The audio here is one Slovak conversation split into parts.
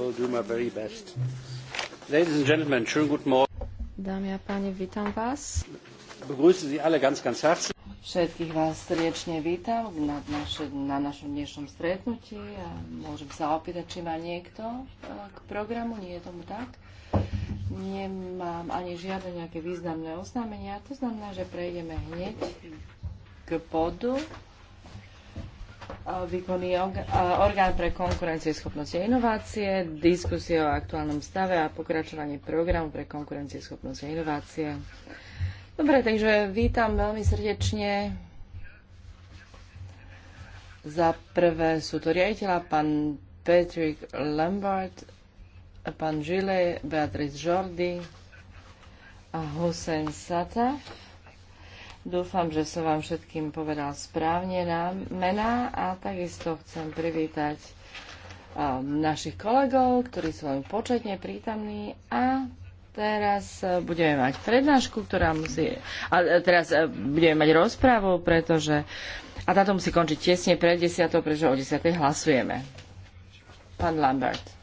will do my very best. Ladies and schönen guten Morgen. Dámy a páni, vítam vás. Begrüße Sie alle ganz, ganz herzlich. Všetkých vás srdečne vítam na, naše, na našom dnešnom stretnutí a môžem sa opýtať, či má niekto e, k programu. Nie je tomu tak. Nemám ani žiadne nejaké významné oznámenia. To znamená, že prejdeme hneď k bodu výkonný orgán pre konkurencieschopnosť a inovácie, diskusie o aktuálnom stave a pokračovanie programu pre konkurencieschopnosť a inovácie. Dobre, takže vítam veľmi srdečne. Za prvé sú to riaditeľa pán Patrick Lambert, pán Žile, Beatrice Jordi a Hussein Sataf. Dúfam, že som vám všetkým povedal správne na mená a takisto chcem privítať um, našich kolegov, ktorí sú veľmi početne prítomní a teraz uh, budeme mať prednášku, ktorá musí, a teraz uh, budeme mať rozprávu, pretože a táto musí končiť tesne pred 10, pretože o 10 hlasujeme. Pán Lambert.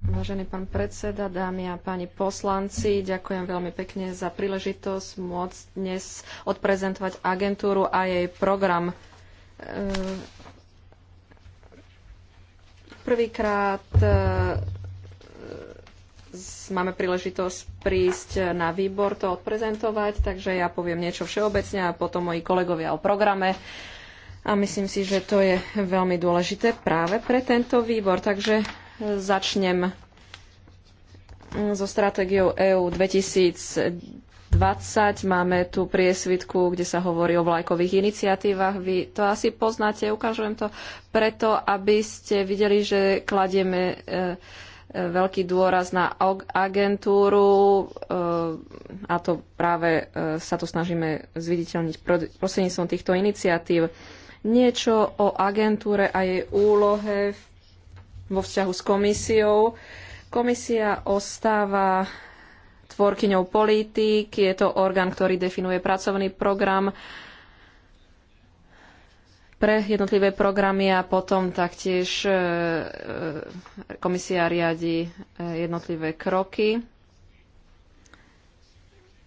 Vážený pán predseda, dámy a páni poslanci, ďakujem veľmi pekne za príležitosť môcť dnes odprezentovať agentúru a jej program. E, prvýkrát e, máme príležitosť prísť na výbor to odprezentovať, takže ja poviem niečo všeobecne a potom moji kolegovia o programe. A myslím si, že to je veľmi dôležité práve pre tento výbor. Takže Začnem so stratégiou EÚ 2020. Máme tu priesvitku, kde sa hovorí o vlajkových iniciatívach. Vy to asi poznáte, ukážem to preto, aby ste videli, že kladieme e, e, veľký dôraz na agentúru e, a to práve sa to snažíme zviditeľniť prostredníctvom týchto iniciatív. Niečo o agentúre a jej úlohe v vo vzťahu s komisiou. Komisia ostáva tvorkyňou politík, je to orgán, ktorý definuje pracovný program pre jednotlivé programy a potom taktiež e, e, komisia riadi e, jednotlivé kroky.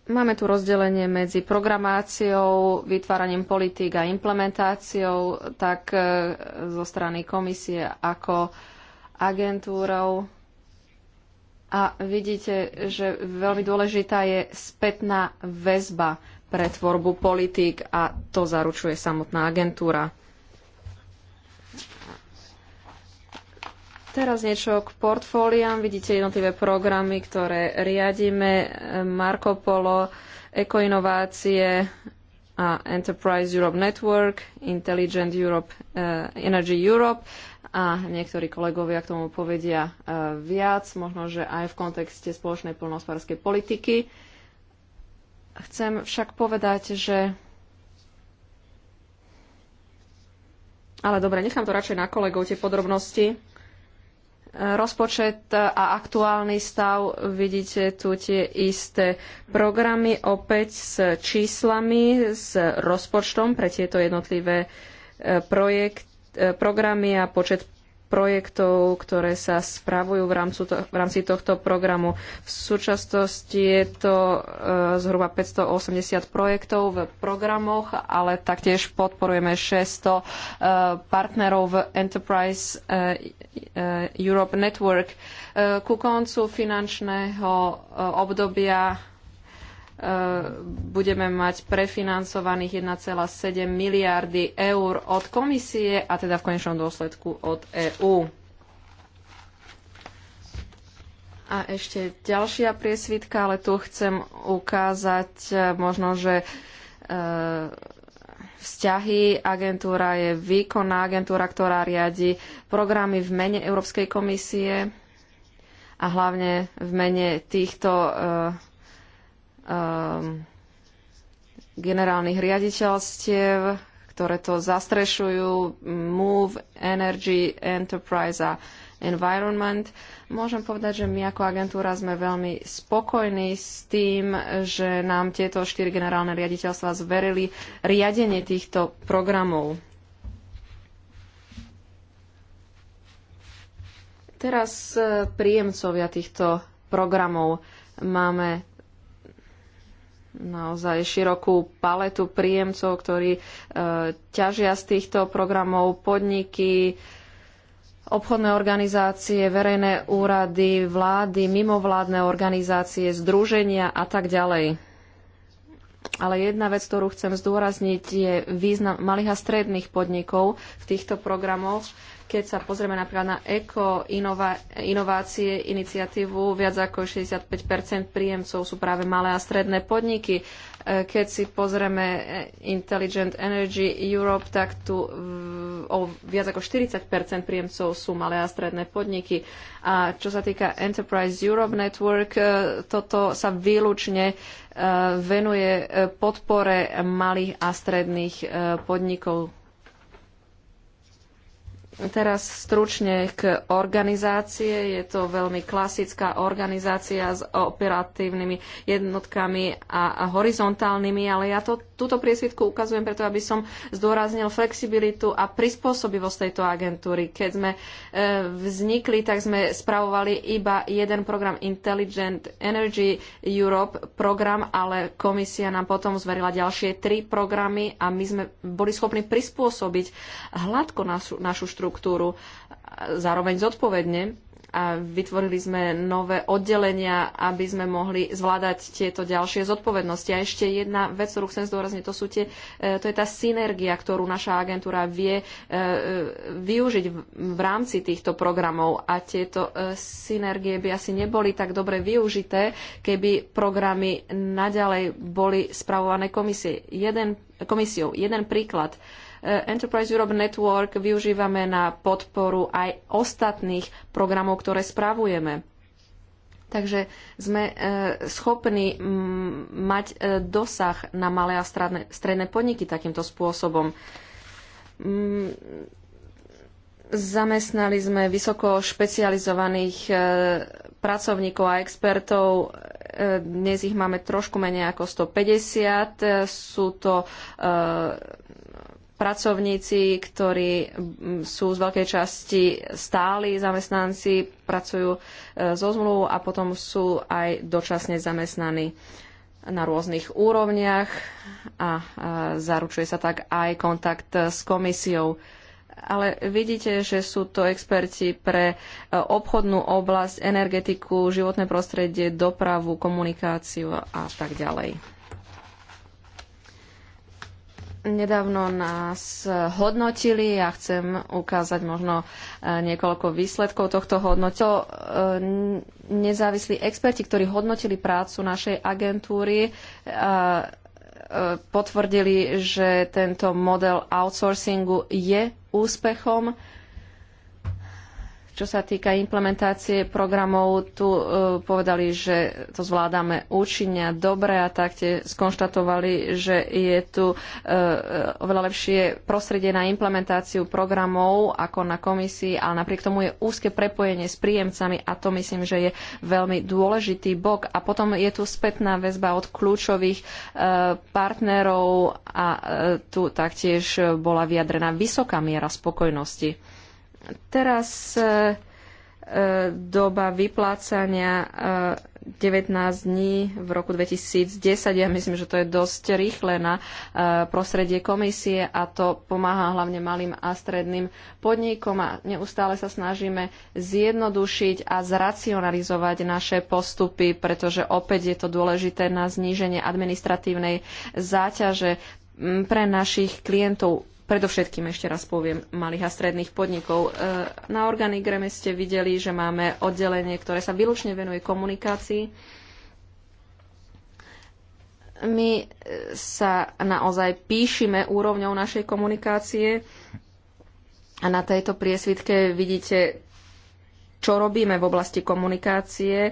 Máme tu rozdelenie medzi programáciou, vytváraním politík a implementáciou, tak zo strany komisie ako agentúrou a vidíte, že veľmi dôležitá je spätná väzba pre tvorbu politík a to zaručuje samotná agentúra. Teraz niečo k portfóliám. Vidíte jednotlivé programy, ktoré riadíme. Marco Polo, Ekoinovácie a Enterprise Europe Network, Intelligent Europe, eh, Energy Europe a niektorí kolegovia k tomu povedia e, viac, možno, že aj v kontexte spoločnej plnohospodárskej politiky. Chcem však povedať, že Ale dobre, nechám to radšej na kolegov, tie podrobnosti. E, rozpočet a aktuálny stav, vidíte tu tie isté programy, opäť s číslami, s rozpočtom pre tieto jednotlivé e, projekty E, programy a počet projektov, ktoré sa spravujú v, rámcu to, v rámci tohto programu. V súčasnosti je to e, zhruba 580 projektov v programoch, ale taktiež podporujeme 600 e, partnerov v Enterprise e, e, Europe Network. E, ku koncu finančného e, obdobia budeme mať prefinancovaných 1,7 miliardy eur od komisie a teda v konečnom dôsledku od EÚ. A ešte ďalšia priesvitka, ale tu chcem ukázať e, možno, že e, vzťahy agentúra je výkonná agentúra, ktorá riadi programy v mene Európskej komisie a hlavne v mene týchto e, Ehm, generálnych riaditeľstiev, ktoré to zastrešujú, Move, Energy, Enterprise a Environment. Môžem povedať, že my ako agentúra sme veľmi spokojní s tým, že nám tieto štyri generálne riaditeľstva zverili riadenie týchto programov. Teraz e, príjemcovia týchto programov máme naozaj širokú paletu príjemcov, ktorí e, ťažia z týchto programov podniky, obchodné organizácie, verejné úrady, vlády, mimovládne organizácie, združenia a tak ďalej. Ale jedna vec, ktorú chcem zdôrazniť, je význam malých a stredných podnikov v týchto programoch keď sa pozrieme napríklad na eko inova, inovácie, iniciatívu, viac ako 65 príjemcov sú práve malé a stredné podniky. E, keď si pozrieme e, Intelligent Energy Europe, tak tu o viac ako 40 príjemcov sú malé a stredné podniky. A čo sa týka Enterprise Europe Network, e, toto sa výlučne venuje podpore malých a stredných podnikov Teraz stručne k organizácie. Je to veľmi klasická organizácia s operatívnymi jednotkami a horizontálnymi, ale ja to, túto priesvitku ukazujem preto, aby som zdôraznil flexibilitu a prispôsobivosť tejto agentúry. Keď sme e, vznikli, tak sme spravovali iba jeden program Intelligent Energy Europe program, ale komisia nám potom zverila ďalšie tri programy a my sme boli schopní prispôsobiť hladko našu, našu štruktúru štruktúru zároveň zodpovedne a vytvorili sme nové oddelenia, aby sme mohli zvládať tieto ďalšie zodpovednosti. A ešte jedna vec, ktorú chcem zdôrazniť, to, sú tie, e, to je tá synergia, ktorú naša agentúra vie e, e, využiť v rámci týchto programov. A tieto synergie by asi neboli tak dobre využité, keby programy naďalej boli spravované komisie. Jeden, komisiou. Jeden príklad. Uh, Eh, Enterprise Europe Network využívame na podporu aj ostatných programov, ktoré spravujeme. Takže sme eh, schopní mm, mať eh, dosah na malé a stredné, podniky takýmto spôsobom. Mm, zamestnali sme vysoko špecializovaných pracovníkov a expertov. Dnes ich máme trošku menej ako 150. Sú to pracovníci, ktorí mm, sú z veľkej časti stáli zamestnanci, pracujú e, zo zmluvu a potom sú aj dočasne zamestnaní na rôznych úrovniach a e, zaručuje sa tak aj kontakt s komisiou. Ale vidíte, že sú to experti pre e, obchodnú oblasť, energetiku, životné prostredie, dopravu, komunikáciu a tak ďalej. Nedávno nás hodnotili a ja chcem ukázať možno e, niekoľko výsledkov tohto hodnoto. E, nezávislí experti, ktorí hodnotili prácu našej agentúry, e, potvrdili, že tento model outsourcingu je úspechom čo sa týka implementácie programov, tu e, povedali, že to zvládame účinne a dobre a takte skonštatovali, že je tu e, e, oveľa lepšie prostredie na implementáciu programov ako na komisii, ale napriek tomu je úzke prepojenie s príjemcami a to myslím, že je veľmi dôležitý bok. A potom je tu spätná väzba od kľúčových partnerov a tu taktiež bola vyjadrená vysoká miera spokojnosti. Teraz e, e, doba vyplácania 19 e, dní v roku 2010. Ja myslím, že to je dosť rýchle na prostredie komisie a to pomáha hlavne malým a stredným podnikom a neustále sa snažíme zjednodušiť a zracionalizovať naše postupy, pretože opäť je to dôležité na zníženie administratívnej záťaže pre našich klientov predovšetkým ešte raz poviem malých a stredných podnikov. E, na organigrame ste videli, že máme oddelenie, ktoré sa výlučne venuje komunikácii. My e, sa naozaj píšime úrovňou našej komunikácie a na tejto priesvitke vidíte čo robíme v oblasti komunikácie. E,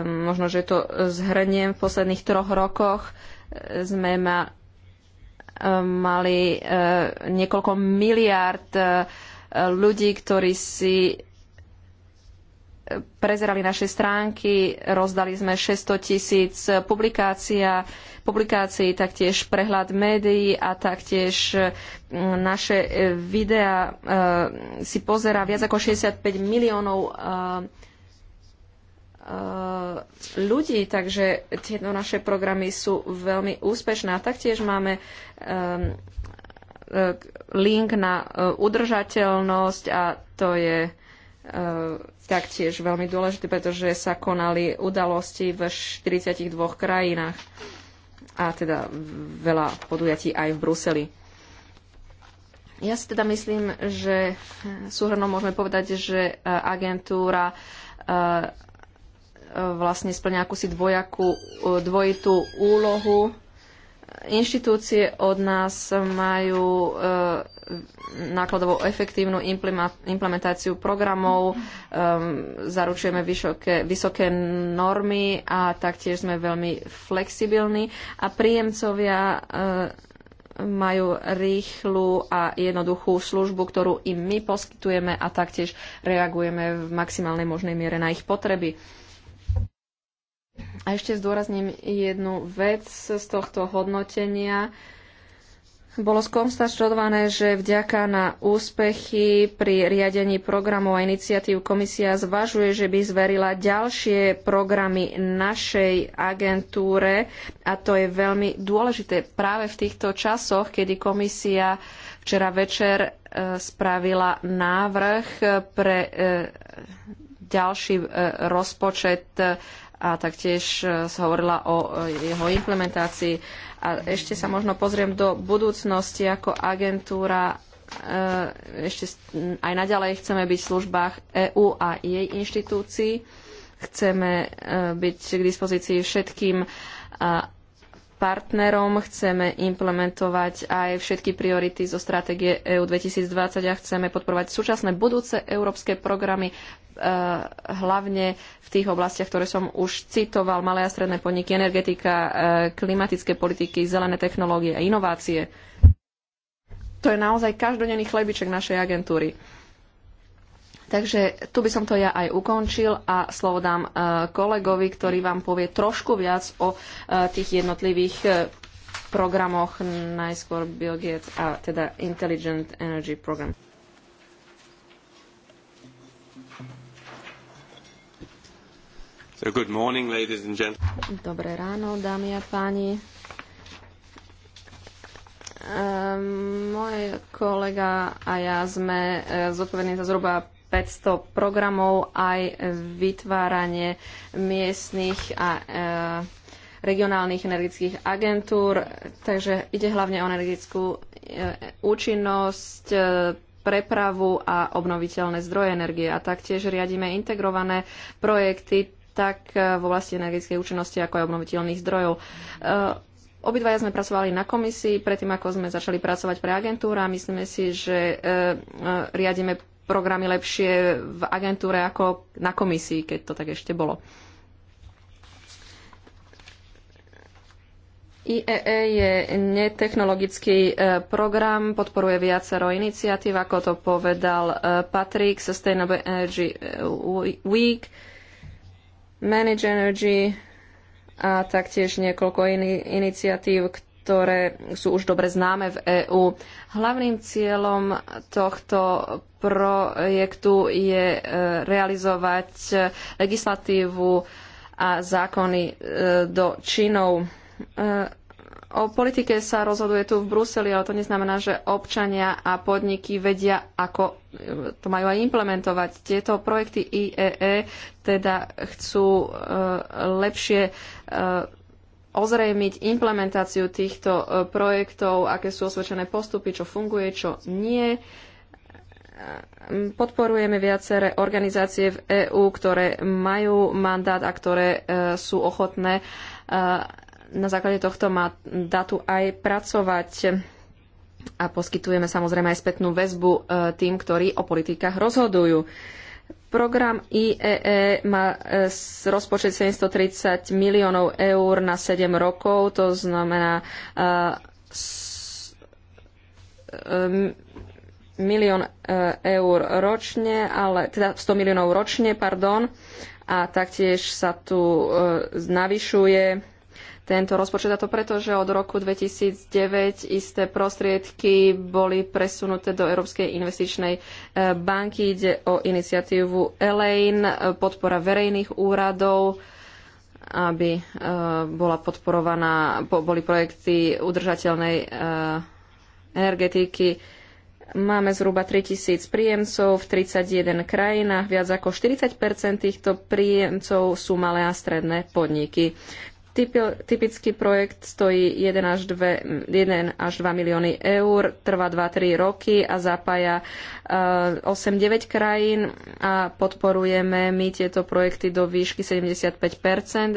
možno, že to zhrniem, v posledných troch rokoch sme ma mali eh, niekoľko miliárd eh, ľudí, ktorí si eh, prezerali naše stránky, rozdali sme 600 tisíc publikácií, taktiež prehľad médií a taktiež naše videá si pozerá viac ako 65 miliónov Eh, ľudí, takže tieto naše programy sú veľmi úspešné. A taktiež máme eh, eh, link na udržateľnosť a to je taktiež veľmi dôležité, pretože sa konali udalosti v 42 krajinách a teda veľa podujatí aj v Bruseli. Ja si teda myslím, že súhrnom môžeme povedať, že agentúra vlastne splňa akúsi dvojakú, dvojitú úlohu. Inštitúcie od nás majú e, nákladovo efektívnu implementáciu programov, e, zaručujeme vysoké, vysoké normy a taktiež sme veľmi flexibilní a príjemcovia e, majú rýchlu a jednoduchú službu, ktorú im my poskytujeme a taktiež reagujeme v maximálnej možnej miere na ich potreby. A ešte zdôrazním jednu vec z tohto hodnotenia. Bolo skonstatované, že vďaka na úspechy pri riadení programov a iniciatív komisia zvažuje, že by zverila ďalšie programy našej agentúre a to je veľmi dôležité práve v týchto časoch, kedy komisia včera večer e, spravila návrh pre e, ďalší e, rozpočet a taktiež e, sa hovorila o e, jeho implementácii. A ešte sa možno pozriem do budúcnosti ako agentúra. E, ešte aj naďalej chceme byť v službách EÚ a jej inštitúcií. Chceme byť k dispozícii všetkým partnerom, chceme implementovať aj všetky priority zo stratégie EU 2020 a chceme podporovať súčasné budúce európske programy, eh, hlavne v tých oblastiach, ktoré som už citoval, malé a stredné podniky, energetika, eh, klimatické politiky, zelené technológie a inovácie. To je naozaj každodenný chlebiček našej agentúry. Takže tu by som to ja aj ukončil a slovo dám e, kolegovi, ktorý vám povie trošku viac o e, tých jednotlivých e, programoch, najskôr Bill Gates a teda Intelligent Energy Program. So good morning, ladies and gentlemen. Dobré ráno, dámy a páni. Môj kolega a ja sme zodpovední za zhruba 500 programov aj vytváranie miestnych a e, regionálnych energetických agentúr. Takže ide hlavne o energetickú e, účinnosť, e, prepravu a obnoviteľné zdroje energie. A taktiež riadíme integrované projekty tak e, v oblasti energetickej účinnosti, ako aj obnoviteľných zdrojov. E, obidvaja sme pracovali na komisii, predtým ako sme začali pracovať pre agentúra. Myslíme si, že e, riadime programy lepšie v agentúre ako na komisii, keď to tak ešte bolo. IEE e je netechnologický e, program, podporuje viacero iniciatív, ako to povedal e, Patrick, Sustainable Energy Week, Manage Energy a taktiež niekoľko iných iniciatív, ktoré sú už dobre známe v EÚ. Hlavným cieľom tohto projektu je e, realizovať e, legislatívu a zákony e, do činov. O politike sa rozhoduje tu v Bruseli, ale to neznamená, že občania a podniky vedia, ako to majú aj implementovať. Tieto projekty IEE teda chcú lepšie ozrejmiť implementáciu týchto projektov, aké sú osvedčené postupy, čo funguje, čo nie podporujeme viaceré organizácie v EÚ, ktoré majú mandát a ktoré e, sú ochotné e, na základe tohto mandátu aj pracovať a poskytujeme samozrejme aj spätnú väzbu e, tým, ktorí o politikách rozhodujú. Program IEE má rozpočet 730 miliónov eur na 7 rokov, to znamená milión e, eur ročne, ale teda 100 miliónov ročne, pardon, a taktiež sa tu e, navyšuje tento rozpočet a to preto, že od roku 2009 isté prostriedky boli presunuté do Európskej investičnej e, banky. Ide o iniciatívu Elaine, podpora verejných úradov, aby bola podporovaná, boli projekty udržateľnej energetiky Máme zhruba 3000 príjemcov v 31 krajinách. Viac ako 40 týchto príjemcov sú malé a stredné podniky. Typický projekt stojí 1 až 2, 1 až 2 milióny eur, trvá 2-3 roky a zapája 8-9 eh, krajín a podporujeme my tieto projekty do výšky 75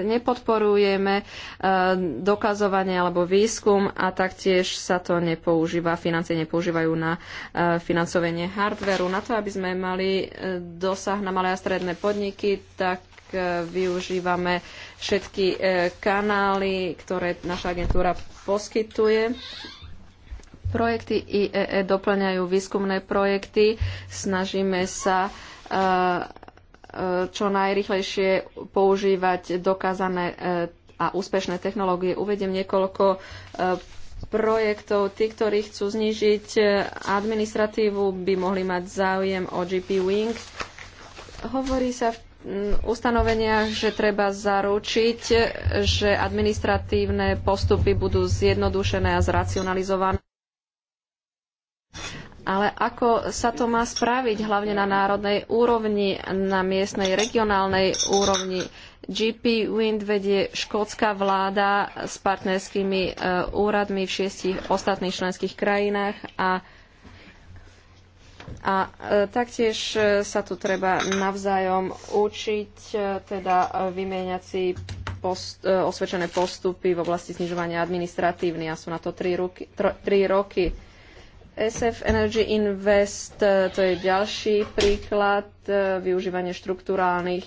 Nepodporujeme eh, dokazovanie alebo výskum a taktiež sa to nepoužíva, financie nepoužívajú na eh, financovanie hardveru. Na to, aby sme mali dosah na malé a stredné podniky, tak využívame všetky e, kanály, ktoré naša agentúra poskytuje. Projekty IEE e doplňajú výskumné projekty. Snažíme sa e, čo najrychlejšie používať dokázané a úspešné technológie. Uvediem niekoľko projektov. Tí, ktorí chcú znižiť administratívu, by mohli mať záujem o GP Wing. Hovorí sa v ustanoveniach, že treba zaručiť, že administratívne postupy budú zjednodušené a zracionalizované. Ale ako sa to má spraviť, hlavne na národnej úrovni, na miestnej, regionálnej úrovni? GP Wind vedie škótska vláda s partnerskými e, úradmi v šiestich ostatných členských krajinách a a e, taktiež e, sa tu treba navzájom učiť, e, teda e, vymieňať si post, e, osvedčené postupy v oblasti znižovania administratívny a sú na to 3 roky. roky. SF Energy Invest, e, to je ďalší príklad, využívanie štruktúrálnych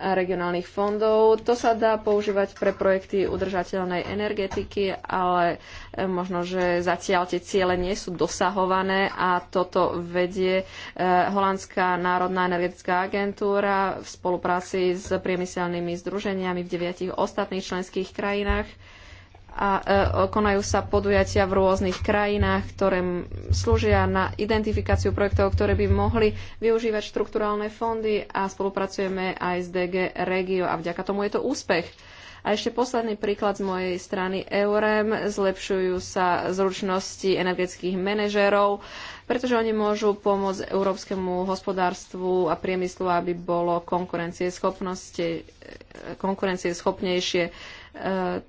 a regionálnych fondov. To sa dá používať pre projekty udržateľnej energetiky, ale e, možno, že zatiaľ tie ciele nie sú dosahované a toto vedie e, Holandská národná energetická agentúra v spolupráci s priemyselnými združeniami v deviatich ostatných členských krajinách a e, konajú sa podujatia v rôznych krajinách, ktoré slúžia na identifikáciu projektov, ktoré by mohli využívať štrukturálne fondy a spolupracujeme aj s DG Regio a vďaka tomu je to úspech. A ešte posledný príklad z mojej strany EUREM. Zlepšujú sa zručnosti energetických manažérov, pretože oni môžu pomôcť európskemu hospodárstvu a priemyslu, aby bolo konkurencieschopnejšie Eh,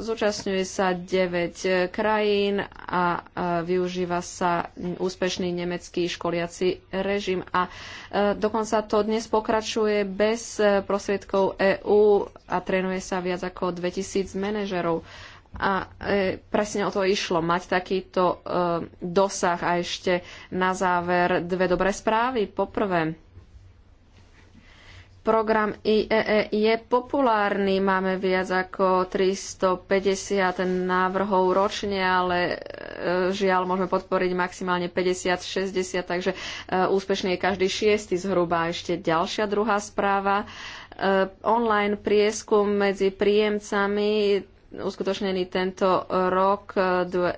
zúčastňuje sa 9 eh, krajín a eh, využíva sa úspešný nemecký školiaci režim. A dokonca to dnes pokračuje bez prostriedkov EÚ a trénuje sa viac ako 2000 manažerov. A presne o to išlo, mať takýto dosah a ešte na záver dve dobré správy. Poprvé, Program IEE e je populárny, máme viac ako 350 návrhov ročne, ale e, žiaľ môžeme podporiť maximálne 50-60, takže e, úspešný je každý šiesty zhruba. Ešte ďalšia druhá správa. Online prieskum medzi príjemcami uskutočnený tento rok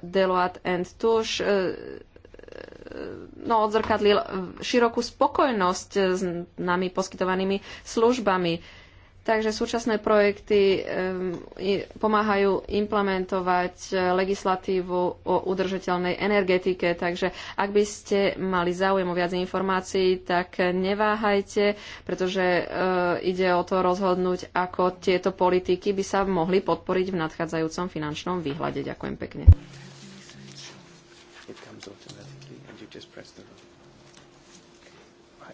Deloitte and Touche no, odzrkadlil e, širokú spokojnosť s nami poskytovanými službami. Takže súčasné projekty e, pomáhajú implementovať e, legislatívu o udržateľnej energetike. Takže ak by ste mali záujem o viac informácií, tak neváhajte, pretože ide o to rozhodnúť, ako tieto politiky by sa mohli podporiť v nadchádzajúcom finančnom výhľade. Ďakujem pekne.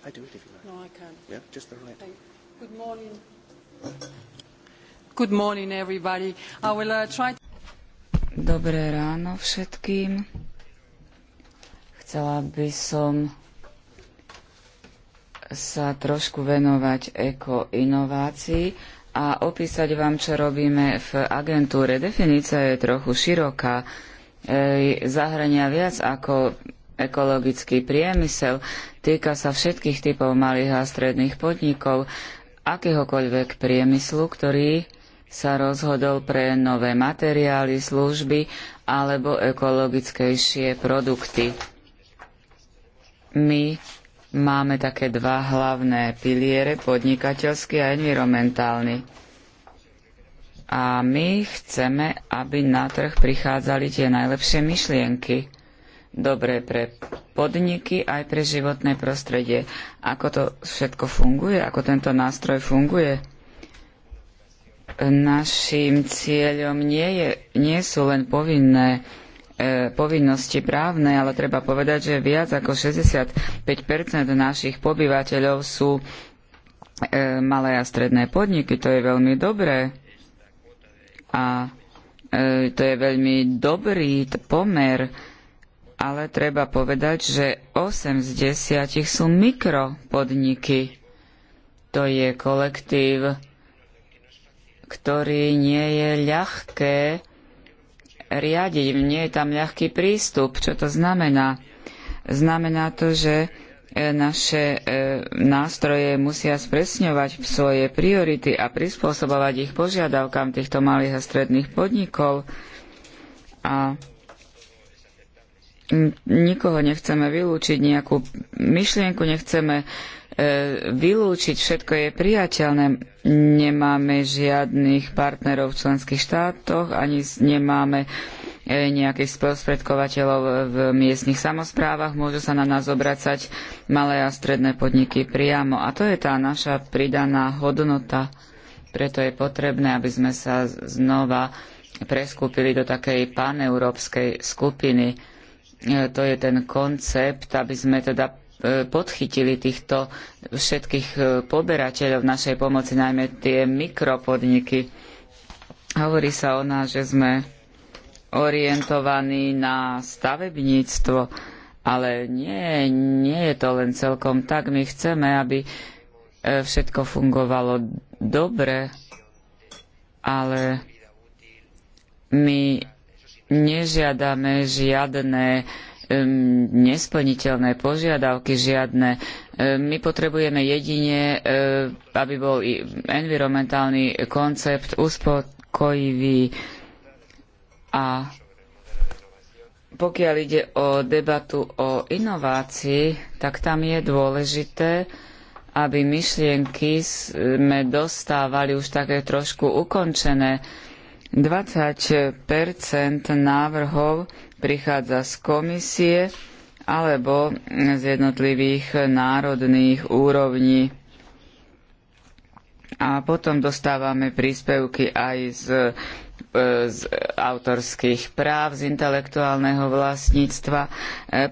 I do it if you like. No, I can't. Yeah, just the right. Thank you. Good morning. Good morning, everybody. I will uh, try... Dobré ráno všetkým. Chcela by som sa trošku venovať ekoinovácii a opísať vám, čo robíme v agentúre. Definícia je trochu široká, e, zahrania viac ako ekologický priemysel, týka sa všetkých typov malých a stredných podnikov, akéhokoľvek priemyslu, ktorý sa rozhodol pre nové materiály, služby alebo ekologickejšie produkty. My máme také dva hlavné piliere, podnikateľský a environmentálny. A my chceme, aby na trh prichádzali tie najlepšie myšlienky dobré pre podniky, aj pre životné prostredie. Ako to všetko funguje, ako tento nástroj funguje? Naším cieľom nie, je, nie sú len povinné e, povinnosti právne, ale treba povedať, že viac ako 65 našich pobyvateľov sú e, malé a stredné podniky. To je veľmi dobré. A e, to je veľmi dobrý pomer ale treba povedať, že 8 z 10 sú mikropodniky. To je kolektív, ktorý nie je ľahké riadiť. Nie je tam ľahký prístup. Čo to znamená? Znamená to, že e, naše e, nástroje musia spresňovať svoje priority a prispôsobovať ich požiadavkám týchto malých a stredných podnikov. A nikoho nechceme vylúčiť, nejakú myšlienku nechceme e, vylúčiť, všetko je priateľné. Nemáme žiadnych partnerov v členských štátoch, ani nemáme e, nejakých sprostredkovateľov v miestnych samozprávach, môžu sa na nás obracať malé a stredné podniky priamo. A to je tá naša pridaná hodnota. Preto je potrebné, aby sme sa znova preskúpili do takej paneurópskej skupiny E, to je ten koncept, aby sme teda e, podchytili týchto všetkých e, poberateľov našej pomoci, najmä tie mikropodniky. Hovorí sa o nás, že sme orientovaní na stavebníctvo, ale nie, nie je to len celkom tak. My chceme, aby všetko fungovalo dobre, ale my nežiadame žiadne um, nesplniteľné požiadavky, žiadne. my potrebujeme jedine, eh, aby bol i environmentálny koncept uspokojivý a pokiaľ ide o debatu o inovácii, tak tam je dôležité, aby myšlienky eh, sme dostávali už také trošku ukončené 20 návrhov prichádza z komisie alebo z jednotlivých národných úrovní. A potom dostávame príspevky aj z, e, z autorských práv, z intelektuálneho vlastníctva. E,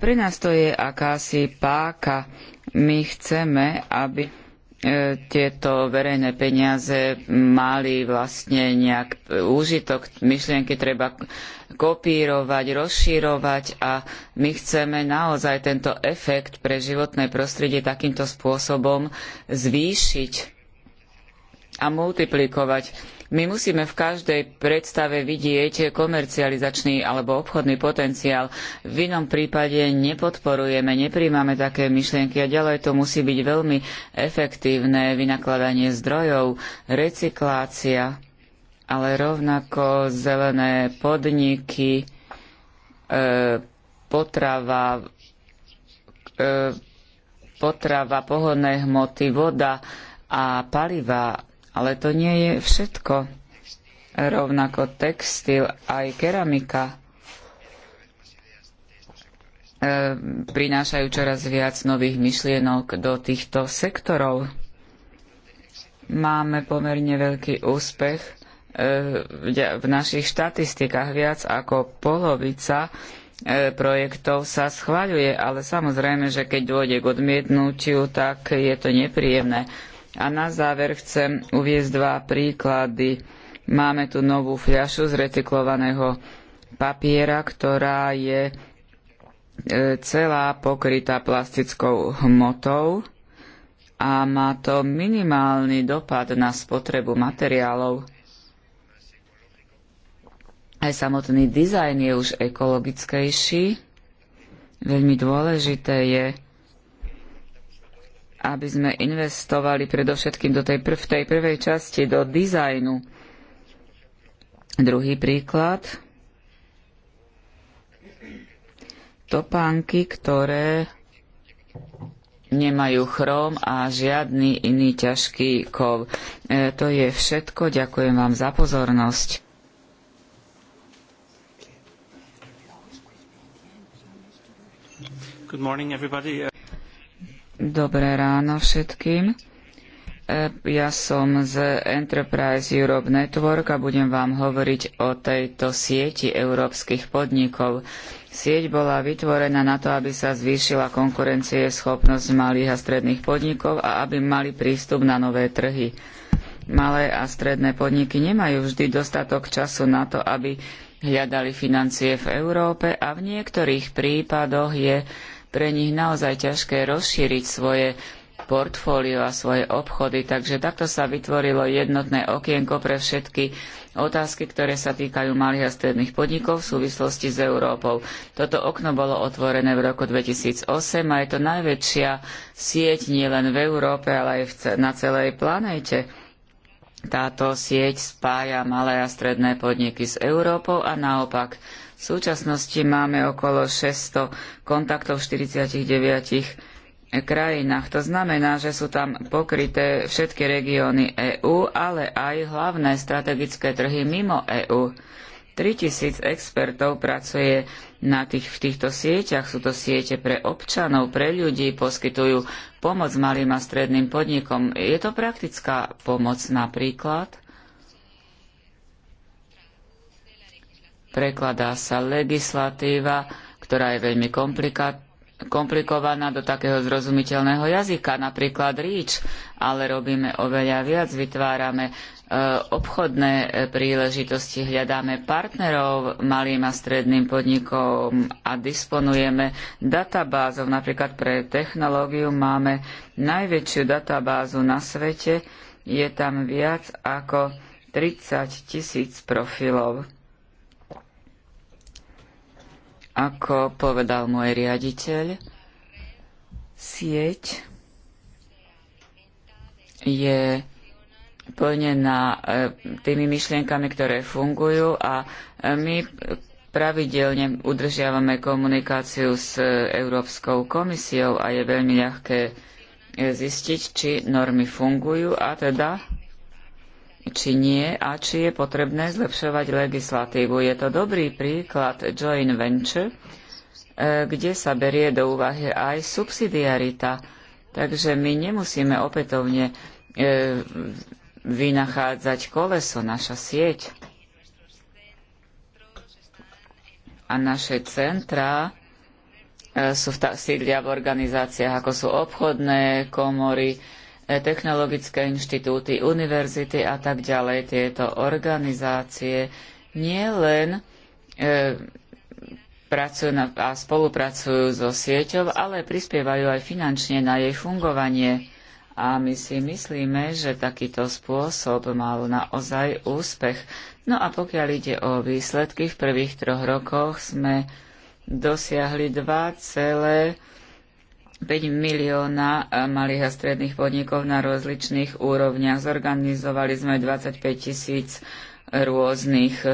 pre nás to je akási páka. My chceme, aby E, tieto verejné peniaze mali vlastne nejak e, úžitok. Myšlienky treba kopírovať, rozšírovať a my chceme naozaj tento efekt pre životné prostredie takýmto spôsobom zvýšiť a multiplikovať. My musíme v každej predstave vidieť komercializačný alebo obchodný potenciál. V inom prípade nepodporujeme, nepríjmame také myšlienky a ďalej to musí byť veľmi efektívne vynakladanie zdrojov, recyklácia, ale rovnako zelené podniky, e, potrava, e, potrava, pohodné hmoty, voda a paliva ale to nie je všetko. Rovnako textil aj keramika eh, prinášajú čoraz viac nových myšlienok do týchto sektorov. Máme pomerne veľký úspech eh, v našich štatistikách. Viac ako polovica eh, projektov sa schvaľuje, ale samozrejme, že keď dôjde k odmietnutiu, tak je to nepríjemné. A na záver chcem uviezť dva príklady. Máme tu novú fľašu z recyklovaného papiera, ktorá je e, celá pokrytá plastickou hmotou a má to minimálny dopad na spotrebu materiálov. Aj samotný dizajn je už ekologickejší. Veľmi dôležité je, aby sme investovali predovšetkým do tej, prv, tej prvej časti, do dizajnu. Druhý príklad. Topánky, ktoré nemajú chrom a žiadny iný ťažký kov. E, to je všetko. Ďakujem vám za pozornosť. Good morning, everybody. Dobré ráno všetkým. E, ja som z Enterprise Europe Network a budem vám hovoriť o tejto sieti európskych podnikov. Sieť bola vytvorená na to, aby sa zvýšila schopnosť malých a stredných podnikov a aby mali prístup na nové trhy. Malé a stredné podniky nemajú vždy dostatok času na to, aby hľadali financie v Európe a v niektorých prípadoch je pre nich naozaj ťažké rozšíriť svoje portfólio a svoje obchody. Takže takto sa vytvorilo jednotné okienko pre všetky otázky, ktoré sa týkajú malých a stredných podnikov v súvislosti s Európou. Toto okno bolo otvorené v roku 2008 a je to najväčšia sieť nielen v Európe, ale aj na celej planéte. Táto sieť spája malé a stredné podniky s Európou a naopak. V súčasnosti máme okolo 600 kontaktov v 49 krajinách. To znamená, že sú tam pokryté všetky regióny EÚ, ale aj hlavné strategické trhy mimo EÚ. 3000 expertov pracuje na tých, v týchto sieťach. Sú to siete pre občanov, pre ľudí, poskytujú pomoc malým a stredným podnikom. Je to praktická pomoc napríklad? prekladá sa legislatíva, ktorá je veľmi komplikovaná do takého zrozumiteľného jazyka, napríklad REACH, ale robíme oveľa viac, vytvárame e, obchodné e, príležitosti, hľadáme partnerov malým a stredným podnikom a disponujeme databázov. Napríklad pre technológiu máme najväčšiu databázu na svete, je tam viac ako 30 tisíc profilov. Ako povedal môj riaditeľ, sieť je plnená e, tými myšlienkami, ktoré fungujú a e, my pravidelne udržiavame komunikáciu s e, Európskou komisiou a je veľmi ľahké zistiť, či normy fungujú a teda či nie a či je potrebné zlepšovať legislatívu. Je to dobrý príklad joint venture, eh, kde sa berie do úvahy aj subsidiarita. Takže my nemusíme opätovne eh, vynachádzať koleso, naša sieť. A naše centrá eh, sú v sídlia v organizáciách ako sú obchodné komory, E, technologické inštitúty, univerzity a tak ďalej. Tieto organizácie nie len e, pracujú na, a spolupracujú so sieťou, ale prispievajú aj finančne na jej fungovanie. A my si myslíme, že takýto spôsob mal naozaj úspech. No a pokiaľ ide o výsledky, v prvých troch rokoch sme dosiahli 5 milióna eh, malých a stredných podnikov na rozličných úrovniach. Zorganizovali sme 25 tisíc rôznych e,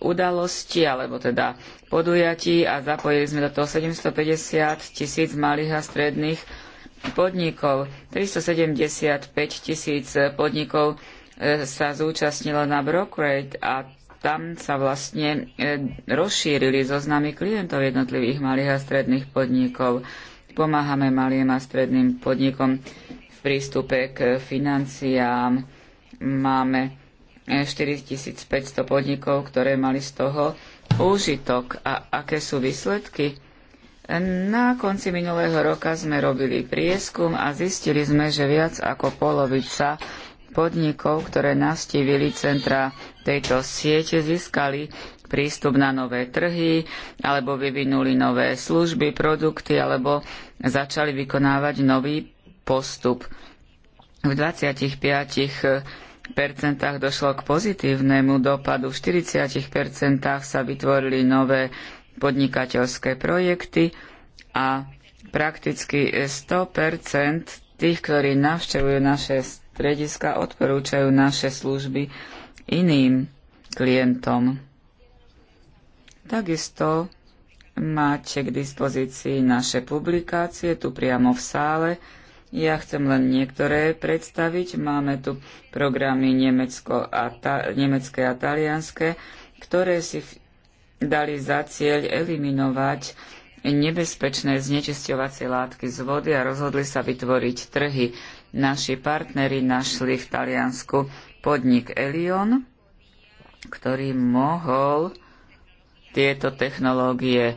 udalostí alebo teda podujatí a zapojili sme do toho 750 tisíc malých a stredných podnikov. 375 tisíc eh, podnikov e, sa zúčastnilo na Brokerate a tam sa vlastne e, rozšírili zoznamy klientov jednotlivých malých a stredných podnikov. Pomáhame malým a stredným podnikom v prístupe k financiám. Máme 4500 e, podnikov, ktoré mali z toho úžitok. A aké sú výsledky? Na konci minulého roka sme robili prieskum a zistili sme, že viac ako polovica podnikov, ktoré nastívili centra tejto siete, získali prístup na nové trhy, alebo vyvinuli nové služby, produkty, alebo začali vykonávať nový postup. V 25 percentách došlo k pozitívnemu dopadu, v 40 percentách sa vytvorili nové podnikateľské projekty a prakticky 100 percent tých, ktorí navštevujú naše strediska, odporúčajú naše služby iným klientom. Takisto máte k dispozícii naše publikácie tu priamo v sále. Ja chcem len niektoré predstaviť. Máme tu programy Nemecko a ta, nemecké a talianské, ktoré si dali za cieľ eliminovať nebezpečné znečisťovacie látky z vody a rozhodli sa vytvoriť trhy. Naši partneri našli v Taliansku podnik Elion, ktorý mohol tieto technológie e,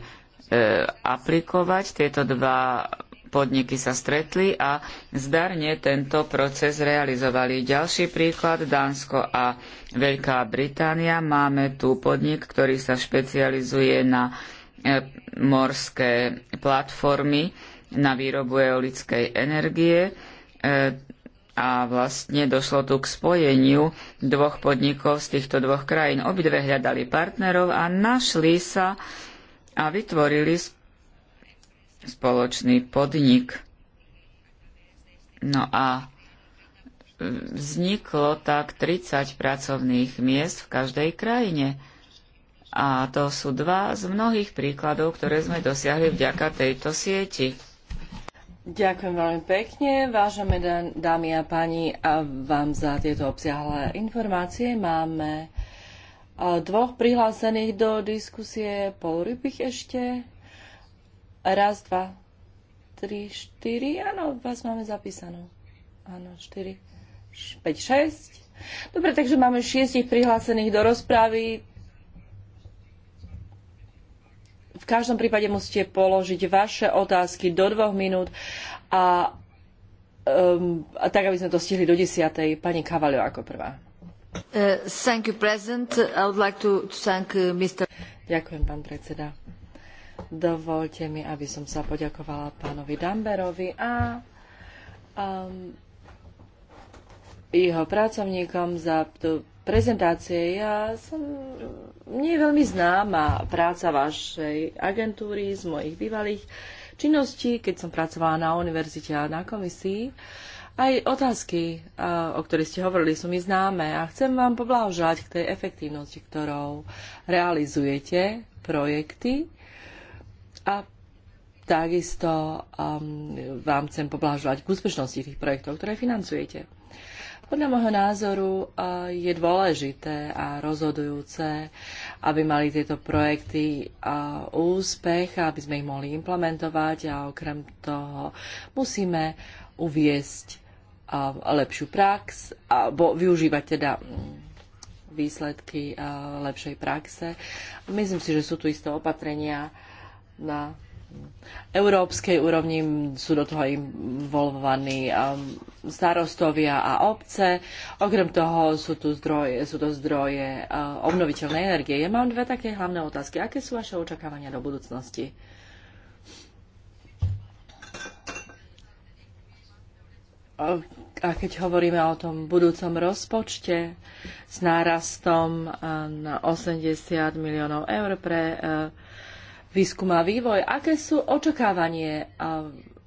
aplikovať. Tieto dva podniky sa stretli a zdarne tento proces realizovali. Ďalší príklad, Dánsko a Veľká Británia. Máme tu podnik, ktorý sa špecializuje na e, morské platformy na výrobu eolickej energie. E, a vlastne došlo tu k spojeniu dvoch podnikov z týchto dvoch krajín. Obidve hľadali partnerov a našli sa a vytvorili spoločný podnik. No a vzniklo tak 30 pracovných miest v každej krajine. A to sú dva z mnohých príkladov, ktoré sme dosiahli vďaka tejto sieti. Ďakujem veľmi pekne. Vážame dámy a páni a vám za tieto obsiahle informácie. Máme dvoch prihlásených do diskusie. Pol rybých ešte. Raz, dva, tri, štyri. Áno, vás máme zapísanú. Áno, štyri, päť, šesť. Dobre, takže máme šiestich prihlásených do rozpravy v každom prípade musíte položiť vaše otázky do dvoch minút a, um, a tak, aby sme to stihli do desiatej. Pani Kavalio ako prvá. Uh, you, like to, uh, Ďakujem, pán predseda. Dovolte mi, aby som sa poďakovala pánovi Damberovi a um, jeho pracovníkom za tú prezentácie. Ja som... Mne je veľmi známa práca vašej agentúry z mojich bývalých činností, keď som pracovala na univerzite a na komisii. Aj otázky, o ktorých ste hovorili, sú mi známe a chcem vám poblážať k tej efektívnosti, ktorou realizujete projekty a takisto um, vám chcem poblážovať k úspešnosti tých projektov, ktoré financujete. Podľa môjho názoru e, je dôležité a rozhodujúce, aby mali tieto projekty e, úspech, aby sme ich mohli implementovať a okrem toho musíme uviesť e, lepšiu prax, alebo využívať teda mm, výsledky lepšej praxe. Myslím si, že sú tu isté opatrenia na európskej úrovni sú do toho involvovaní um, starostovia a obce. Okrem toho sú tu zdroje, sú to zdroje uh, obnoviteľnej energie. Ja mám dve také hlavné otázky. Aké sú vaše očakávania do budúcnosti? A keď hovoríme o tom budúcom rozpočte s nárastom uh, na 80 miliónov eur pre uh, výskum a vývoj. Aké sú očakávanie,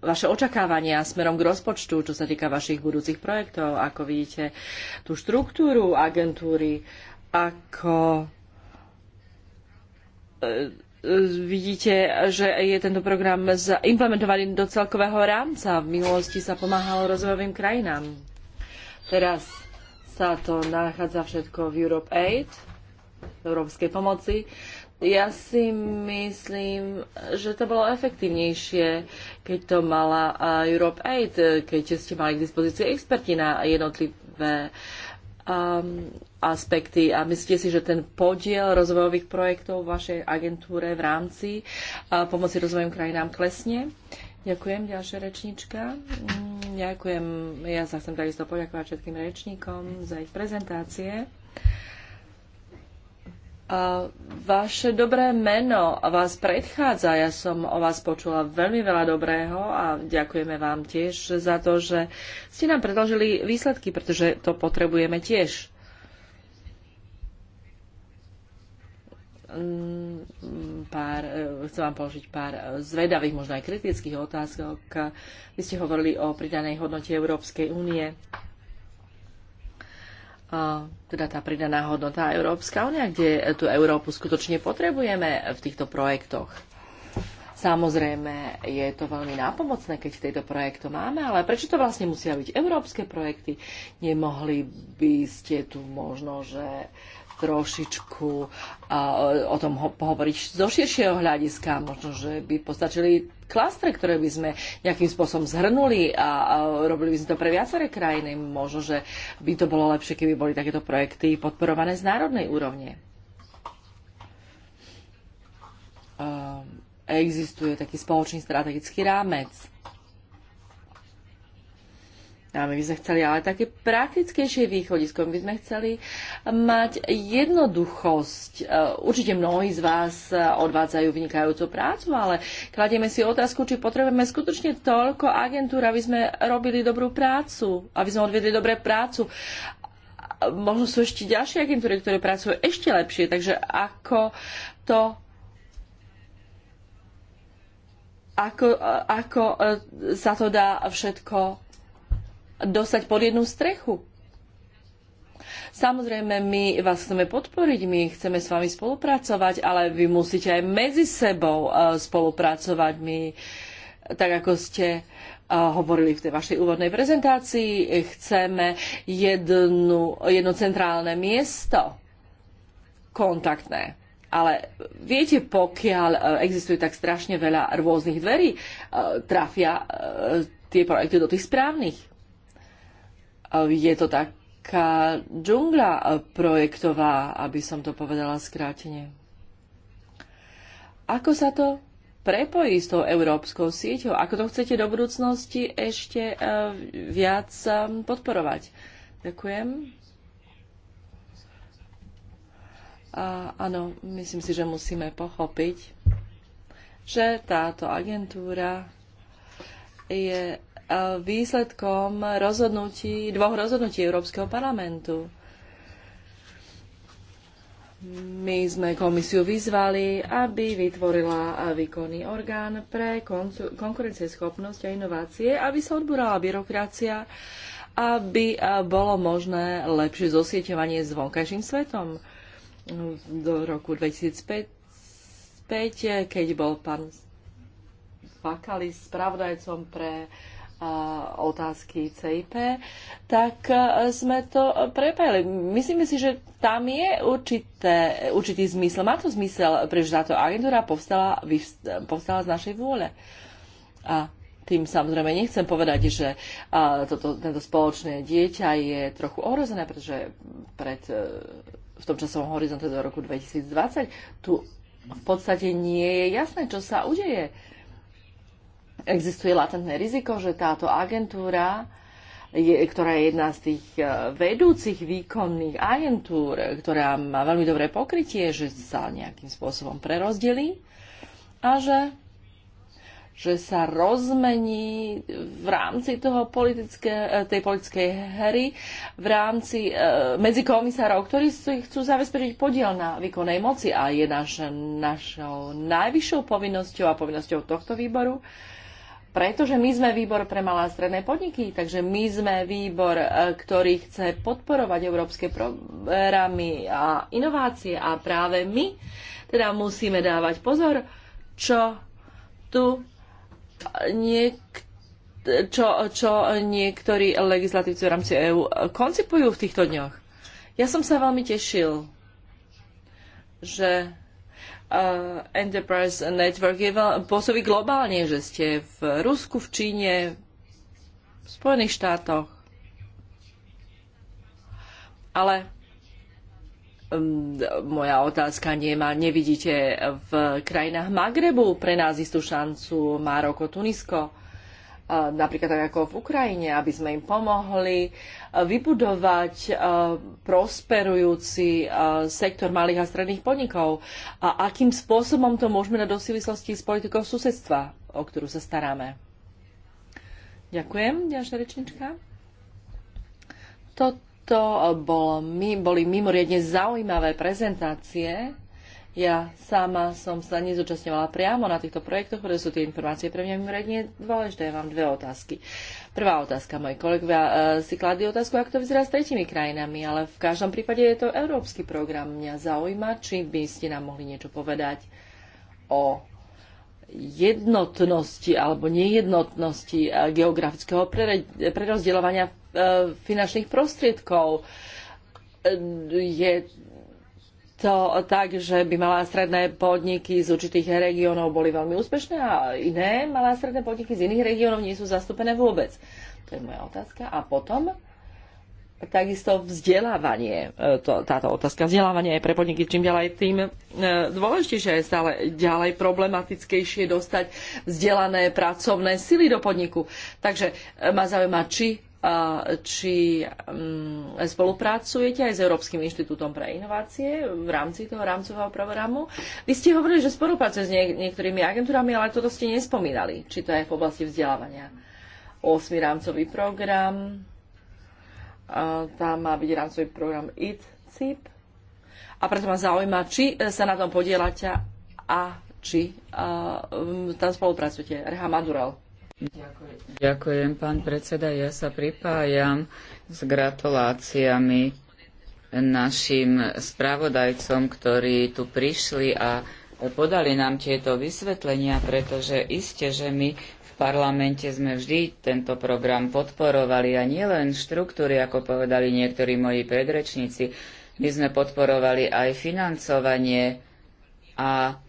vaše očakávania smerom k rozpočtu, čo sa týka vašich budúcich projektov? Ako vidíte tú štruktúru agentúry? Ako e, e, vidíte, že je tento program implementovaný do celkového rámca. V minulosti sa pomáhalo rozvojovým krajinám. Teraz sa to nachádza všetko v Europe Aid, v európskej pomoci. Ja si myslím, že to bolo efektívnejšie, keď to mala Europe Aid, keď ste mali k dispozícii experti na jednotlivé um, aspekty. A myslíte si, že ten podiel rozvojových projektov v vašej agentúre v rámci uh, pomoci rozvojovým krajinám klesne? Ďakujem, ďalšia rečnička. Mm, ďakujem, ja sa chcem takisto poďakovať všetkým rečníkom za ich prezentácie. Uh, vaše dobré meno vás predchádza. Ja som o vás počula veľmi veľa dobrého a ďakujeme vám tiež za to, že ste nám predložili výsledky, pretože to potrebujeme tiež. Mm, pár, e, chcem vám položiť pár zvedavých, možno aj kritických otázok. Vy ste hovorili o pridanej hodnote Európskej únie teda tá pridaná hodnota Európska únia, kde tú Európu skutočne potrebujeme v týchto projektoch. Samozrejme, je to veľmi nápomocné, keď tieto projekty máme, ale prečo to vlastne musia byť európske projekty? Nemohli by ste tu možno, že trošičku a, o tom ho, pohovoriť zo širšieho hľadiska. Možno, že by postačili klastre, ktoré by sme nejakým spôsobom zhrnuli a, a robili by sme to pre viaceré krajiny. Možno, že by to bolo lepšie, keby boli takéto projekty podporované z národnej úrovne. Um, existuje taký spoločný strategický rámec a my by sme chceli ale také praktickejšie východisko. My by sme chceli mať jednoduchosť. E, určite mnohí z vás e, odvádzajú vynikajúcu prácu, ale kladieme si otázku, či potrebujeme skutočne toľko agentúr, aby sme robili dobrú prácu, aby sme odvedli dobré prácu. Možno sú ešte ďalšie agentúry, ktoré pracujú ešte lepšie, takže ako to ako, e, ako sa to dá všetko dostať pod jednu strechu. Samozrejme, my vás chceme podporiť, my chceme s vami spolupracovať, ale vy musíte aj medzi sebou e, spolupracovať. My, tak ako ste e, hovorili v tej vašej úvodnej prezentácii, chceme jednu, jedno centrálne miesto kontaktné. Ale viete, pokiaľ e, existuje tak strašne veľa rôznych dverí, trafia tie projekty do tých správnych je to taká džungľa projektová, aby som to povedala skrátene. Ako sa to prepojí s tou európskou sieťou? Ako to chcete do budúcnosti ešte e, viac e, podporovať? Ďakujem. A áno, myslím si, že musíme pochopiť, že táto agentúra je Eh, výsledkom rozhodnutí, dvoch rozhodnutí Európskeho parlamentu. My sme komisiu vyzvali, aby vytvorila výkonný orgán pre konkurencieschopnosť a inovácie, aby sa odburala byrokracia, aby eh, bolo možné lepšie zosieťovanie s vonkajším svetom. Do roku 2005, keď bol pán Fakali spravodajcom pre otázky CIP, tak e, sme to prepájali. Myslíme si, že tam je určité, určitý zmysel. Má to zmysel, pretože táto agentúra povstala, povstala z našej vôle. A tým samozrejme nechcem povedať, že toto, tento spoločné dieťa je trochu ohrozené, pretože pred, e, v tom časovom horizonte do roku 2020 tu v podstate nie je jasné, čo sa udeje existuje latentné riziko, že táto agentúra, je, ktorá je jedna z tých e, vedúcich výkonných agentúr, ktorá má veľmi dobré pokrytie, že sa nejakým spôsobom prerozdelí a že že sa rozmení v rámci toho politické, e, tej politickej hry, v rámci e, medzi komisárov, ktorí chcú zabezpečiť podiel na výkonnej moci a je naš, našou najvyššou povinnosťou a povinnosťou tohto výboru, pretože my sme výbor pre malé a stredné podniky, takže my sme výbor, e, ktorý chce podporovať európske programy a inovácie a práve my teda musíme dávať pozor, čo tu niek- čo, čo niektorí legislatívci v rámci EÚ koncipujú v týchto dňoch. Ja som sa veľmi tešil, že Uh, Enterprise Network je pôsobí globálne, že ste v Rusku, v Číne, v Spojených štátoch. Ale um, moja otázka nemá, nevidíte v krajinách Magrebu pre nás istú šancu Maroko, Tunisko napríklad tak ako v Ukrajine, aby sme im pomohli e, vybudovať e, prosperujúci e, sektor malých a stredných podnikov a akým spôsobom to môžeme dať do súvislosti s politikou susedstva, o ktorú sa staráme. Ďakujem. Ďalšia rečnička. Toto bolo, boli mimoriadne zaujímavé prezentácie ja sama som sa nezúčastňovala priamo na týchto projektoch, pretože sú tie informácie pre mňa mimoriadne dôležité. Ja mám dve otázky. Prvá otázka, moji kolegovia e, si kladli otázku, ako to vyzerá s tretimi krajinami, ale v každom prípade je to európsky program. Mňa zaujíma, či by ste nám mohli niečo povedať o jednotnosti alebo nejednotnosti e, geografického prerozdeľovania e, finančných prostriedkov. E, je to tak, že by malé a stredné podniky z určitých regiónov boli veľmi úspešné a iné malé a stredné podniky z iných regiónov nie sú zastúpené vôbec. To je moja otázka. A potom takisto vzdelávanie. E, to, táto otázka vzdelávania je pre podniky čím ďalej tým e, dôležitejšie je stále ďalej problematickejšie dostať vzdelané pracovné sily do podniku. Takže e, ma zaujíma, či či mm, spolupracujete aj s Európskym inštitútom pre inovácie v rámci toho rámcového programu. Vy ste hovorili, že spolupracujete s niektorými agentúrami, ale toto ste nespomínali, či to je v oblasti vzdelávania. 8. rámcový program, tam má byť rámcový program ITCIP. A preto ma zaujíma, či e, sa na tom podielate a či tam spolupracujete. Reha Madurel. Ďakujem. pán predseda. Ja sa pripájam s gratuláciami našim spravodajcom, ktorí tu prišli a podali nám tieto vysvetlenia, pretože iste, že my v parlamente sme vždy tento program podporovali a nielen štruktúry, ako povedali niektorí moji predrečníci, my sme podporovali aj financovanie a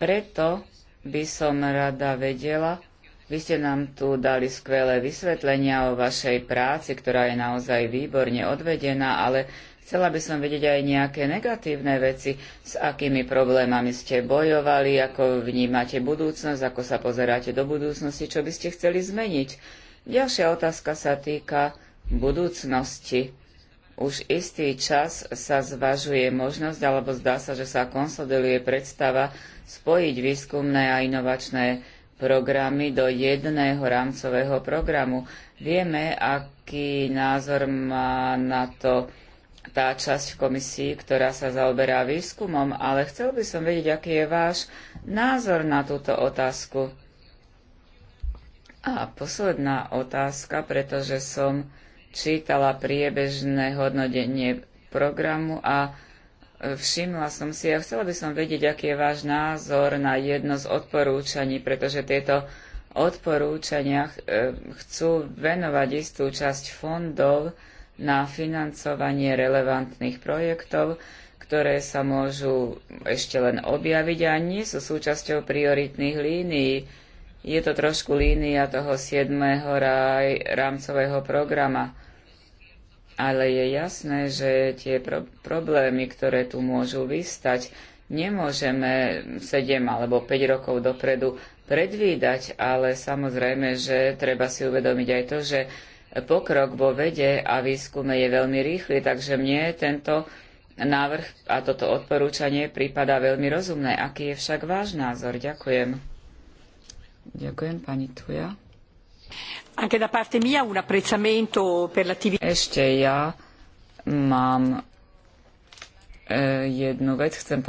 preto by som rada vedela, vy ste nám tu dali skvelé vysvetlenia o vašej práci, ktorá je naozaj výborne odvedená, ale chcela by som vedieť aj nejaké negatívne veci, s akými problémami ste bojovali, ako vnímate budúcnosť, ako sa pozeráte do budúcnosti, čo by ste chceli zmeniť. Ďalšia otázka sa týka budúcnosti. Už istý čas sa zvažuje možnosť, alebo zdá sa, že sa konsoliduje predstava spojiť výskumné a inovačné programy do jedného rámcového programu. Vieme, aký názor má na to tá časť v komisii, ktorá sa zaoberá výskumom, ale chcel by som vedieť, aký je váš názor na túto otázku. A posledná otázka, pretože som čítala priebežné hodnodenie programu a Všimla som si a chcela by som vedieť, aký je váš názor na jedno z odporúčaní, pretože tieto odporúčania e, chcú venovať istú časť fondov na financovanie relevantných projektov, ktoré sa môžu ešte len objaviť a nie sú súčasťou prioritných línií. Je to trošku línia toho 7. rámcového programa. Ale je jasné, že tie pro- problémy, ktoré tu môžu vystať, nemôžeme 7 alebo 5 rokov dopredu predvídať, ale samozrejme, že treba si uvedomiť aj to, že pokrok vo vede a výskume je veľmi rýchly, takže mne tento návrh a toto odporúčanie prípada veľmi rozumné. Aký je však váš názor? Ďakujem. Ďakujem, pani Tuja. Ešte ja mám e, jednu vec. Chcem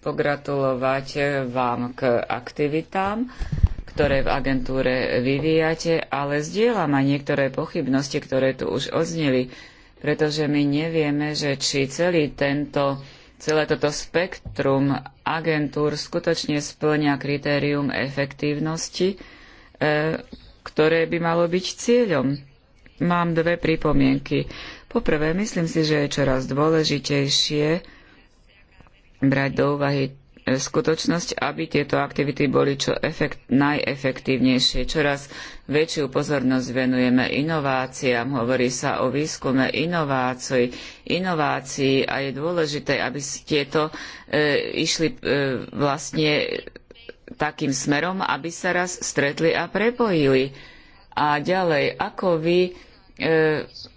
pogratulovať vám k aktivitám, ktoré v agentúre vyvíjate, ale zdieľam aj niektoré pochybnosti, ktoré tu už odznili, pretože my nevieme, že či celý tento, celé toto spektrum agentúr skutočne splňa kritérium efektívnosti e, ktoré by malo byť cieľom. Mám dve pripomienky. Poprvé, myslím si, že je čoraz dôležitejšie brať do úvahy skutočnosť, aby tieto aktivity boli čo efekt, najefektívnejšie. Čoraz väčšiu pozornosť venujeme inováciám, hovorí sa o výskume inovácií, inovácií a je dôležité, aby tieto e, išli e, vlastne takým smerom, aby sa raz stretli a prepojili. A ďalej, ako vy e,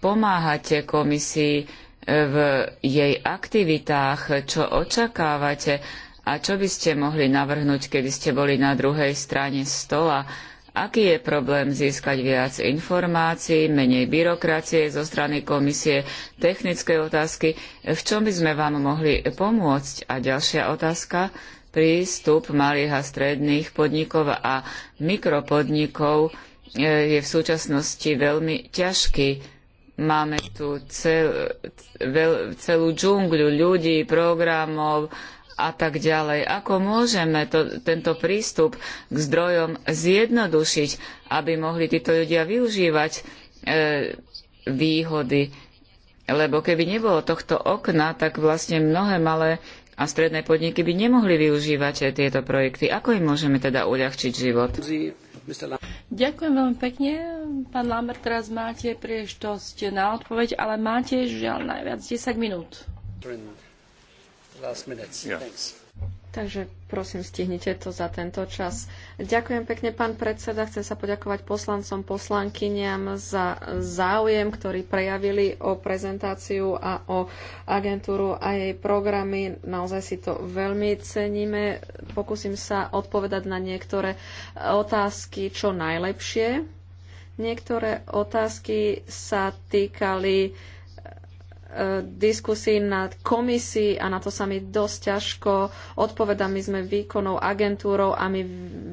pomáhate komisii e, v jej aktivitách, čo očakávate a čo by ste mohli navrhnúť, keby ste boli na druhej strane stola. Aký je problém získať viac informácií, menej byrokracie zo strany komisie, technické otázky? V čom by sme vám mohli pomôcť? A ďalšia otázka prístup malých a stredných podnikov a mikropodnikov e, je v súčasnosti veľmi ťažký. Máme tu cel, veľ, celú džungľu ľudí, programov a tak ďalej. Ako môžeme to, tento prístup k zdrojom zjednodušiť, aby mohli títo ľudia využívať e, výhody? Lebo keby nebolo tohto okna, tak vlastne mnohé malé a stredné podniky by nemohli využívať tieto projekty. Ako im môžeme teda uľahčiť život? Ďakujem veľmi pekne. Pán Lambert, teraz máte priežitosť na odpoveď, ale máte žiaľ najviac 10 minút. Yeah. Takže prosím, stihnite to za tento čas. Ďakujem pekne, pán predseda. Chcem sa poďakovať poslancom, poslankyniam za záujem, ktorý prejavili o prezentáciu a o agentúru a jej programy. Naozaj si to veľmi ceníme. Pokúsim sa odpovedať na niektoré otázky čo najlepšie. Niektoré otázky sa týkali diskusí na komisii a na to sa mi dosť ťažko odpoveda. My sme výkonnou agentúrou a my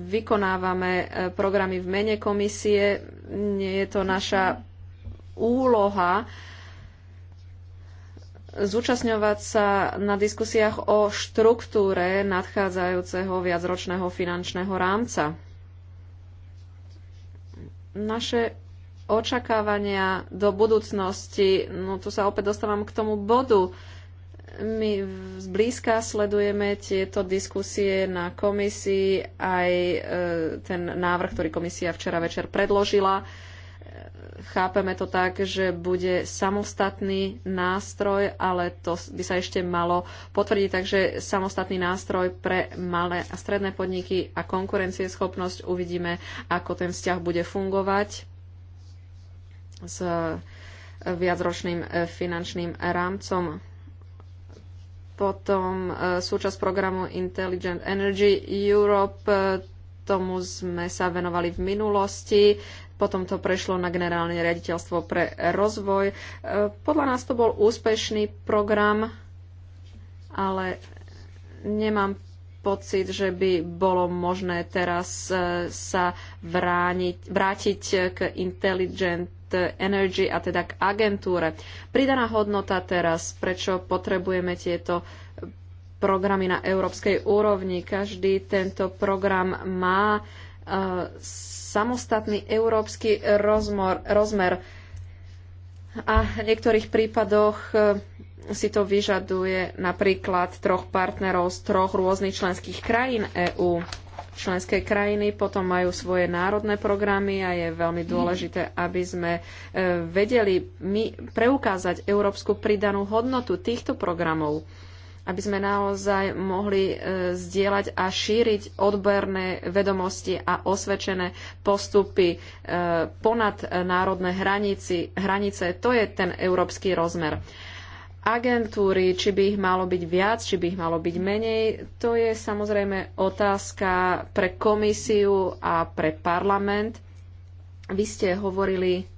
vykonávame e, programy v mene komisie. Nie je to naša úloha zúčastňovať sa na diskusiách o štruktúre nadchádzajúceho viacročného finančného rámca. Naše očakávania do budúcnosti, no tu sa opäť dostávam k tomu bodu. My zblízka sledujeme tieto diskusie na komisii, aj e, ten návrh, ktorý komisia včera večer predložila. Chápeme to tak, že bude samostatný nástroj, ale to by sa ešte malo potvrdiť, takže samostatný nástroj pre malé a stredné podniky a konkurencieschopnosť. Uvidíme, ako ten vzťah bude fungovať s e, viacročným e, finančným rámcom. Potom e, súčasť programu Intelligent Energy Europe, tomu sme sa venovali v minulosti, potom to prešlo na generálne riaditeľstvo pre rozvoj. Podľa nás to bol úspešný program, ale nemám pocit, že by bolo možné teraz sa vrániť, vrátiť k Intelligent Energy a teda k agentúre. Pridaná hodnota teraz, prečo potrebujeme tieto programy na európskej úrovni. Každý tento program má e, samostatný európsky rozmor, rozmer. A v niektorých prípadoch e, si to vyžaduje napríklad troch partnerov z troch rôznych členských krajín EÚ. Členské krajiny potom majú svoje národné programy a je veľmi dôležité, aby sme e, vedeli my preukázať európsku pridanú hodnotu týchto programov aby sme naozaj mohli e, zdieľať a šíriť odberné vedomosti a osvedčené postupy e, ponad národné hranici, hranice. To je ten európsky rozmer agentúry, či by ich malo byť viac, či by ich malo byť menej, to je samozrejme otázka pre komisiu a pre parlament. Vy ste hovorili,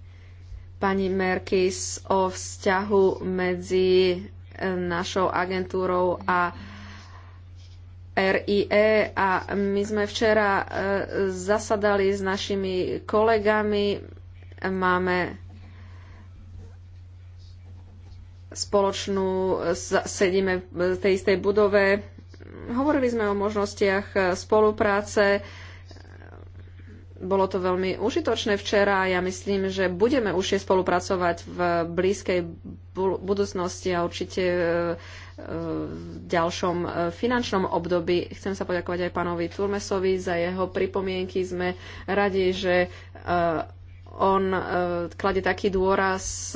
pani Merkis, o vzťahu medzi eh, našou agentúrou a RIE a my sme včera eh, zasadali s našimi kolegami. Máme spoločnú, sedíme v tej istej budove. Hovorili sme o možnostiach spolupráce. Bolo to veľmi užitočné včera a ja myslím, že budeme užšie spolupracovať v blízkej budúcnosti a určite e, v ďalšom e, finančnom období. Chcem sa poďakovať aj pánovi Turmesovi za jeho pripomienky. Sme radi, že e, on kladie taký dôraz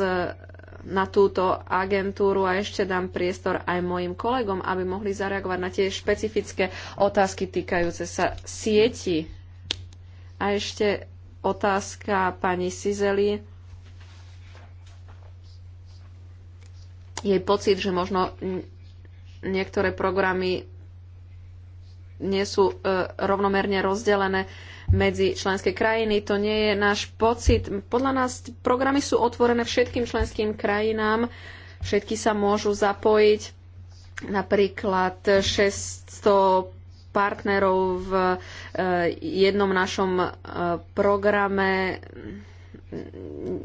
na túto agentúru a ešte dám priestor aj mojim kolegom, aby mohli zareagovať na tie špecifické otázky týkajúce sa sieti. A ešte otázka pani Sizeli. Jej pocit, že možno niektoré programy nie sú e, rovnomerne rozdelené medzi členské krajiny. To nie je náš pocit. Podľa nás programy sú otvorené všetkým členským krajinám. Všetky sa môžu zapojiť. Napríklad 600 partnerov v eh, jednom našom eh, programe.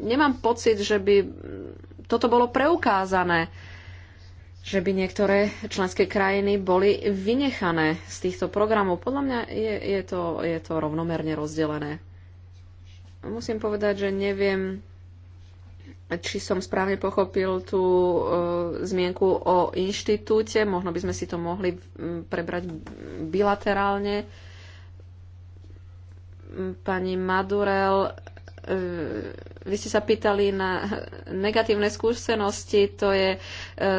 Nemám pocit, že by toto bolo preukázané že by niektoré členské krajiny boli vynechané z týchto programov. Podľa mňa je, je, to, je to rovnomerne rozdelené. Musím povedať, že neviem, či som správne pochopil tú e, zmienku o inštitúte. Možno by sme si to mohli prebrať bilaterálne. Pani Madurel vy ste sa pýtali na negatívne skúsenosti, to je e,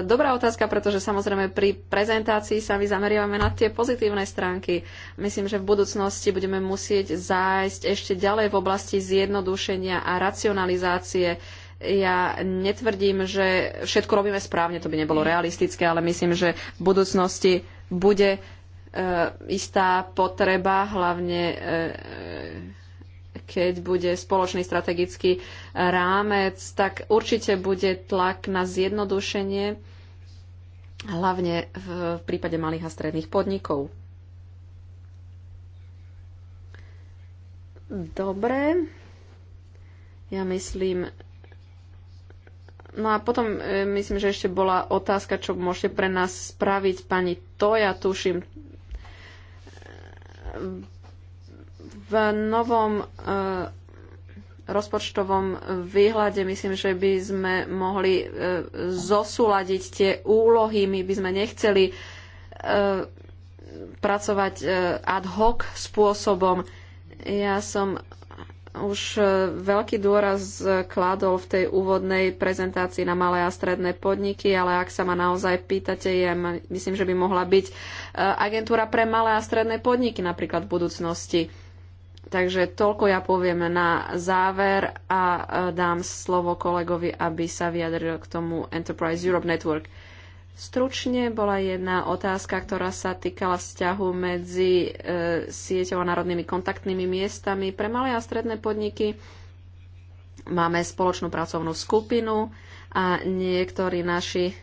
dobrá otázka, pretože samozrejme pri prezentácii sa my zameriavame na tie pozitívne stránky. Myslím, že v budúcnosti budeme musieť zájsť ešte ďalej v oblasti zjednodušenia a racionalizácie. Ja netvrdím, že všetko robíme správne, to by nebolo realistické, ale myslím, že v budúcnosti bude e, istá potreba, hlavne e, keď bude spoločný strategický rámec, tak určite bude tlak na zjednodušenie, hlavne v prípade malých a stredných podnikov. Dobre. Ja myslím, No a potom e, myslím, že ešte bola otázka, čo môžete pre nás spraviť, pani Toja, tuším. V novom eh, rozpočtovom výhľade myslím, že by sme mohli eh, zosúľadiť tie úlohy. My by sme nechceli eh, pracovať ad hoc spôsobom. Ja som už veľký dôraz kladol v tej úvodnej prezentácii na malé a stredné podniky, ale ak sa ma naozaj pýtate, ja myslím, že by mohla byť agentúra pre malé a stredné podniky napríklad v budúcnosti Takže toľko ja poviem na záver a e, dám slovo kolegovi, aby sa vyjadril k tomu Enterprise Europe Network. Stručne bola jedna otázka, ktorá sa týkala vzťahu medzi e, sieťou a národnými kontaktnými miestami. Pre malé a stredné podniky máme spoločnú pracovnú skupinu a niektorí naši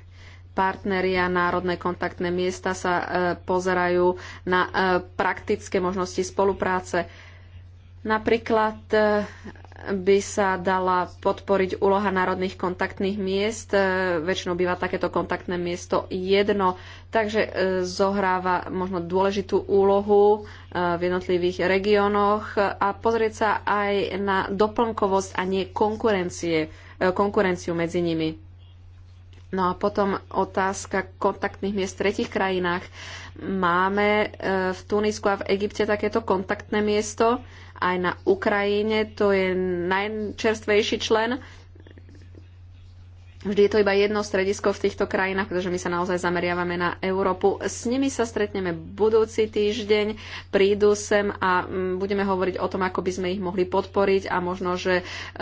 partneri a národné kontaktné miesta sa e, pozerajú na e, praktické možnosti spolupráce. E, Napríklad e, by sa dala podporiť úloha národných kontaktných miest. E, väčšinou býva takéto kontaktné miesto jedno, takže e, zohráva možno dôležitú úlohu v jednotlivých regiónoch a pozrieť sa aj na doplnkovosť a nie konkurencie, konkurenciu medzi nimi. No a potom otázka kontaktných miest v tretich krajinách. Máme v Tunisku a v Egypte takéto kontaktné miesto, aj na Ukrajine. To je najčerstvejší člen. Vždy je to iba jedno stredisko v týchto krajinách, pretože my sa naozaj zameriavame na Európu. S nimi sa stretneme budúci týždeň, prídu sem a mm, budeme hovoriť o tom, ako by sme ich mohli podporiť a možno, že e, e,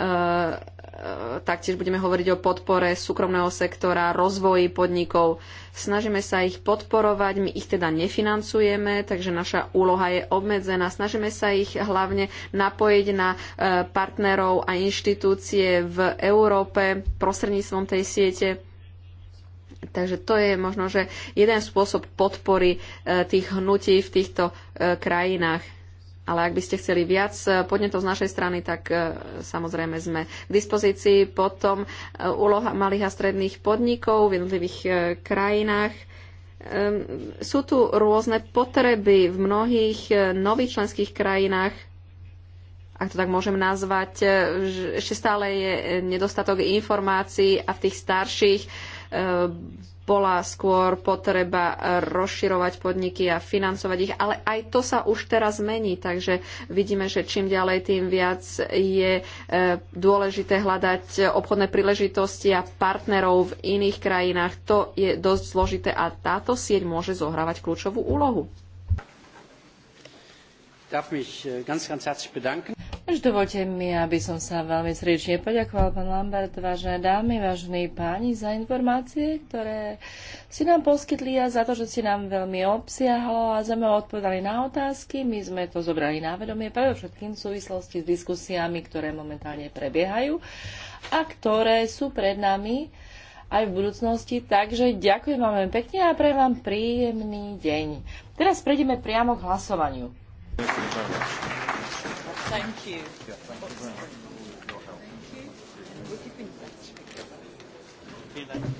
taktiež budeme hovoriť o podpore súkromného sektora, rozvoji podnikov. E, Snažíme sa ich podporovať, my ich teda nefinancujeme, takže naša úloha je obmedzená. Snažíme sa ich hlavne napojiť na e, partnerov a inštitúcie v Európe prostredníctvom tej siete Takže to je možno, že jeden spôsob podpory e, tých hnutí v týchto e, krajinách. Ale ak by ste chceli viac eh, podnetov z našej strany, tak eh, samozrejme sme k dispozícii. Potom eh, úloha malých a stredných podnikov v jednotlivých krajinách. Ehm, sú tu rôzne potreby v mnohých nových členských krajinách, ak to tak môžem nazvať, ešte stále je nedostatok informácií a v tých starších bola skôr potreba rozširovať podniky a financovať ich, ale aj to sa už teraz mení, takže vidíme, že čím ďalej, tým viac je e, dôležité hľadať obchodné príležitosti a partnerov v iných krajinách. To je dosť zložité a táto sieť môže zohrávať kľúčovú úlohu darf mich äh, ganz, ganz herzlich bedanken. dovolte mi, aby som sa veľmi srdečne poďakoval, pán Lambert, vážené dámy, vážení páni, za informácie, ktoré ste nám poskytli a za to, že ste nám veľmi obsiahlo a sme odpovedali na otázky. My sme to zobrali na vedomie, predovšetkým v súvislosti s diskusiami, ktoré momentálne prebiehajú a ktoré sú pred nami aj v budúcnosti. Takže ďakujem vám pekne a prajem vám príjemný deň. Teraz prejdeme priamo k hlasovaniu. Thank you. Yeah, thank you very much Thank you. And we'll keep in touch. Vielen Dank.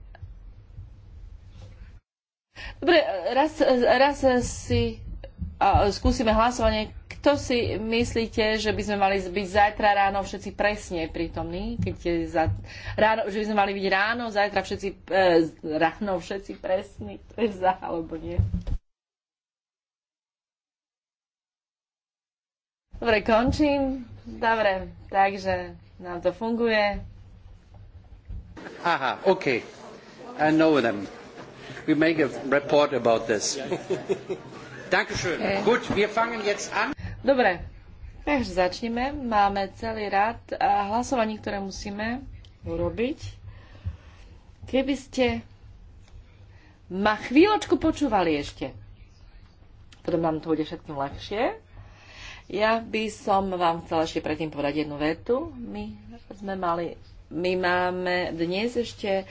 Dobre, raz, raz si a, skúsime hlasovanie. Kto si myslíte, že by sme mali byť zajtra ráno všetci presne prítomní? Keď je za, ráno, že by sme mali byť ráno, zajtra všetci, e, ráno všetci presní? To je za, alebo nie? Dobre, končím. Dobre, takže nám to funguje. Aha, OK. I know them we make a report about this. Dankeschön. Okay. Eh. Gut, wir fangen jetzt an. Dobre, takže začneme. Máme celý rad eh, hlasovaní, ktoré musíme urobiť. Keby ste ma chvíľočku počúvali ešte, potom nám to bude všetkým ľahšie. Ja by som vám chcela ešte predtým povedať jednu vetu. My sme mali, my máme dnes ešte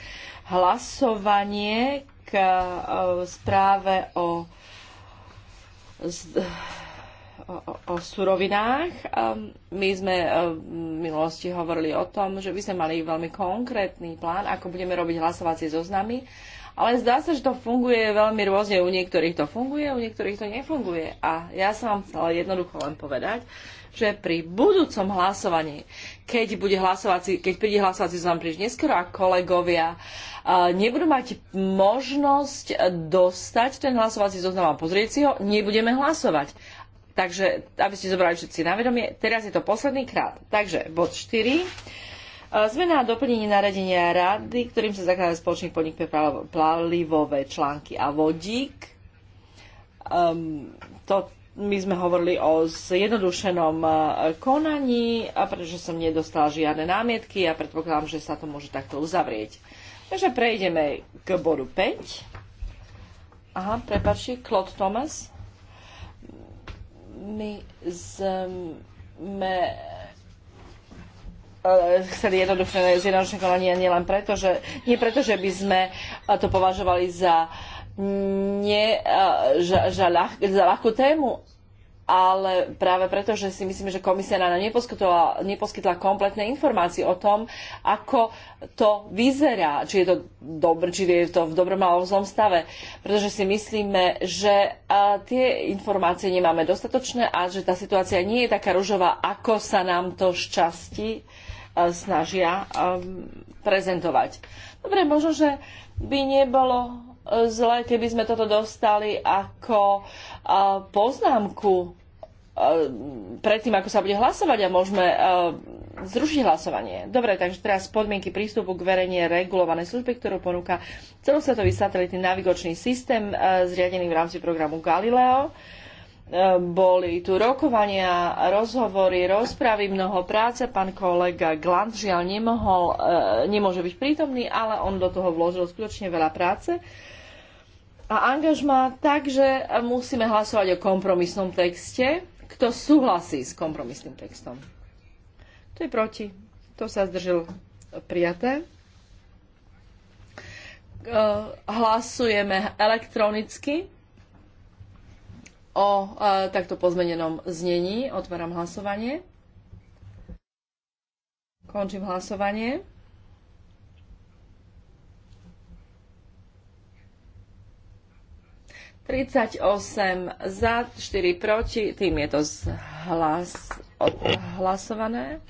hlasovanie k e, správe o, o, o surovinách. E, my sme e, v minulosti hovorili o tom, že by sme mali veľmi konkrétny plán, ako budeme robiť hlasovacie zoznamy, ale zdá sa, že to funguje veľmi rôzne. U niektorých to funguje, u niektorých to nefunguje. A ja som vám chcela jednoducho len povedať, že pri budúcom hlasovaní, keď, bude hlasovací, keď príde hlasovací zoznam príliš neskoro a kolegovia nebudú mať možnosť dostať ten hlasovací zoznam a pozrieť si ho, nebudeme hlasovať. Takže, aby ste zobrali všetci na vedomie, teraz je to posledný krát. Takže, bod 4. Zmena a doplnenie naradenia rady, ktorým sa zakladá spoločný podnik pre plavivové články a vodík. Um, to, my sme hovorili o zjednodušenom e, konaní, a pretože som nedostal žiadne námietky a predpokladám, že sa to môže takto uzavrieť. Takže prejdeme k bodu 5. Aha, prepáči, Claude Thomas. My sme e, chceli jednoduché zjednodušené konanie nielen preto, že, nie preto, že by sme to považovali za uh, nie že, že ľah, za ľahkú tému, ale práve preto, že si myslím, že komisia nám neposkytla, neposkytla kompletné informácie o tom, ako to vyzerá, či je to, dobr, či je to v dobrom alebo zlom stave. Pretože si myslíme, že tie informácie nemáme dostatočné a že tá situácia nie je taká ružová, ako sa nám to šťastí snažia prezentovať. Dobre, možno, že by nebolo zle, keby sme toto dostali ako poznámku predtým, ako sa bude hlasovať a môžeme zrušiť hlasovanie. Dobre, takže teraz podmienky prístupu k verejne regulovanej služby, ktorú ponúka celosvetový satelitný navigočný systém zriadený v rámci programu Galileo boli tu rokovania, rozhovory, rozpravy, mnoho práce. Pán kolega Glant žiaľ nemohol, e, nemôže byť prítomný, ale on do toho vložil skutočne veľa práce a angažma, takže musíme hlasovať o kompromisnom texte. Kto súhlasí s kompromisným textom? Kto je proti? to sa zdržil? Prijaté. E, hlasujeme elektronicky o e, takto pozmenenom znení. Otváram hlasovanie. Končím hlasovanie. Tridsaťosem za, štyri proti, tým je to hlas, hlasované.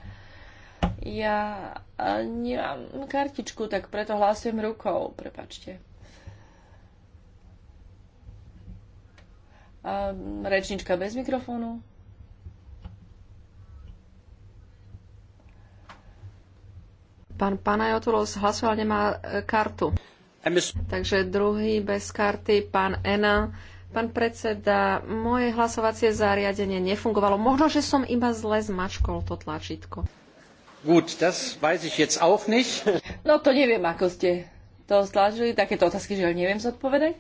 Ja e, nemám kartičku, tak preto hlasujem rukou, prepačte. Rečnička bez mikrofónu. Pán Panajotulos hlasoval, nemá e, kartu. Takže druhý bez karty, pán Ena. Pán predseda, moje hlasovacie zariadenie nefungovalo. Možno, že som iba zle zmačkol to tlačítko. Gut, das weiß ich jetzt auch nicht. No to neviem, ako ste to stlačili. Takéto otázky že neviem zodpovedať.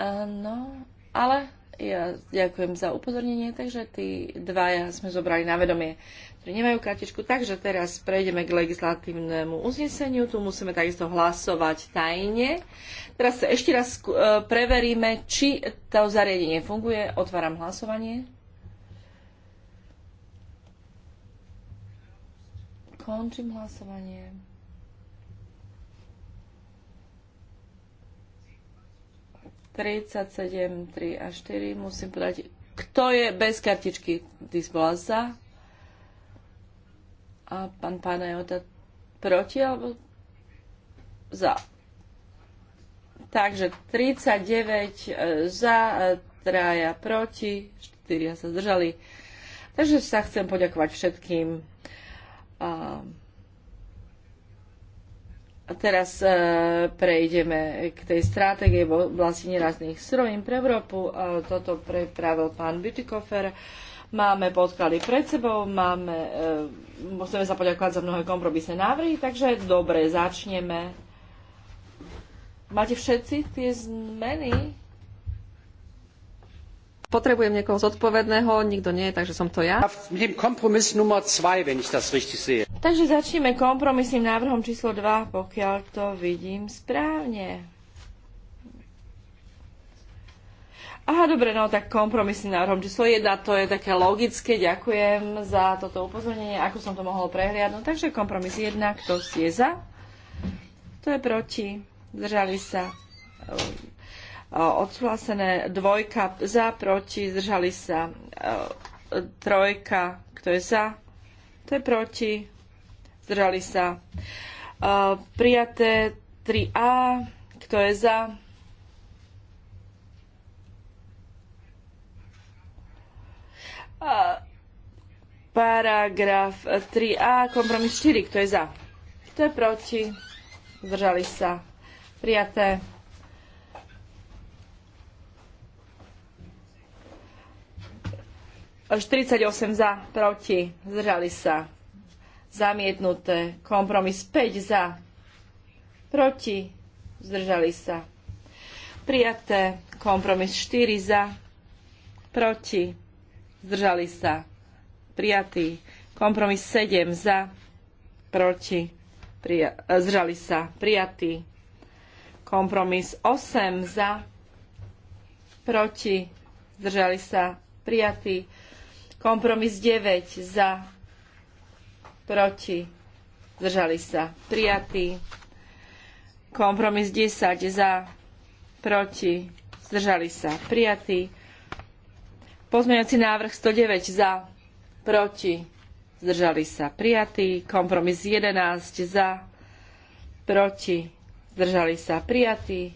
Uh, no, ale ja ďakujem za upozornenie, takže tí dvaja sme zobrali na vedomie, ktorí nemajú kratičku. Takže teraz prejdeme k legislatívnemu uzneseniu. Tu musíme takisto hlasovať tajne. Teraz sa ešte raz e, preveríme, či to zariadenie funguje. Otváram hlasovanie. Končím hlasovanie. 37, 3 a 4. Musím povedať, kto je bez kartičky? Dys za. A pán Panajota proti alebo za. Takže 39 e, za, e, traja proti, 4 sa zdržali. Takže sa chcem poďakovať všetkým. Teraz e, prejdeme k tej stratégie v oblasti nerazných surovín pre Európu. E, toto prepravil pán Bütikofer. Máme podklady pred sebou, máme, e, musíme sa poďakovať za mnohé kompromisné návrhy, takže dobre, začneme. Máte všetci tie zmeny? Potrebujem niekoho zodpovedného, nikto nie, takže som to ja. Kompromis dem 2, wenn ich das richtig sehe. Takže začneme kompromisným návrhom číslo 2, pokiaľ to vidím správne. Aha, dobre, no tak kompromisným návrhom číslo 1, to je také logické, ďakujem za toto upozornenie, ako som to mohol prehliadnúť. No, takže kompromis 1, kto je za, kto je proti, zdržali sa e, odsúhlasené dvojka za, proti, zdržali sa e, trojka, kto je za, kto je proti, zdržali sa. Prijaté 3A, kto je za? Paragraf 3a, kompromis 4, kto je za? Kto je proti? Zdržali sa. Prijaté. 38 za, proti, zdržali sa zamietnuté. Kompromis 5 za, proti, zdržali sa. Prijaté. Kompromis 4 za, proti, zdržali sa. Prijatý. Kompromis 7 za, proti, prija- e, zdržali sa. Prijatý. Kompromis 8 za, proti, zdržali sa. Prijatý. Kompromis 9 za, proti, zdržali sa prijatí. Kompromis 10 za, proti, zdržali sa prijatí. Pozmeňovací návrh 109 za, proti, zdržali sa prijatí. Kompromis 11 za, proti, zdržali sa prijatí.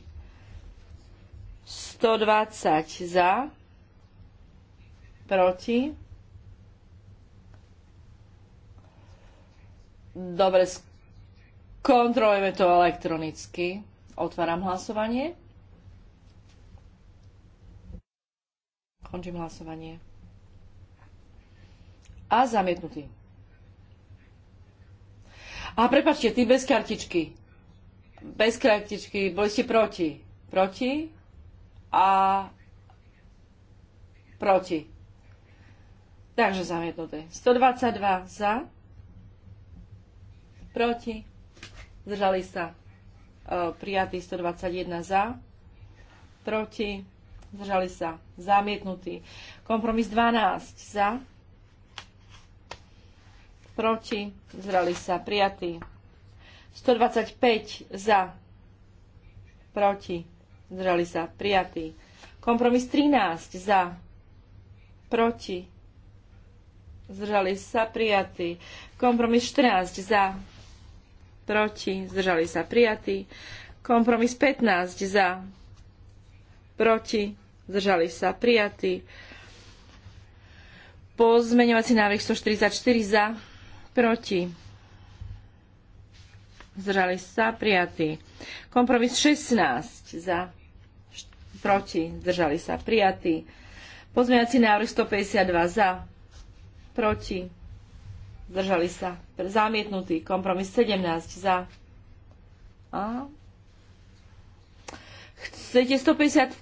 120 za, proti, Dobre, kontrolujeme to elektronicky. Otváram hlasovanie. Končím hlasovanie. A zamietnutý. A prepačte, ty bez kartičky. Bez kartičky, boli ste proti. Proti a proti. Takže zamietnuté. 122 za, proti, zdržali sa e, prijatí 121 za, proti, zdržali sa zamietnutí. Kompromis 12 za, proti, zdržali sa prijatí. 125 za, proti, zdržali sa prijatí. Kompromis 13 za, proti, zdržali sa prijatí. Kompromis 14 za, proti, zdržali sa prijatí. Kompromis 15 za, proti, zdržali sa prijatí. Pozmeňovací návrh 144 za, proti, zdržali sa prijatí. Kompromis 16 za, proti, zdržali sa prijatí. Pozmeňovací návrh 152 za, proti, Zdržali sa. Zamietnutý. Kompromis 17 za. A? Chcete 152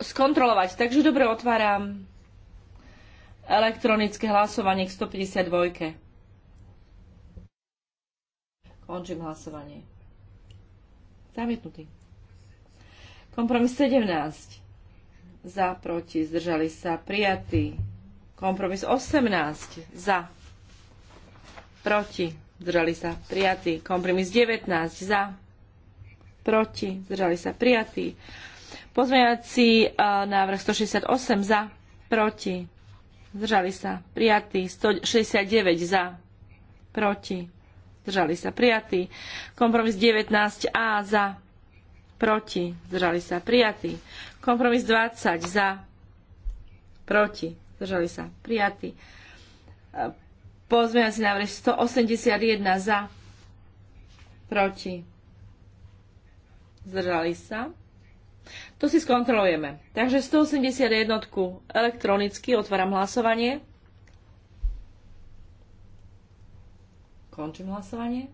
skontrolovať. Takže dobre otváram elektronické hlasovanie k 152. Končím hlasovanie. Zamietnutý. Kompromis 17. Za, proti, zdržali sa, prijatý. Kompromis 18 za. Proti. Zdržali sa prijatí. Kompromis 19 za. Proti. Zdržali sa prijatí. Pozmeňovací návrh 168 za. Proti. Zdržali sa prijatí. 169 za. Proti. Zdržali sa Prijatý. Kompromis 19a za. Proti. Zdržali sa prijatí. Kompromis 20 za. Proti zdržali sa prijatí. E, si návrh 181 za, proti, zdržali sa. To si skontrolujeme. Takže 181 elektronicky otváram hlasovanie. Končím hlasovanie.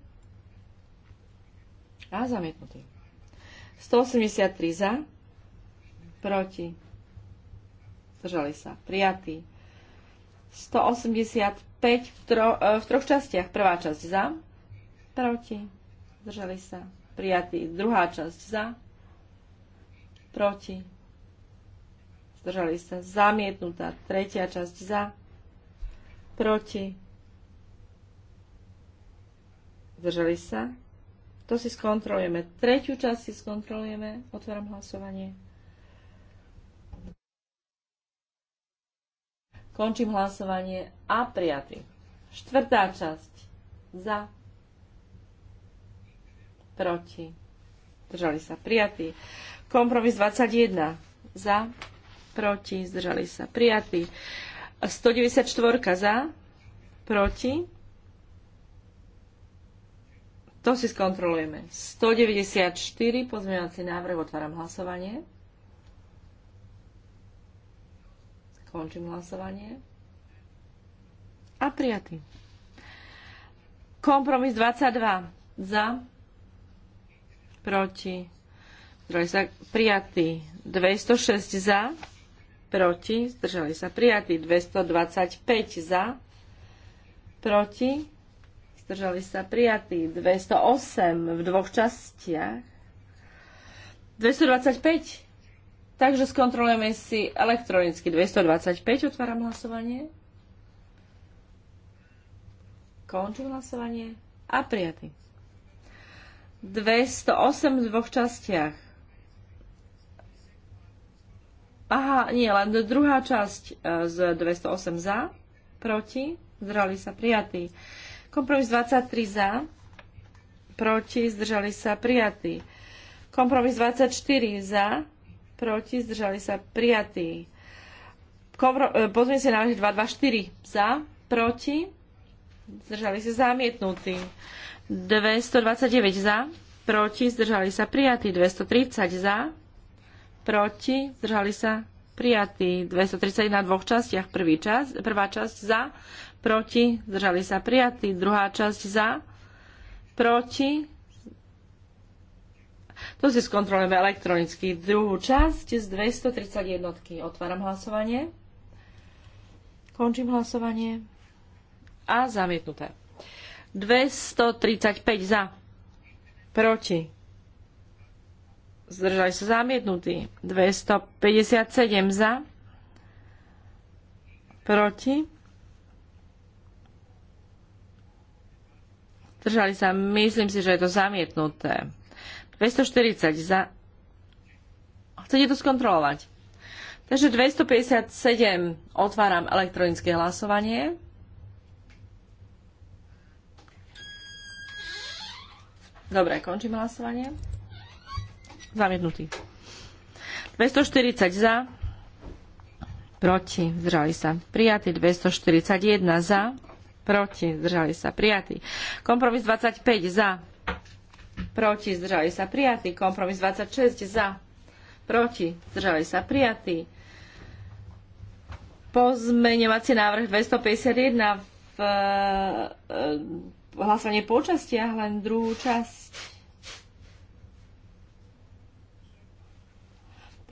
A zamietnutý. 183 za, proti zdržali sa, prijatí. 185 v, tro, e, v troch častiach. Prvá časť za, proti, zdržali sa, prijatí. Druhá časť za, proti, zdržali sa, zamietnutá. Tretia časť za, proti, zdržali sa. To si skontrolujeme. Tretiu časť si skontrolujeme. Otváram hlasovanie. Končím hlasovanie a prijatý. Štvrtá časť. Za. Proti. Zdržali sa prijatí. Kompromis 21. Za. Proti. Zdržali sa prijatí. 194 za. Proti. To si skontrolujeme. 194 pozmeňovací návrh. Otváram hlasovanie. Končím hlasovanie. A prijatý. Kompromis 22. Za. Proti. Zdržali sa prijatý. 206 za. Proti. Zdržali sa prijatý. 225 za. Proti. Zdržali sa prijatý. 208 v dvoch častiach. 225 Takže skontrolujeme si elektronicky 225, otváram hlasovanie. Končím hlasovanie a prijatý. 208 v dvoch častiach. Aha, nie, len druhá časť e, z 208 za, proti, zdržali sa prijatí. Kompromis 23 za, proti, zdržali sa prijatí. Kompromis 24 za, proti, zdržali sa prijatí. Pozrieme sa na 224 za, proti, zdržali sa zamietnutí. 229 za, proti, zdržali sa prijatí. 230 za, proti, zdržali sa prijatí. 231 na dvoch častiach, prvý čas, prvá časť za, proti, zdržali sa prijatí. Druhá časť za, proti, to si skontrolujeme elektronicky. Druhú časť z jednotky. Otváram hlasovanie. Končím hlasovanie. A zamietnuté. 235 za. Proti. Zdržali sa zamietnutí. 257 za. Proti. Zdržali sa. Myslím si, že je to zamietnuté. 240 za... Chcete to skontrolovať? Takže 257 otváram elektronické hlasovanie. Dobre, končím hlasovanie. Zamietnutý. 240 za, proti, zdržali sa Prijatý. 241 za, proti, zdržali sa prijatí. Kompromis 25 za, proti, zdržali sa prijatí. Kompromis 26 za, proti, zdržali sa prijatí. Pozmeňovací návrh 251 v e, e, hlasovanie po častiach, len druhú časť.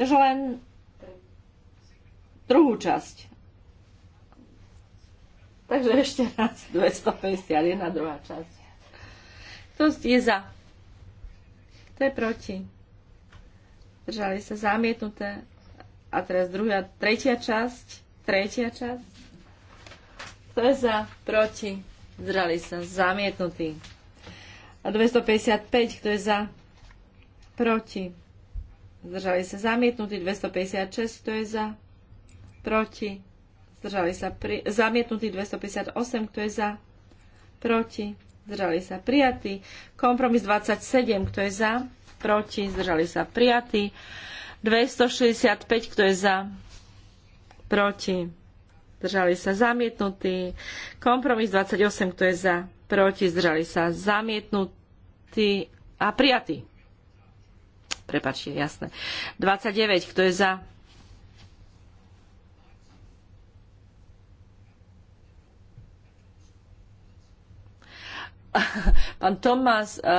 Takže len druhú časť. Takže ešte raz 251 druhá časť. Kto je za? Kto je proti? Držali sa zamietnuté. A teraz druhá, tretia časť. Tretia časť. Kto je za? Proti. Zdržali sa zamietnutí. A 255, kto je za? Proti. Zdržali sa zamietnutí. 256, kto je za? Proti. Zdržali sa pri... zamietnutí. 258, kto je za? Proti zdržali sa prijatí. Kompromis 27, kto je za, proti, zdržali sa prijatí. 265, kto je za, proti, zdržali sa zamietnutí. Kompromis 28, kto je za, proti, zdržali sa zamietnutí a prijatí. Prepačte, jasné. 29, kto je za, Pán Tomás um, um,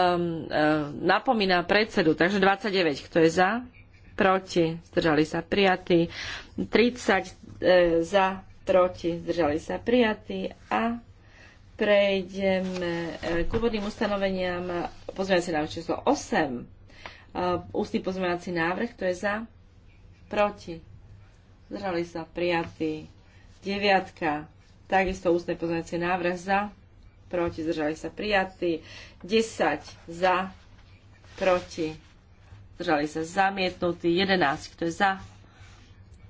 napomína predsedu, takže 29. Kto je za? Proti. Zdržali sa prijatí. 30 e, za. Proti. Zdržali sa prijatí. A prejdeme e, k úvodným ustanoveniam. Pozmeňovací návrh číslo 8. E, ústny pozmeňovací návrh. Kto je za? Proti. Zdržali sa prijatí. Deviatka. Takisto ústne pozmeňovací návrh za proti, zdržali sa prijatí. 10 za, proti, zdržali sa zamietnutí. 11, kto je za,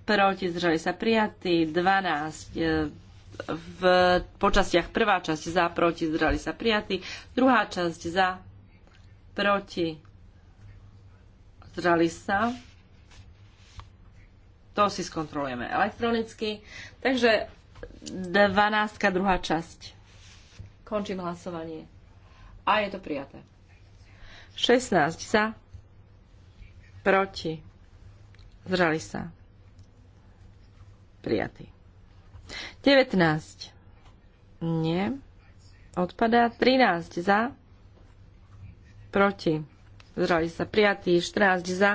proti, zdržali sa prijatí. 12 e, v počastiach prvá časť za, proti, zdržali sa prijatí. Druhá časť za, proti, zdržali sa. To si skontrolujeme elektronicky. Takže 12. druhá časť. Končím hlasovanie. A je to prijaté. 16 za, proti, zdržali sa, prijatý. 19. Nie. Odpadá 13 za, proti, zdržali sa, prijatý. 14 za,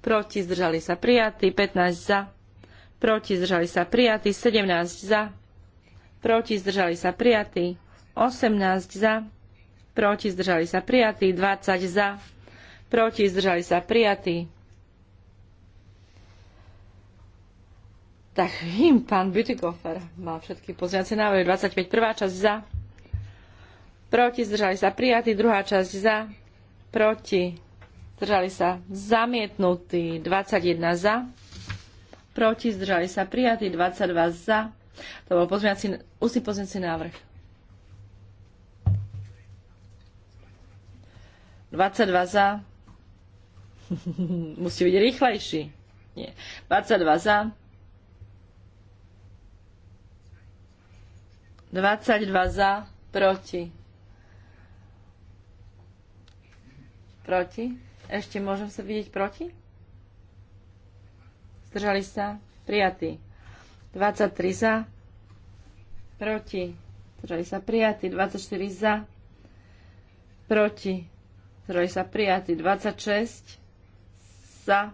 proti, zdržali sa, prijatý. 15 za, proti, zdržali sa, prijatý. 17 za, proti, zdržali sa prijatí, 18 za, proti, zdržali sa prijatí, 20 za, proti, zdržali sa prijatí. Tak vím pán Bütikofer, má všetky pozviace návrhy. 25, prvá časť za, proti, zdržali sa prijatí, druhá časť za, proti, zdržali sa zamietnutí, 21 za, proti, zdržali sa prijatí, 22 za, to bol pozmiací, ústny pozmiací návrh. 22 za. Musí byť rýchlejší. Nie. 22 za. 22 za, proti. Proti? Ešte môžem sa vidieť proti? Zdržali sa? Prijatý. 23 za, proti, zdržali sa prijatí, 24 za, proti, zdržali sa prijatí, 26 za,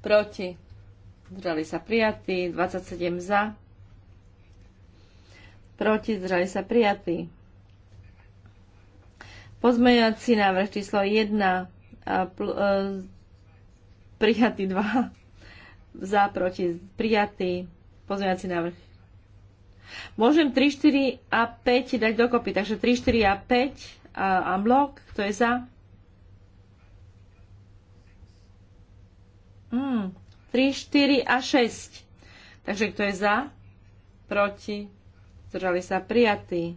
proti, zdržali sa prijatí, 27 za, proti, zdržali sa prijatí. Pozmeňovací návrh číslo 1 a pl, e, prijatý 2 za, proti, prijatý, pozmeňovací návrh. Môžem 3, 4 a 5 dať dokopy, takže 3, 4 a 5 a, a blok, kto je za? Hmm, 3, 4 a 6. Takže kto je za? Proti? Zdržali sa prijatí.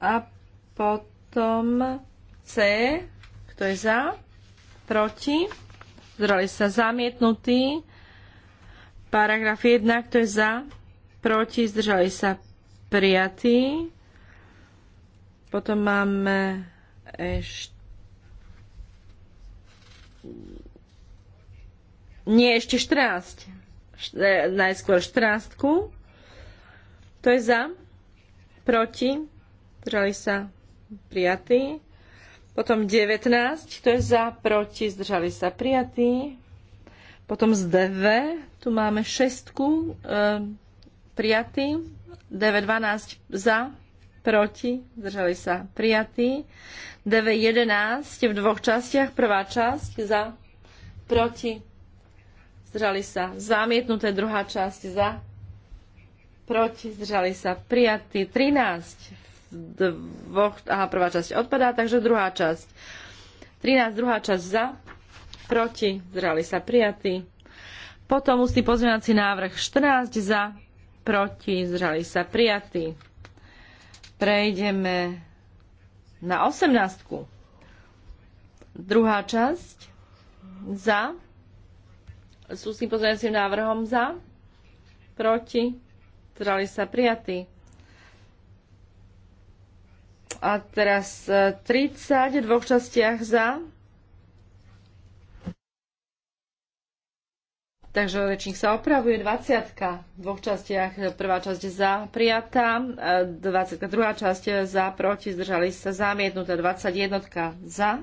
A potom C. Kto je za? Proti? zdržali sa zamietnutý, Paragraf 1, kto je za, proti, zdržali sa prijatí. Potom máme ešte nie, ešte 14. E, najskôr 14. To je za, proti, zdržali sa prijatí. Potom 19, to je za, proti, zdržali sa prijatí. Potom z DV, tu máme šestku, e, prijatí. DV12 za, proti, zdržali sa prijatí. DV11 v dvoch častiach, prvá časť za, proti, zdržali sa zamietnuté, druhá časť za, proti, zdržali sa prijatí. 13 dvoch, aha, prvá časť odpadá, takže druhá časť. 13, druhá časť za, proti, zrali sa prijatí. Potom ústny pozmeňovací návrh 14 za, proti, zrali sa prijatí. Prejdeme na 18. Druhá časť za, s ústnym pozmeňovacím návrhom za, proti, zrali sa prijatí. A teraz 30 e, v dvoch častiach za. Takže rečník sa opravuje 20 v dvoch častiach. Prvá časť za prijatá, 22. E, druhá časť za proti, zdržali sa zamietnuté, 21 za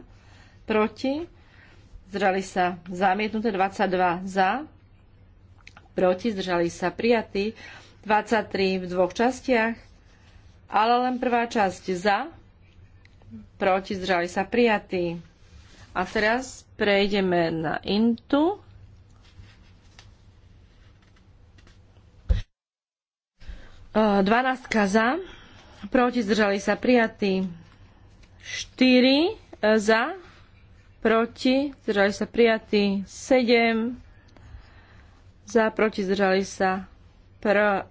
proti, zdržali sa zamietnuté, 22 za proti, zdržali sa prijatí, 23 v dvoch častiach ale len prvá časť za, proti zdržali sa prijatí. A teraz prejdeme na intu. Dvanáctka za, proti zdržali sa prijatí. 4 za, proti zdržali sa prijatí. 7 za, proti zdržali sa pr-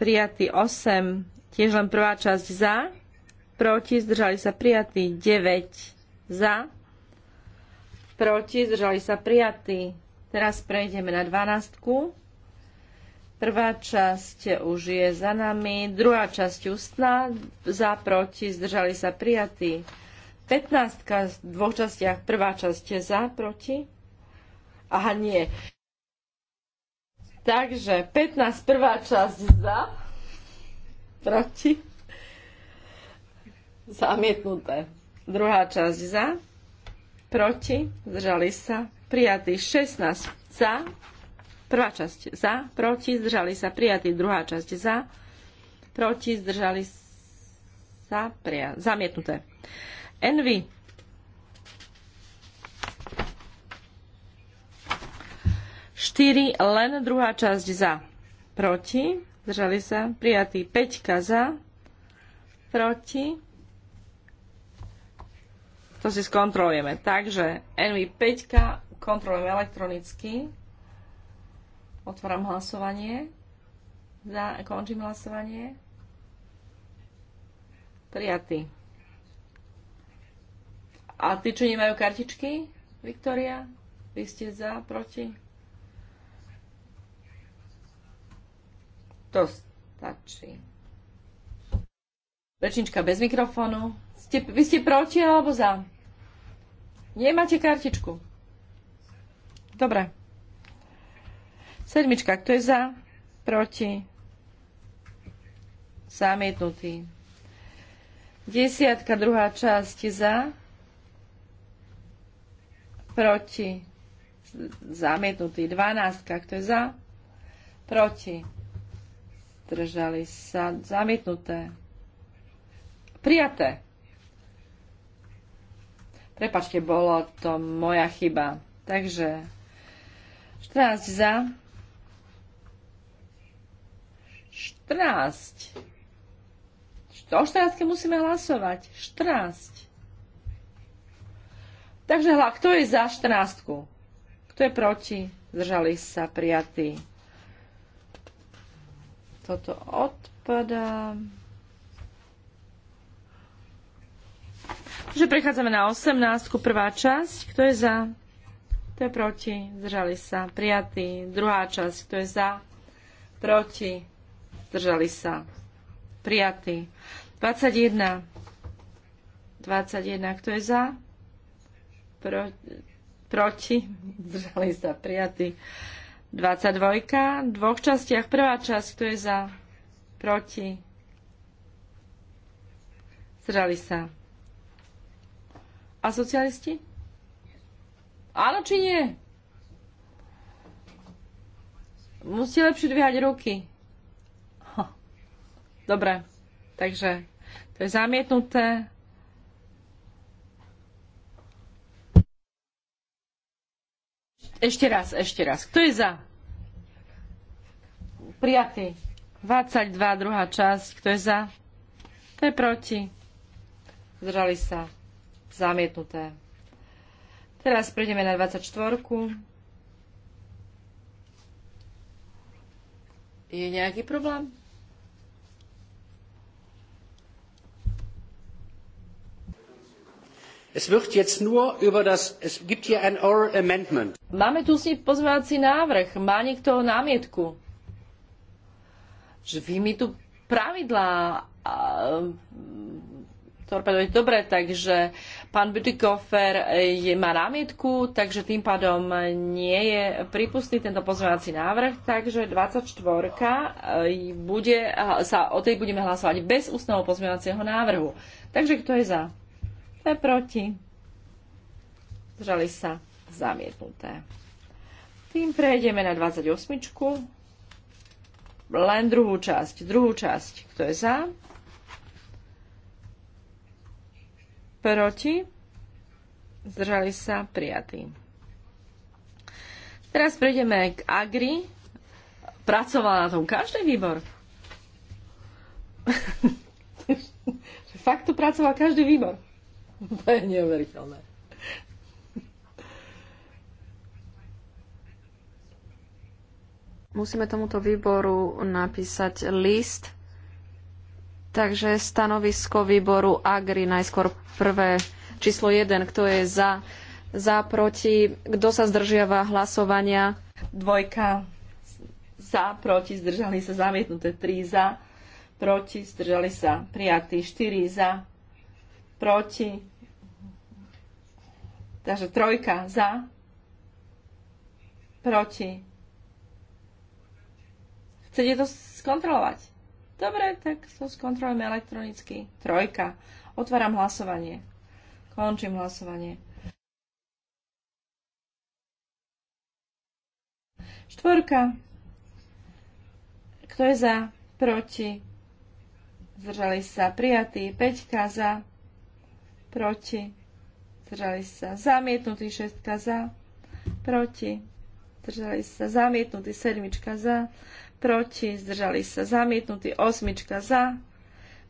prijatí. 8 Tiež len prvá časť za, proti, zdržali sa prijatí. 9 za, proti, zdržali sa prijatí. Teraz prejdeme na 12. Prvá časť už je za nami, druhá časť ústna, za, proti, zdržali sa prijatí. 15 v dvoch častiach, prvá časť je za, proti. Aha, nie. Takže 15 prvá časť za, Proti? Zamietnuté. Druhá časť za. Proti? Zdržali sa. Prijatý 16 za. Prvá časť za. Proti? Zdržali sa. Prijatý druhá časť za. Proti? Zdržali sa. Pria, zamietnuté. Envy. Štyri len druhá časť za. Proti? zdržali sa, prijatý 5 za, proti, to si skontrolujeme. Takže NV5 kontrolujeme elektronicky. Otváram hlasovanie. Za, končím hlasovanie. Prijatý. A tí, čo nemajú kartičky, Viktoria, vy ste za, proti? To stačí. Rečnička bez mikrofónu. Ste, vy ste proti alebo za? Nemáte kartičku. Dobre. Sedmička, kto je za? Proti? Zamietnutý. Desiatka, druhá časť za? Proti? Zamietnutý. Dvanáctka, kto je za? Proti? zdržali sa, zamietnuté. Prijaté. Prepačte, bolo to moja chyba. Takže 14 za. 14. O 14 musíme hlasovať. 14. Takže hla, kto je za 14? Kto je proti? Zdržali sa prijatí. Toto odpadá. Takže prechádzame na 18. Prvá časť. Kto je za? Kto je proti? Zdržali sa. Prijatý. Druhá časť. Kto je za? Proti. Zdržali sa. Prijatý. 21. 21. Kto je za? Pro, proti. Zdržali sa. Prijatý. 22 v dvoch častiach. Prvá časť, kto je za, proti, zdržali sa. A socialisti? Áno či nie? Musíte lepšie dvíhať ruky. Dobre, takže to je zamietnuté. Ešte raz, ešte raz. Kto je za? Prijatý. 22, druhá časť. Kto je za? Kto je proti? Zdržali sa. Zamietnuté. Teraz prejdeme na 24. Je nejaký problém? Es wird jetzt nur über das, es gibt hier ein oral amendment. Máme tu s ním návrh. Má niekto námietku? Že vy mi tu pravidlá mm, torpedovať. Dobre, takže pán Butikofer e, je, má námietku, takže tým pádom nie je prípustný tento pozvávací návrh, takže 24 e, bude, sa, o tej budeme hlasovať bez ústneho pozvávacieho návrhu. Takže kto je za? Kto proti? Zdržali sa zamietnuté. Tým prejdeme na 28. Len druhú časť. Druhú časť. Kto je za? Proti? Zdržali sa prijatí. Teraz prejdeme k Agri. Pracoval na tom každý výbor. Fakt tu pracoval každý výbor. To je neuveriteľné. Musíme tomuto výboru napísať list, takže stanovisko výboru AGRI, najskôr prvé číslo 1, kto je za, za, proti, kto sa zdržiava hlasovania. Dvojka za, proti, zdržali sa zamietnuté, 3 za, proti, zdržali sa prijatí, štyri za, proti, Takže trojka za, proti. Chcete to skontrolovať? Dobre, tak to skontrolujeme elektronicky. Trojka. Otváram hlasovanie. Končím hlasovanie. Štvorka. Kto je za? Proti. Zdržali sa prijatí. Peťka za. Proti zdržali sa zamietnutý šestka za, proti, zdržali sa zamietnutý sedmička za, proti, zdržali sa zamietnutý osmička za,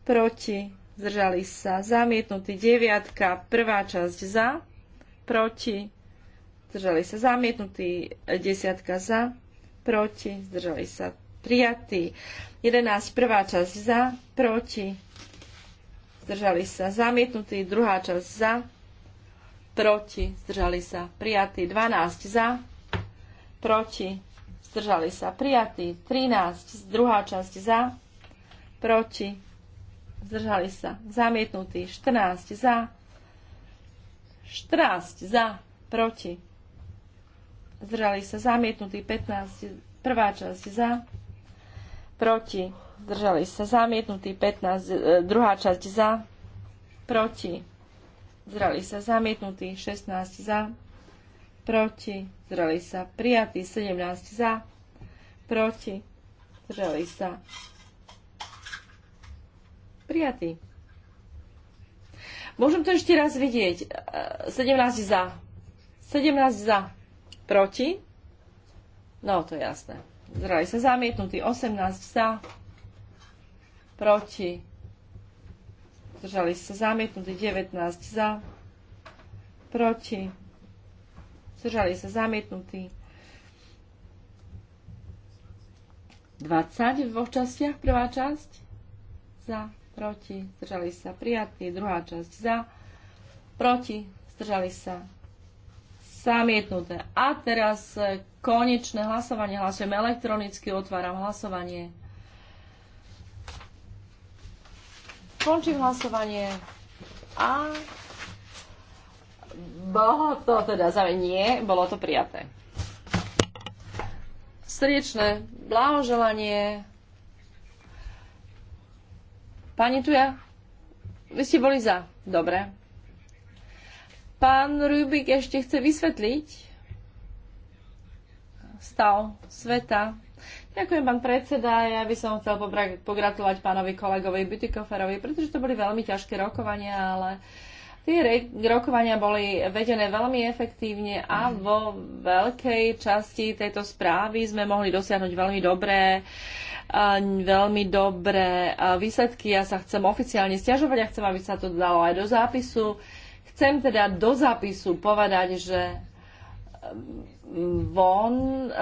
proti, zdržali sa zamietnutý deviatka, prvá časť za, proti, zdržali sa zamietnutý e, desiatka za, proti, zdržali sa prijatý, 11, prvá časť za, proti, zdržali sa zamietnutý druhá časť za, proti, zdržali sa prijatí 12 za, proti, zdržali sa prijatí 13, druhá časť za, proti, zdržali sa zamietnutí 14 za, 14 za, proti, zdržali sa zamietnutí 15, prvá časť za, proti, zdržali sa zamietnutí 15, e, druhá časť za, proti, zdrali sa zamietnutí, 16 za, proti, zdrali sa prijatí, 17 za, proti, zdrali sa prijatí. Môžem to ešte raz vidieť. 17 e, za. 17 za. Proti. No, to je jasné. Zdrali sa zamietnutí. 18 za. Proti zdržali sa zamietnutí, 19 za, proti, zdržali sa zamietnutí. 20 v dvoch častiach, prvá časť za, proti, zdržali sa prijatí, druhá časť za, proti, zdržali sa zamietnuté. A teraz konečné hlasovanie. Hlasujem elektronicky, otváram hlasovanie. Končím hlasovanie. A bolo to teda za nie, bolo to prijaté. Srdečné blahoželanie. Pani Tuja, vy ste boli za. Dobre. Pán Rubik ešte chce vysvetliť stav sveta Ďakujem, pán predseda. Ja by som chcel pogratulovať pánovi kolegovi Bytikoferovi, pretože to boli veľmi ťažké rokovania, ale tie rokovania boli vedené veľmi efektívne a mhm. vo veľkej časti tejto správy sme mohli dosiahnuť veľmi dobré veľmi dobré výsledky. Ja sa chcem oficiálne stiažovať a chcem, aby sa to dalo aj do zápisu. Chcem teda do zápisu povedať, že von,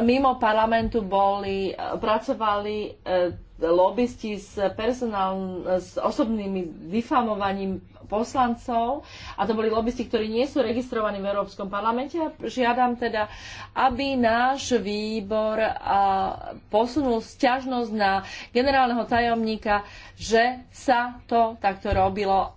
mimo parlamentu boli, pracovali e, lobbysti s, personál, s osobnými difamovaním poslancov a to boli lobbysti, ktorí nie sú registrovaní v Európskom parlamente. žiadam teda, aby náš výbor e, posunul sťažnosť na generálneho tajomníka, že sa to takto robilo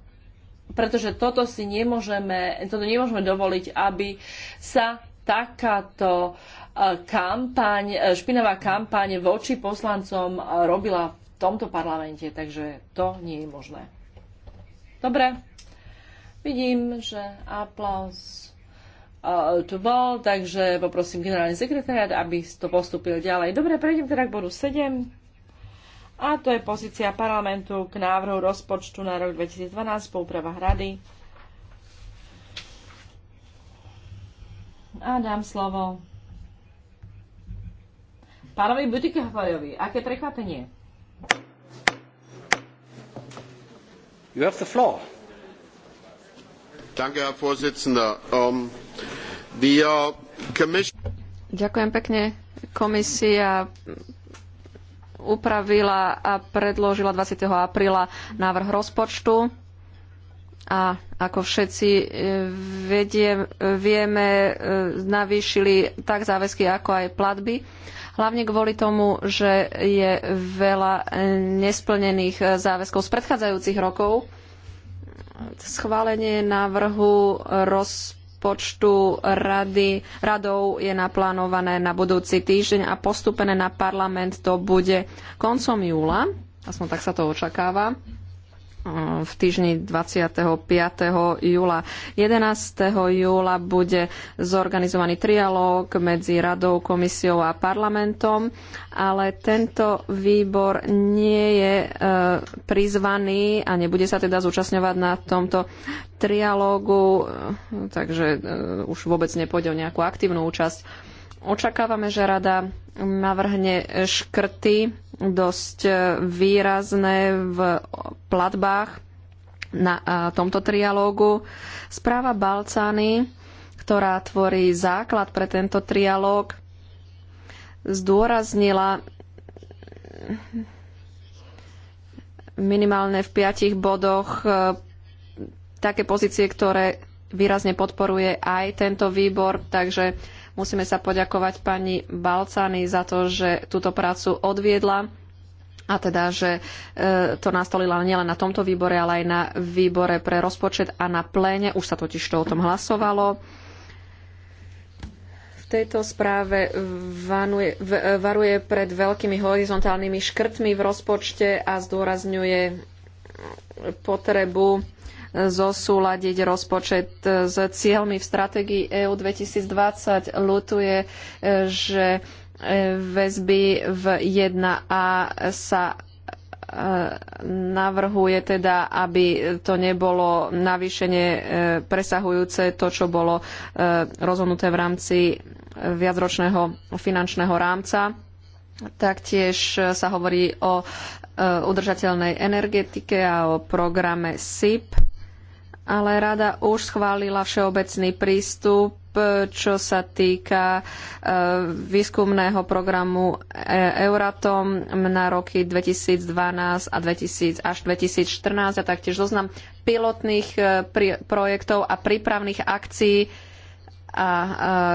pretože toto si nemôžeme, toto nemôžeme dovoliť, aby sa takáto e, kampaň, e, špinavá kampaň voči poslancom e, robila v tomto parlamente, takže to nie je možné. Dobre, vidím, že aplaus tu bol, takže poprosím generálny sekretariat, aby to postupil ďalej. Dobre, prejdem teda k bodu 7. A to je pozícia parlamentu k návrhu rozpočtu na rok 2012 po úpravách rady A dám slovo pánovi Butikhafajovi. Aké prekvapenie? You have the floor. Danke, Herr Vorsitzender. Um, ähm, the, uh, äh, commission... Ďakujem pekne. Komisia upravila a predložila 20. apríla návrh rozpočtu a ako všetci e, vedie, vieme, e, navýšili tak záväzky, ako aj platby. Hlavne kvôli tomu, že je veľa e, nesplnených záväzkov z predchádzajúcich rokov. Schválenie návrhu rozpočtu rady, radov je naplánované na budúci týždeň a postupené na parlament to bude koncom júla. Aspoň tak sa to očakáva v týždni 25. júla. 11. júla bude zorganizovaný trialóg medzi radou, komisiou a parlamentom, ale tento výbor nie je e, prizvaný a nebude sa teda zúčastňovať na tomto trialógu, e, takže e, už vôbec nepôjde o nejakú aktívnu účasť. Očakávame, že rada navrhne škrty dosť e, výrazné v platbách na e, tomto trialógu. Správa Balcány, ktorá tvorí základ pre tento trialóg, zdôraznila minimálne v piatich bodoch e, také pozície, ktoré výrazne podporuje aj tento výbor, takže Musíme sa poďakovať pani Balcani za to, že túto prácu odviedla a teda, že e, to nastolila nielen na tomto výbore, ale aj na výbore pre rozpočet a na pléne. Už sa totiž to o tom hlasovalo. V tejto správe vanuje, e, varuje pred veľkými horizontálnymi škrtmi v rozpočte a zdôrazňuje potrebu zosúladiť rozpočet e, s cieľmi v stratégii EU 2020. Lutuje, e, že e, väzby v 1A sa navrhuje teda, aby to nebolo navýšenie presahujúce to, čo bolo rozhodnuté v rámci viacročného finančného rámca. Taktiež sa hovorí o udržateľnej energetike a o programe SIP ale rada už schválila všeobecný prístup, čo sa týka e, výskumného programu e, Euratom na roky 2012 a 2000, až 2014 a taktiež zoznam pilotných e, projektov a prípravných akcií a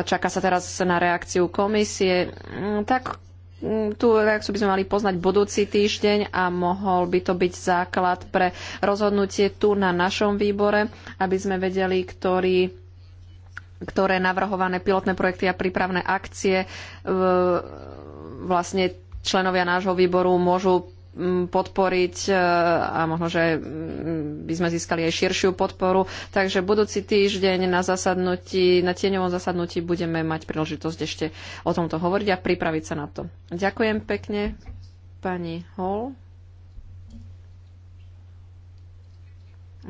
čaká sa teraz na reakciu komisie. Mm, tak Mm, tú reakciu by sme mali poznať budúci týždeň a mohol by to byť základ pre rozhodnutie tu na našom výbore, aby sme vedeli, ktorý, ktoré navrhované pilotné projekty a prípravné akcie vlastne členovia nášho výboru môžu podporiť e, a možno, že by sme získali aj širšiu podporu. Takže budúci týždeň na zasadnutí, na tieňovom zasadnutí budeme mať príležitosť ešte o tomto hovoriť a pripraviť sa na to. Ďakujem pekne, pani Hall.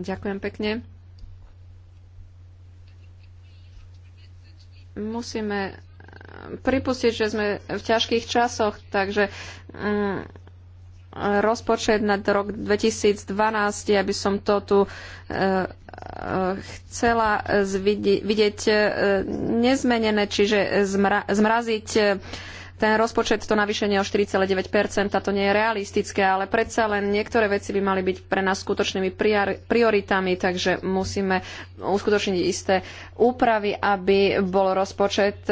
Ďakujem pekne. Musíme e, pripustiť, že sme v ťažkých časoch, takže mm, rozpočet na rok 2012. Ja by som to tu e, e, chcela vidieť e, nezmenené, čiže zmraziť ten rozpočet, to navýšenie o 4,9%, to nie je realistické, ale predsa len niektoré veci by mali byť pre nás skutočnými prioritami, takže musíme uskutočniť isté úpravy, aby bol rozpočet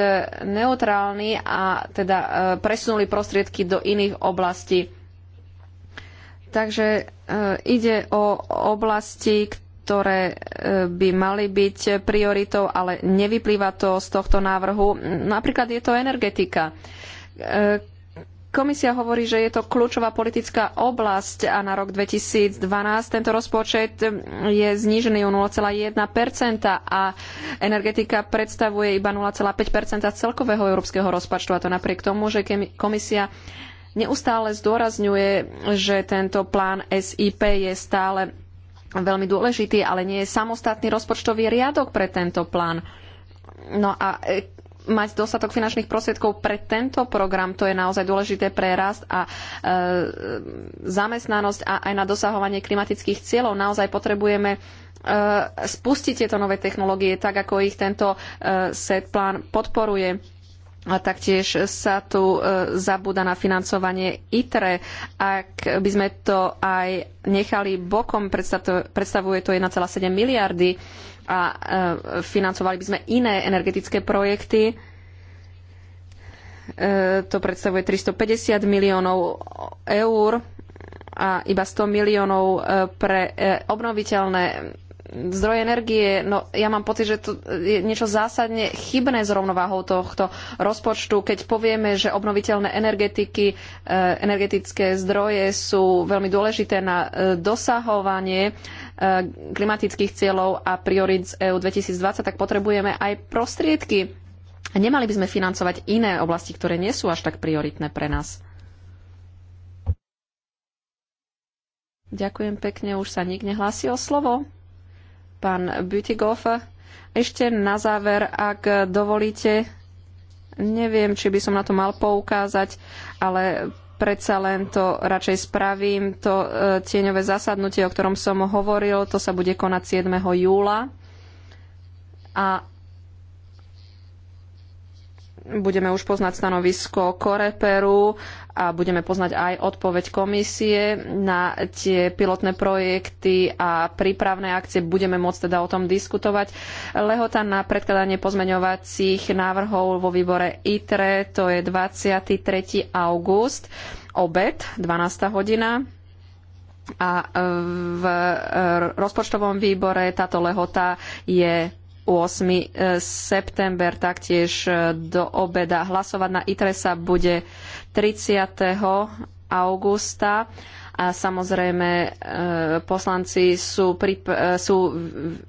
neutrálny a teda presunuli prostriedky do iných oblastí Takže e, ide o oblasti, ktoré e, by mali byť prioritou, ale nevyplýva to z tohto návrhu. Napríklad je to energetika. E, komisia hovorí, že je to kľúčová politická oblasť a na rok 2012 tento rozpočet je znížený o 0,1 a energetika predstavuje iba 0,5 celkového európskeho rozpočtu a to napriek tomu, že komisia neustále zdôrazňuje, že tento plán SIP je stále veľmi dôležitý, ale nie je samostatný rozpočtový riadok pre tento plán. No a e, mať dostatok finančných prostriedkov pre tento program, to je naozaj dôležité pre rast a e, zamestnanosť a aj na dosahovanie klimatických cieľov. Naozaj potrebujeme e, spustiť tieto nové technológie tak, ako ich tento e, set plán podporuje a taktiež sa tu e, zabúda na financovanie ITRE. Ak by sme to aj nechali bokom, predstavuje to 1,7 miliardy a e, financovali by sme iné energetické projekty. E, to predstavuje 350 miliónov eur a iba 100 miliónov pre obnoviteľné zdroje energie, no ja mám pocit, že tu je niečo zásadne chybné s rovnováhou tohto rozpočtu, keď povieme, že obnoviteľné energetiky, e, energetické zdroje sú veľmi dôležité na e, dosahovanie e, klimatických cieľov a priorit z EU 2020, tak potrebujeme aj prostriedky. Nemali by sme financovať iné oblasti, ktoré nie sú až tak prioritné pre nás. Ďakujem pekne, už sa nik nehlási o slovo pán Butikov. Ešte na záver, ak dovolíte, neviem, či by som na to mal poukázať, ale predsa len to radšej spravím. To e, tieňové zasadnutie, o ktorom som hovoril, to sa bude konať 7. júla. A budeme už poznať stanovisko Koreperu a budeme poznať aj odpoveď komisie na tie pilotné projekty a prípravné akcie. Budeme môcť teda o tom diskutovať. Lehota na predkladanie pozmeňovacích návrhov vo výbore ITRE to je 23. august, obed, 12. hodina. A v rozpočtovom výbore táto lehota je 8. september taktiež e, do obeda. Hlasovať na ITRE sa bude 30. augusta a samozrejme e, poslanci sú, e, sú,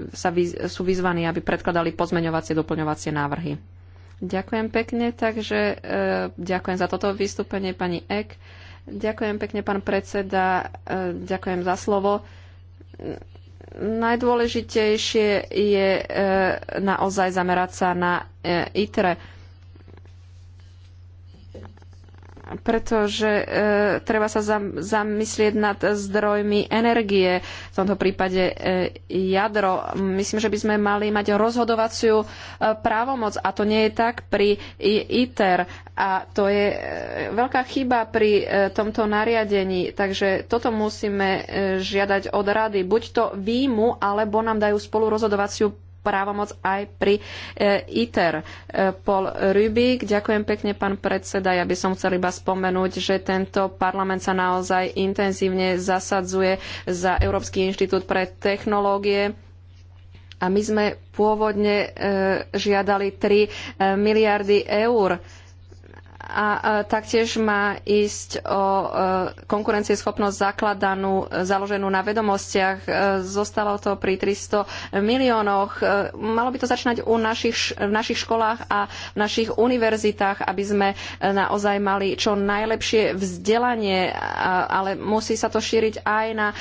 sa vy, sú vyzvaní, aby predkladali pozmeňovacie doplňovacie návrhy. Ďakujem pekne, takže ďakujem za toto vystúpenie pani Ek. Ďakujem pekne, pán predseda, ďakujem za slovo najdôležitejšie je e, naozaj zamerať sa na e, ITRE. pretože e, treba sa zam, zamyslieť nad zdrojmi energie, v tomto prípade e, jadro. Myslím, že by sme mali mať rozhodovaciu e, právomoc a to nie je tak pri ITER a to je e, veľká chyba pri e, tomto nariadení, takže toto musíme e, žiadať od rady. Buď to výjmu, alebo nám dajú spolu rozhodovaciu právomoc aj pri eh, ITER. Eh, Paul Rubik, ďakujem pekne, pán predseda. Ja by som chcel iba spomenúť, že tento parlament sa naozaj intenzívne zasadzuje za Európsky inštitút pre technológie. A my sme pôvodne eh, žiadali 3 miliardy eur. E, a taktiež má ísť o e, konkurencieschopnosť zakladanú, založenú na vedomostiach. E, zostalo to pri 300 miliónoch. E, malo by to začnať u našich, v našich školách a v našich univerzitách, aby sme naozaj mali čo najlepšie vzdelanie, ale musí sa to šíriť aj na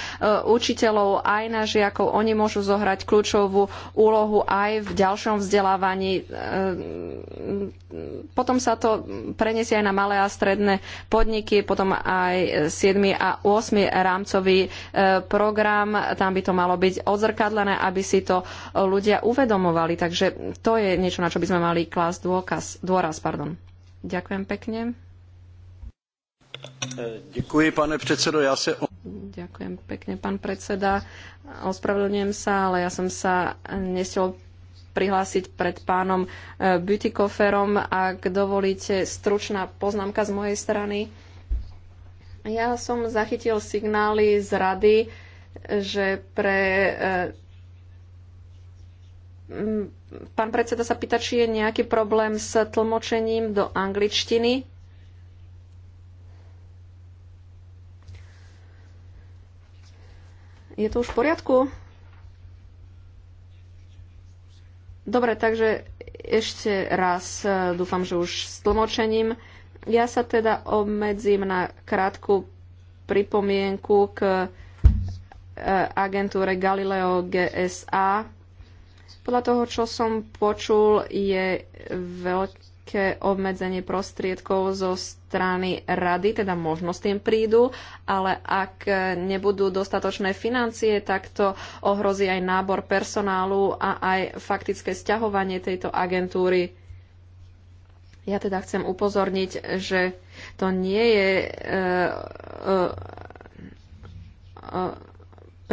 učiteľov, aj na žiakov. Oni môžu zohrať kľúčovú úlohu aj v ďalšom vzdelávaní. Potom sa to pre nesie aj na malé a stredné podniky, potom aj 7. a 8. rámcový e, program. Tam by to malo byť odzrkadlené, aby si to ľudia uvedomovali. Takže to je niečo, na čo by sme mali klásť dôkaz, dôraz. Pardon. Ďakujem pekne. Ďakujem, e, pane predsedo, ja Ďakujem pekne, pán predseda. Ospravedlňujem sa, ale ja som sa nestihol prihlásiť pred pánom e, Butikoferom. Ak dovolíte, stručná poznámka z mojej strany. Ja som zachytil signály z rady, že pre e, Pán predseda sa pýta, či je nejaký problém s tlmočením do angličtiny. Je to už v poriadku? Dobre, takže ešte raz e, dúfam, že už s tlmočením. Ja sa teda obmedzím na krátku pripomienku k e, agentúre Galileo GSA. Podľa toho, čo som počul, je veľký nejaké obmedzenie prostriedkov zo strany rady, teda možno s tým prídu, ale ak nebudú dostatočné financie, tak to ohrozí aj nábor personálu a aj faktické sťahovanie tejto agentúry. Ja teda chcem upozorniť, že to nie je e, e, e,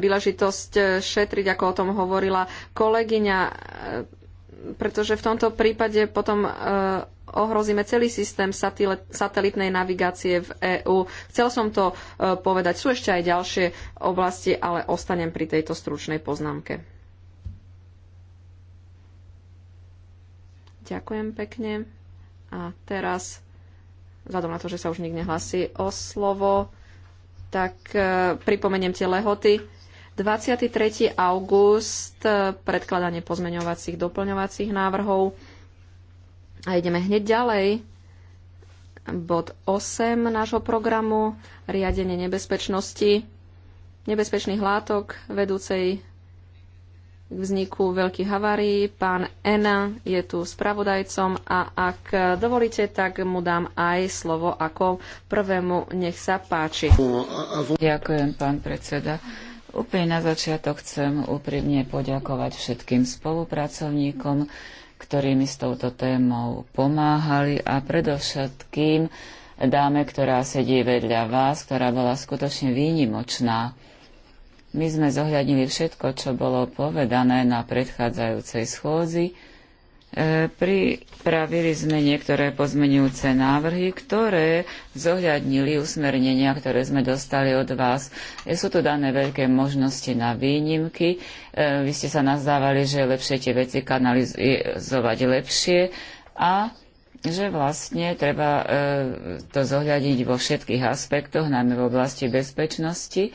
príležitosť šetriť, ako o tom hovorila kolegyňa pretože v tomto prípade potom e, ohrozíme celý systém satelitnej navigácie v EÚ. Chcel som to e, povedať. Sú ešte aj ďalšie oblasti, ale ostanem pri tejto stručnej poznámke. Ďakujem pekne. A teraz, vzhľadom na to, že sa už nikto nehlasí o slovo, tak e, pripomeniem tie lehoty. 23. august, e, predkladanie pozmeňovacích, doplňovacích návrhov. A ideme hneď ďalej. Bod 8 nášho programu, riadenie nebezpečnosti, nebezpečných látok vedúcej k vzniku veľkých havárií. Pán Ena je tu spravodajcom a ak dovolíte, tak mu dám aj slovo ako prvému. Nech sa páči. Ďakujem, pán predseda. Úplne na začiatok chcem úprimne poďakovať všetkým spolupracovníkom, ktorí mi s touto témou pomáhali a predovšetkým dáme, ktorá sedí vedľa vás, ktorá bola skutočne výnimočná. My sme zohľadnili všetko, čo bolo povedané na predchádzajúcej schôzi, E, pripravili sme niektoré pozmenujúce návrhy, ktoré zohľadnili usmernenia, ktoré sme dostali od vás. E, sú tu dané veľké možnosti na výnimky. E, vy ste sa nazdávali, že je lepšie tie veci kanalizovať lepšie a že vlastne treba to zohľadiť vo všetkých aspektoch, najmä v oblasti bezpečnosti.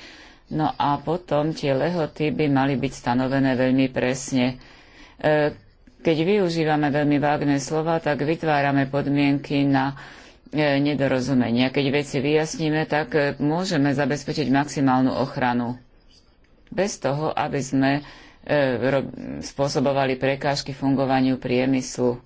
No a potom tie lehoty by mali byť stanovené veľmi presne keď využívame veľmi vágne slova, tak vytvárame podmienky na e, nedorozumenia. Keď veci vyjasníme, tak e, môžeme zabezpečiť maximálnu ochranu. Bez toho, aby sme e, spôsobovali prekážky fungovaniu priemyslu.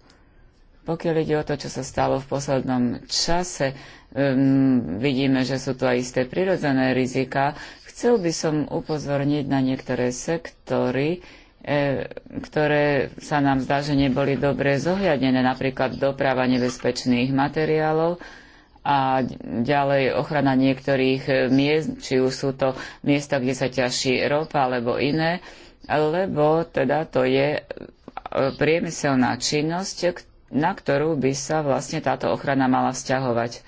Pokiaľ ide o to, čo sa stalo v poslednom čase, um, vidíme, že sú tu aj isté prirodzené rizika. Chcel by som upozorniť na niektoré sektory, E, ktoré sa nám zdá, že neboli dobre zohľadené, napríklad doprava nebezpečných materiálov a ďalej ochrana niektorých miest, či už sú to miesta, kde sa ťaží ropa alebo iné, lebo teda to je e, priemyselná činnosť, na ktorú by sa vlastne táto ochrana mala vzťahovať.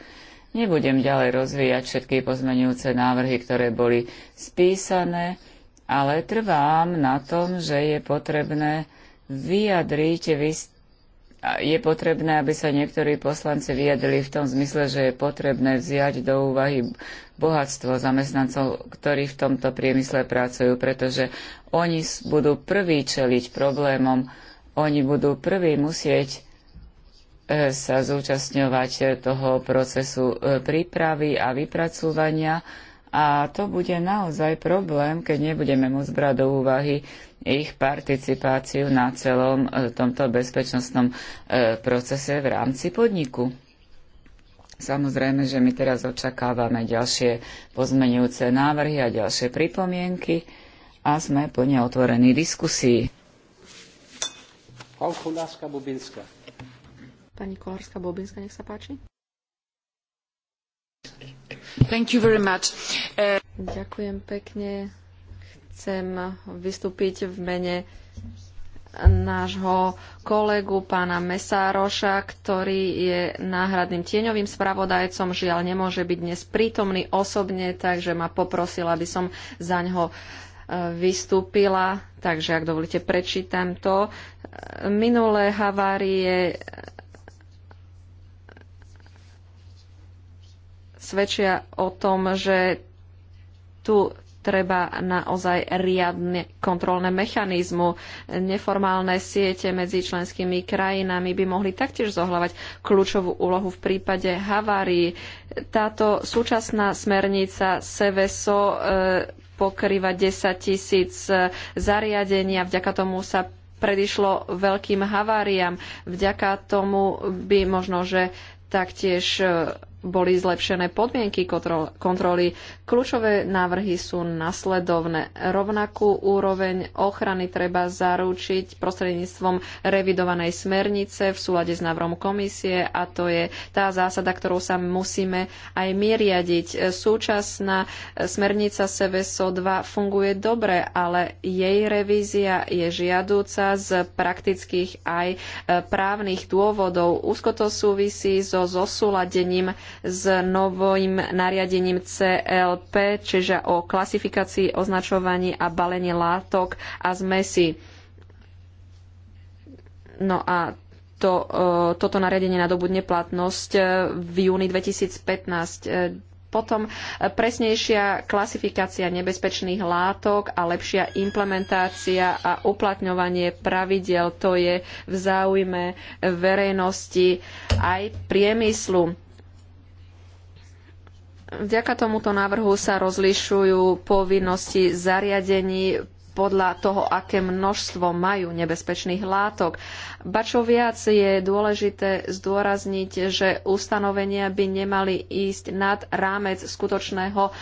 Nebudem ďalej rozvíjať všetky pozmenujúce návrhy, ktoré boli spísané ale trvám na tom, že je potrebné vyjadriť, je potrebné, aby sa niektorí poslanci vyjadrili v tom zmysle, že je potrebné vziať do úvahy bohatstvo zamestnancov, ktorí v tomto priemysle pracujú, pretože oni budú prví čeliť problémom, oni budú prví musieť e, sa zúčastňovať toho procesu e, prípravy a vypracúvania a to bude naozaj problém, keď nebudeme môcť brať do úvahy ich participáciu na celom e, tomto bezpečnostnom e, procese v rámci podniku. Samozrejme, že my teraz očakávame ďalšie pozmenujúce návrhy a ďalšie pripomienky a sme plne otvorení diskusii. Pani Kolárska-Bobinská, nech sa páči. Eh, Ďakujem pekne. Chcem vystúpiť v mene nášho kolegu pána Mesároša, ktorý je náhradným tieňovým spravodajcom. Žiaľ, nemôže byť dnes prítomný osobne, takže ma poprosil, aby som za ňo eh, vystúpila. Takže, ak dovolíte, prečítam to. Minulé havárie svedčia o tom, že tu treba naozaj riadne kontrolné mechanizmu. Neformálne siete medzi členskými krajinami by mohli taktiež zohľavať kľúčovú úlohu v prípade havárií. Táto súčasná smernica SEVESO e, pokrýva 10 tisíc e, zariadenia. Vďaka tomu sa predišlo veľkým haváriám. Vďaka tomu by možno, že taktiež e, boli zlepšené podmienky kontroly. Kľúčové návrhy sú nasledovné. Rovnakú úroveň ochrany treba zaručiť prostredníctvom revidovanej smernice v súlade s návrhom komisie a to je tá zásada, ktorou sa musíme aj my riadiť. Súčasná smernica SVSO 2 funguje dobre, ale jej revízia je žiadúca z praktických aj e, právnych dôvodov. Úzko to súvisí so zosúladením s novým nariadením CLP, čiže o klasifikácii, označovaní a balení látok a zmesi. No a to, e, toto nariadenie nadobudne platnosť e, v júni 2015 e, potom presnejšia klasifikácia nebezpečných látok a lepšia implementácia a uplatňovanie pravidel. To je v záujme verejnosti aj priemyslu. Vďaka tomuto návrhu sa rozlišujú povinnosti zariadení podľa toho, aké množstvo majú nebezpečných látok. Ba čo viac je dôležité zdôrazniť, že ustanovenia by nemali ísť nad rámec skutočného e,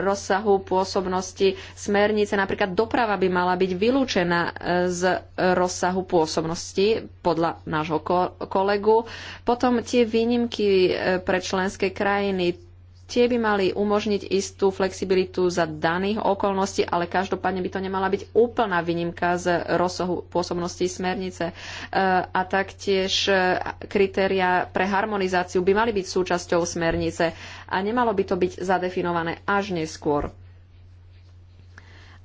rozsahu pôsobnosti smernice. Napríklad doprava by mala byť vylúčená e, z rozsahu pôsobnosti podľa nášho kolegu. Potom tie výnimky e, pre členské krajiny tie by mali umožniť istú flexibilitu za daných okolností, ale každopádne by to nemala byť úplná výnimka z rozsahu pôsobnosti smernice. E, a taktiež e, kritéria pre harmonizáciu by mali byť súčasťou smernice a nemalo by to byť zadefinované až neskôr.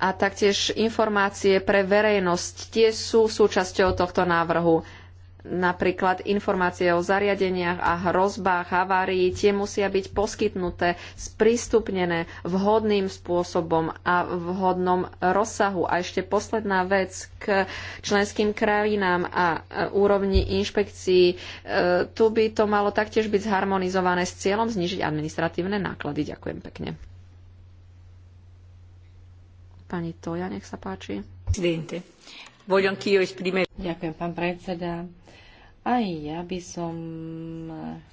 A taktiež informácie pre verejnosť tie sú súčasťou tohto návrhu Napríklad informácie o zariadeniach a hrozbách havárií, tie musia byť poskytnuté, sprístupnené vhodným spôsobom a vhodnom rozsahu. A ešte posledná vec k členským krajinám a e, úrovni inšpekcií. E, tu by to malo taktiež byť zharmonizované s cieľom znižiť administratívne náklady. Ďakujem pekne. Pani Toja, nech sa páči. Ďakujem, pán predseda. Aj ja by som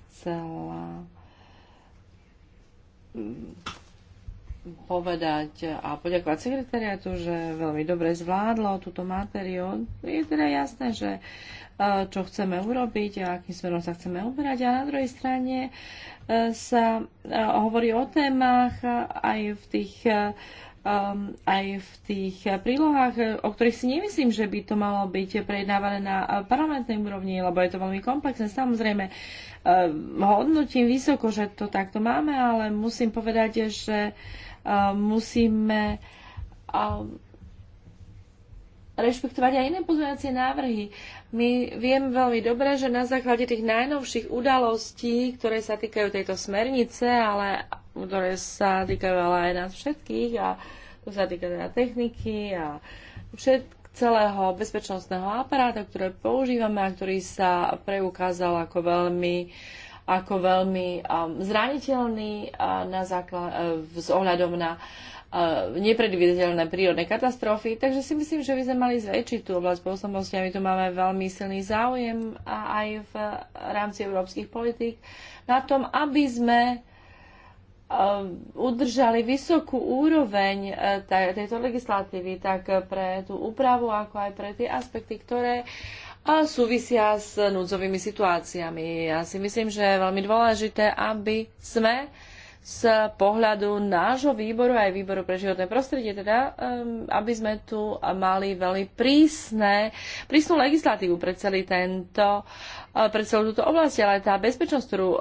chcela mm, povedať a poďakovať sekretariatu, že veľmi dobre zvládlo túto materiu. Je teda jasné, že e, čo chceme urobiť a akým smerom sa chceme uberať. A na druhej strane e, sa e, hovorí o témach aj v tých um, aj v tých prílohách, o ktorých si nemyslím, že by to malo byť prejednávané na parlamentnej úrovni, lebo je to veľmi komplexné. Samozrejme, um, hodnotím vysoko, že to takto máme, ale musím povedať, že um, musíme um, rešpektovať aj iné pozmeňovacie návrhy. My vieme veľmi dobre, že na základe tých najnovších udalostí, ktoré sa týkajú tejto smernice, ale ktoré sa týkajú ale aj nás všetkých a to sa týka teda techniky a všetko celého bezpečnostného aparáta, ktoré používame a ktorý sa preukázal ako veľmi, ako veľmi um, zraniteľný uh, na základ, uh, s ohľadom na uh, prírodné katastrofy. Takže si myslím, že by sme mali zväčšiť tú oblasť pôsobnosti a my tu máme veľmi silný záujem a aj v uh, rámci európskych politík na tom, aby sme Eh, udržali vysokú úroveň eh, tejto legislatívy tak eh, pre tú úpravu, ako aj pre tie aspekty, ktoré súvisia s núdzovými situáciami. Ja si myslím, že je veľmi dôležité, aby sme z pohľadu nášho výboru aj výboru pre životné prostredie, teda, um, aby sme tu mali veľmi prísne, prísnu legislatívu pre celý tento uh, pre celú túto oblasť, ale tá bezpečnosť, ktorú uh,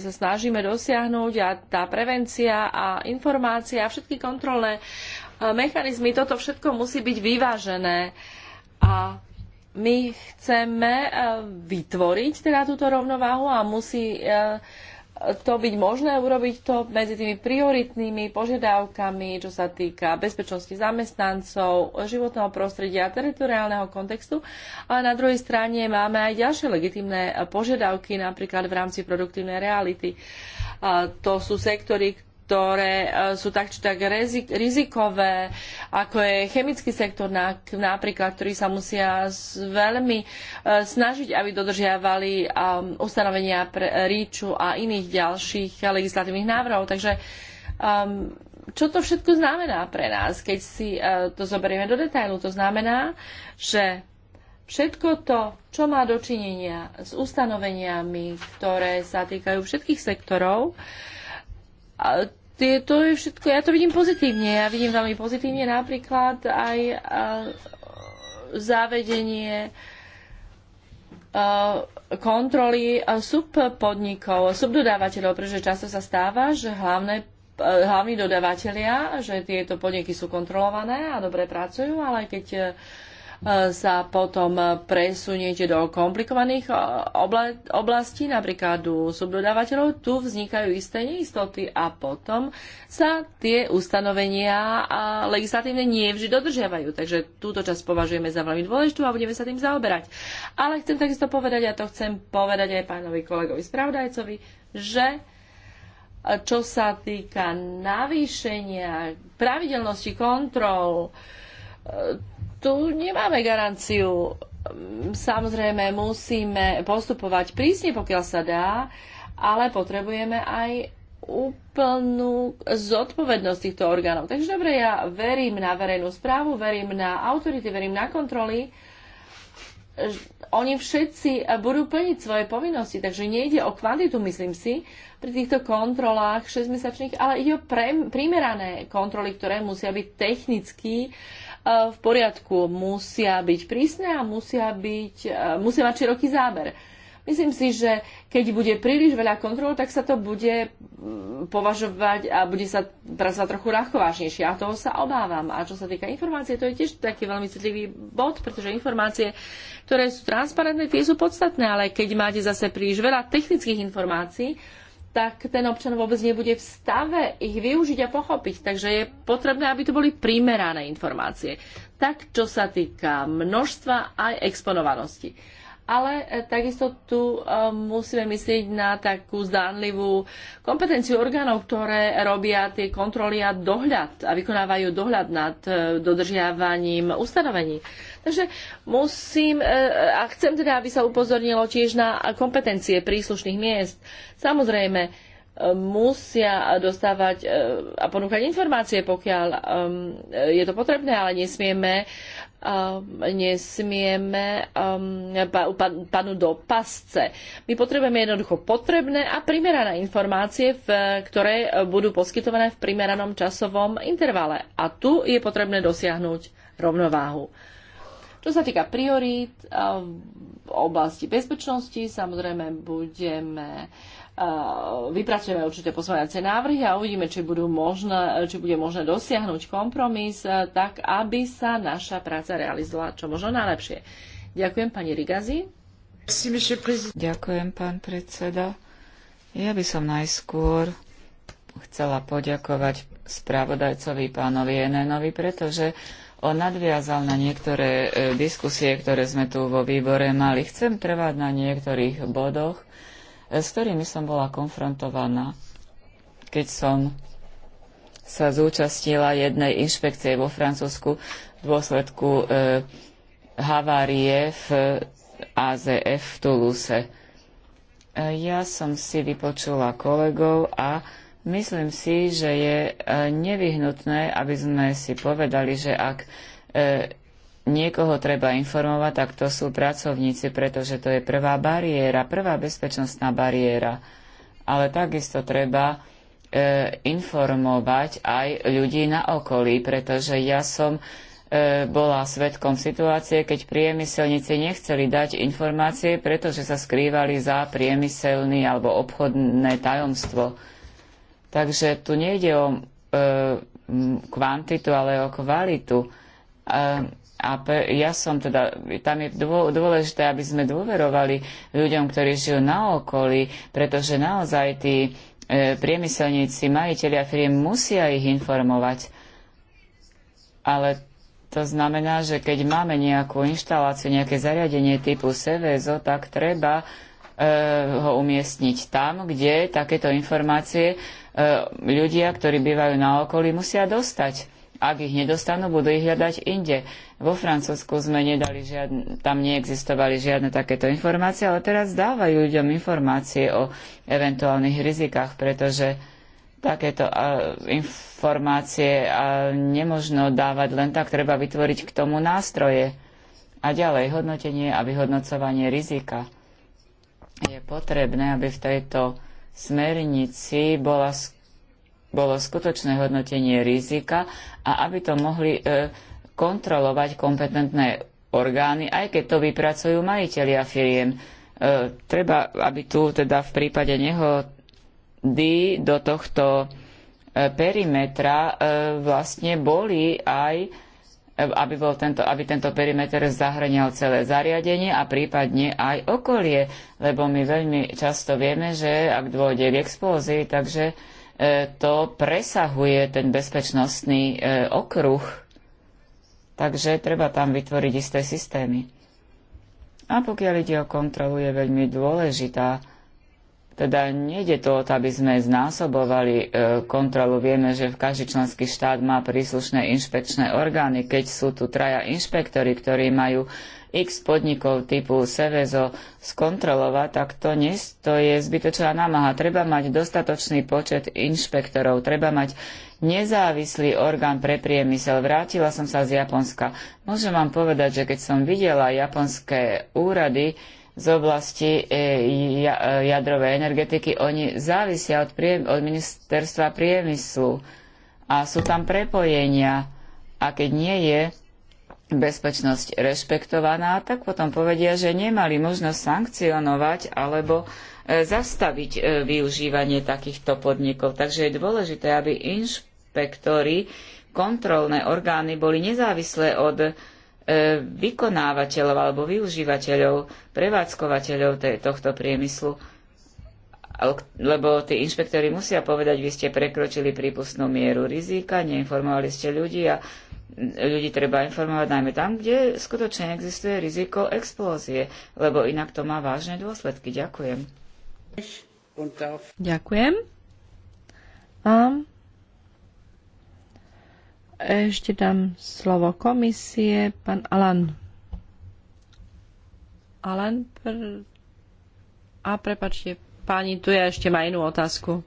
sa snažíme dosiahnuť a tá prevencia a informácia a všetky kontrolné uh, mechanizmy, toto všetko musí byť vyvážené a my chceme vytvoriť teda túto rovnováhu a musí to byť možné urobiť to medzi tými prioritnými požiadavkami, čo sa týka bezpečnosti zamestnancov, životného prostredia a teritoriálneho kontextu. Ale na druhej strane máme aj ďalšie legitimné požiadavky, napríklad v rámci produktívnej reality. To sú sektory, ktoré e, sú tak či tak rizikové, ako je chemický sektor napríklad, ktorí sa musia veľmi e, snažiť, aby dodržiavali um, ustanovenia pre ríču a iných ďalších legislatívnych návrhov. Takže um, čo to všetko znamená pre nás, keď si e, to zoberieme do detailu? To znamená, že všetko to, čo má dočinenia s ustanoveniami, ktoré sa týkajú všetkých sektorov, tie, to je všetko, ja to vidím pozitívne. Ja vidím veľmi pozitívne napríklad aj uh, kontroly subpodnikov, subdodávateľov, pretože často sa stáva, že hlavné hlavní dodávateľia, že tieto podniky sú kontrolované a dobre pracujú, ale keď sa potom presuniete do komplikovaných e, oblastí, napríklad u subdodávateľov, tu vznikajú isté neistoty a potom sa tie ustanovenia legislatívne nie vždy dodržiavajú. Takže túto časť považujeme za veľmi dôležitú a budeme sa tým zaoberať. Ale chcem takisto povedať, a to chcem povedať aj pánovi kolegovi spravodajcovi, že e, čo sa týka navýšenia pravidelnosti kontrol, e, tu nemáme garanciu. Mm, samozrejme, musíme postupovať prísne, pokiaľ sa dá, ale potrebujeme aj úplnú zodpovednosť týchto orgánov. Takže dobre, ja verím na verejnú správu, verím na autority, verím na kontroly. Oni všetci budú plniť svoje povinnosti, takže nejde o kvantitu, myslím si, pri týchto kontrolách 6-mesačných, ale ide o pre, primerané kontroly, ktoré musia byť technicky uh, E, v poriadku, musia byť prísne a musia, byť, e, musia mať široký záber. Myslím si, že keď bude príliš veľa kontrol, tak sa to bude mm, považovať a bude sa pracovať trochu ľahkovážnejšie. A toho sa obávam. A čo sa týka informácie, to je tiež taký veľmi citlivý bod, pretože informácie, ktoré sú transparentné, tie sú podstatné, ale keď máte zase príliš veľa technických informácií, tak ten občan vôbec nebude v stave ich využiť a pochopiť. Takže je potrebné, aby to boli primerané informácie. Tak, čo sa týka množstva aj exponovanosti. Ale e, takisto tu e, musíme myslieť na takú zdánlivú kompetenciu orgánov, ktoré robia tie kontroly a dohľad a vykonávajú dohľad nad e, dodržiavaním ustanovení. Takže musím e, e, a chcem teda, aby sa upozornilo tiež na kompetencie príslušných miest. Samozrejme, e, musia dostávať a ponúkať informácie, pokiaľ je to potrebné, ale nesmieme nesmieme padnúť do pasce. My potrebujeme jednoducho potrebné a primerané informácie, ktoré budú poskytované v primeranom časovom intervale. A tu je potrebné dosiahnuť rovnováhu. Čo sa týka priorít eh, v oblasti bezpečnosti, samozrejme budeme eh, vypracujeme určité pozmeňovacie návrhy a uvidíme, či, budú možné, či bude možné dosiahnuť kompromis eh, tak, aby sa naša práca realizovala čo možno najlepšie. Ďakujem pani Rigazi. Ďakujem, pán predseda. Ja by som najskôr chcela poďakovať spravodajcovi pánovi Enenovi, pretože on nadviazal na niektoré e, diskusie, ktoré sme tu vo výbore mali. Chcem trvať na niektorých bodoch, e, s ktorými som bola konfrontovaná, keď som sa zúčastnila jednej inšpekcie vo Francúzsku v dôsledku e, havárie v e, AZF v Toulouse. E, ja som si vypočula kolegov a Myslím si, že je e, nevyhnutné, aby sme si povedali, že ak e, niekoho treba informovať, tak to sú pracovníci, pretože to je prvá bariéra, prvá bezpečnostná bariéra. Ale takisto treba e, informovať aj ľudí na okolí, pretože ja som e, bola svetkom situácie, keď priemyselníci nechceli dať informácie, pretože sa skrývali za priemyselný alebo obchodné tajomstvo. Takže tu nejde o e, kvantitu, ale o kvalitu. E, a pe, ja som teda, tam je dôležité, aby sme dôverovali ľuďom, ktorí žijú na okolí, pretože naozaj tí e, priemyselníci, majiteľia firiem musia ich informovať. Ale to znamená, že keď máme nejakú inštaláciu, nejaké zariadenie typu Sevezo, tak treba E, ho umiestniť tam, kde takéto informácie e, ľudia, ktorí bývajú na okolí, musia dostať. Ak ich nedostanú, budú ich hľadať inde. Vo Francúzsku sme nedali žiadne, tam neexistovali žiadne takéto informácie, ale teraz dávajú ľuďom informácie o eventuálnych rizikách, pretože takéto e, informácie nemožno dávať len tak, treba vytvoriť k tomu nástroje. A ďalej hodnotenie a vyhodnocovanie rizika. Je potrebné, aby v tejto smernici bola, bolo skutočné hodnotenie rizika a aby to mohli e, kontrolovať kompetentné orgány, aj keď to vypracujú majiteľia firiem. E, treba, aby tu teda v prípade nehody do tohto e, perimetra e, vlastne boli aj aby, bol tento, aby tento perimeter zahrňal celé zariadenie a prípadne aj okolie, lebo my veľmi často vieme, že ak dôjde k explózii, takže e, to presahuje ten bezpečnostný e, okruh. Takže treba tam vytvoriť isté systémy. A pokiaľ ide o kontrolu, je veľmi dôležitá teda nejde to o to, aby sme znásobovali e, kontrolu. Vieme, že v každý členský štát má príslušné inšpekčné orgány. Keď sú tu traja inšpektory, ktorí majú x podnikov typu Sevezo skontrolovať, tak to, nie, to je zbytočná námaha. Treba mať dostatočný počet inšpektorov, treba mať nezávislý orgán pre priemysel. Vrátila som sa z Japonska. Môžem vám povedať, že keď som videla japonské úrady, z oblasti e, e, jadrovej energetiky, oni závisia od, priem, od ministerstva priemyslu a sú tam prepojenia. A keď nie je bezpečnosť rešpektovaná, tak potom povedia, že nemali možnosť sankcionovať alebo e, zastaviť využívanie takýchto podnikov. Takže je dôležité, aby inšpektori, kontrolné orgány boli nezávislé od E, vykonávateľov alebo využívateľov, prevádzkovateľov tohto priemyslu, lebo tí inšpektori musia povedať, vy ste prekročili prípustnú mieru rizika, neinformovali ste ľudí a ľudí treba informovať najmä tam, kde skutočne existuje riziko explózie, lebo inak to má vážne dôsledky. Ďakujem. Ďakujem. Ešte dám slovo komisie. Pán Alan. Alan, pr... a prepačte, páni, tu ja ešte má inú otázku.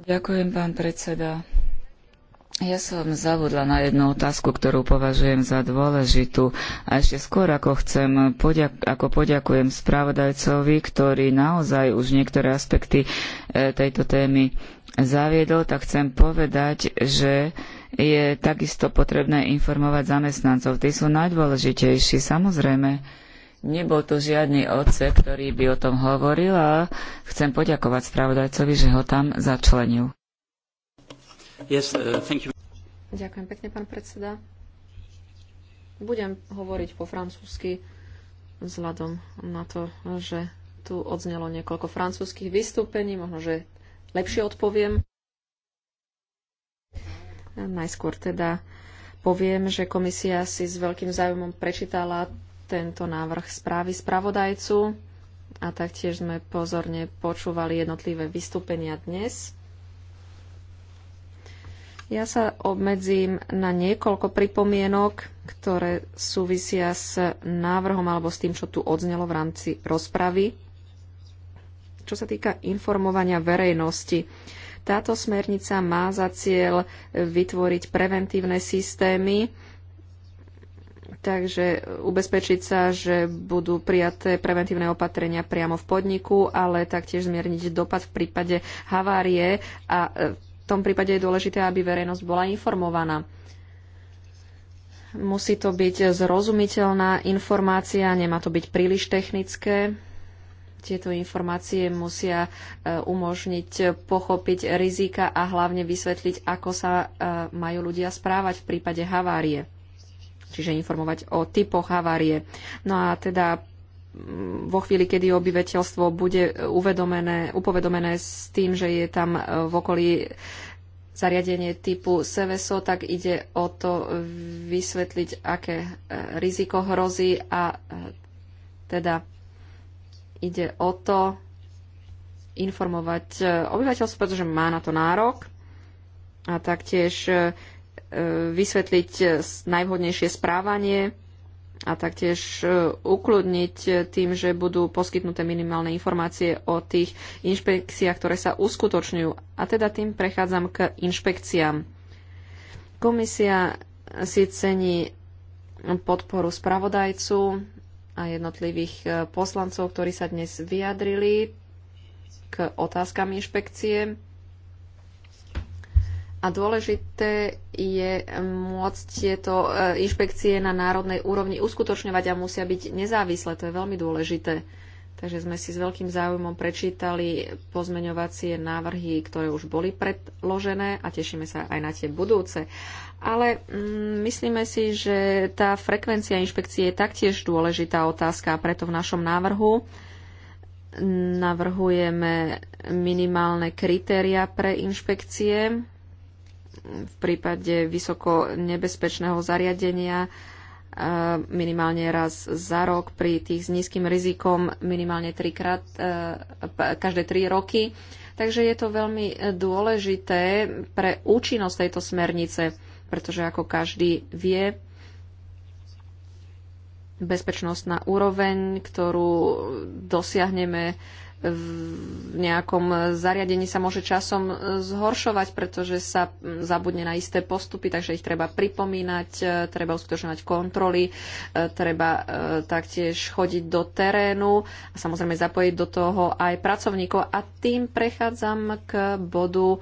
Ďakujem, pán predseda. Ja som zavodla na jednu otázku, ktorú považujem za dôležitú. A ešte skôr, ako chcem, poďak- ako poďakujem spravodajcovi, ktorý naozaj už niektoré aspekty e, tejto témy zaviedol, tak chcem povedať, že je takisto potrebné informovať zamestnancov. Tí sú najdôležitejší, samozrejme. Nebol tu žiadny odsek, ktorý by o tom hovoril a chcem poďakovať spravodajcovi, že ho tam začlenil. Yes, uh, Ďakujem pekne, pán predseda. Budem hovoriť po francúzsky vzhľadom na to, že tu odznelo niekoľko francúzskych vystúpení, možno, že lepšie odpoviem. Najskôr teda poviem, že komisia si s veľkým záujmom prečítala tento návrh správy spravodajcu a taktiež sme pozorne počúvali jednotlivé vystúpenia dnes. Ja sa obmedzím na niekoľko pripomienok, ktoré súvisia s návrhom alebo s tým, čo tu odznelo v rámci rozpravy. Čo sa týka informovania verejnosti, táto smernica má za cieľ vytvoriť preventívne systémy, takže ubezpečiť sa, že budú prijaté preventívne opatrenia priamo v podniku, ale taktiež zmierniť dopad v prípade havárie a e, v tom prípade je dôležité, aby verejnosť bola informovaná. Musí to byť zrozumiteľná informácia, nemá to byť príliš technické. Tieto informácie musia e, umožniť pochopiť rizika a hlavne vysvetliť, ako sa e, majú ľudia správať v prípade havárie. Čiže informovať o typoch havárie. No a teda vo chvíli, kedy obyvateľstvo bude uvedomené, upovedomené s tým, že je tam e, v okolí zariadenie typu Seveso, tak ide o to vysvetliť, aké riziko hrozí a teda Ide o to informovať e, obyvateľstvo, pretože má na to nárok a taktiež e, e, vysvetliť najvhodnejšie správanie a taktiež ukludniť tým, že budú poskytnuté minimálne informácie o tých inšpekciách, ktoré sa uskutočňujú. A teda tým prechádzam k inšpekciám. Komisia si cení podporu spravodajcu a jednotlivých e, poslancov, ktorí sa dnes vyjadrili k otázkam inšpekcie. A dôležité je môcť tieto e, inšpekcie na národnej úrovni uskutočňovať a musia byť nezávislé. To je veľmi dôležité. Takže sme si s veľkým záujmom prečítali pozmeňovacie návrhy, ktoré už boli predložené a tešíme sa aj na tie budúce. Ale mm, myslíme si, že tá frekvencia inšpekcie je taktiež dôležitá otázka a preto v našom návrhu navrhujeme minimálne kritéria pre inšpekcie v prípade vysoko nebezpečného zariadenia minimálne raz za rok, pri tých s nízkym rizikom minimálne trikrát, e, každé tri roky. Takže je to veľmi dôležité pre účinnosť tejto smernice, pretože ako každý vie, bezpečnostná úroveň, ktorú dosiahneme v nejakom zariadení sa môže časom zhoršovať, pretože sa zabudne na isté postupy, takže ich treba pripomínať, e, treba uskutočňovať kontroly, e, treba e, taktiež chodiť do terénu a samozrejme zapojiť do toho aj pracovníkov. A tým prechádzam k bodu,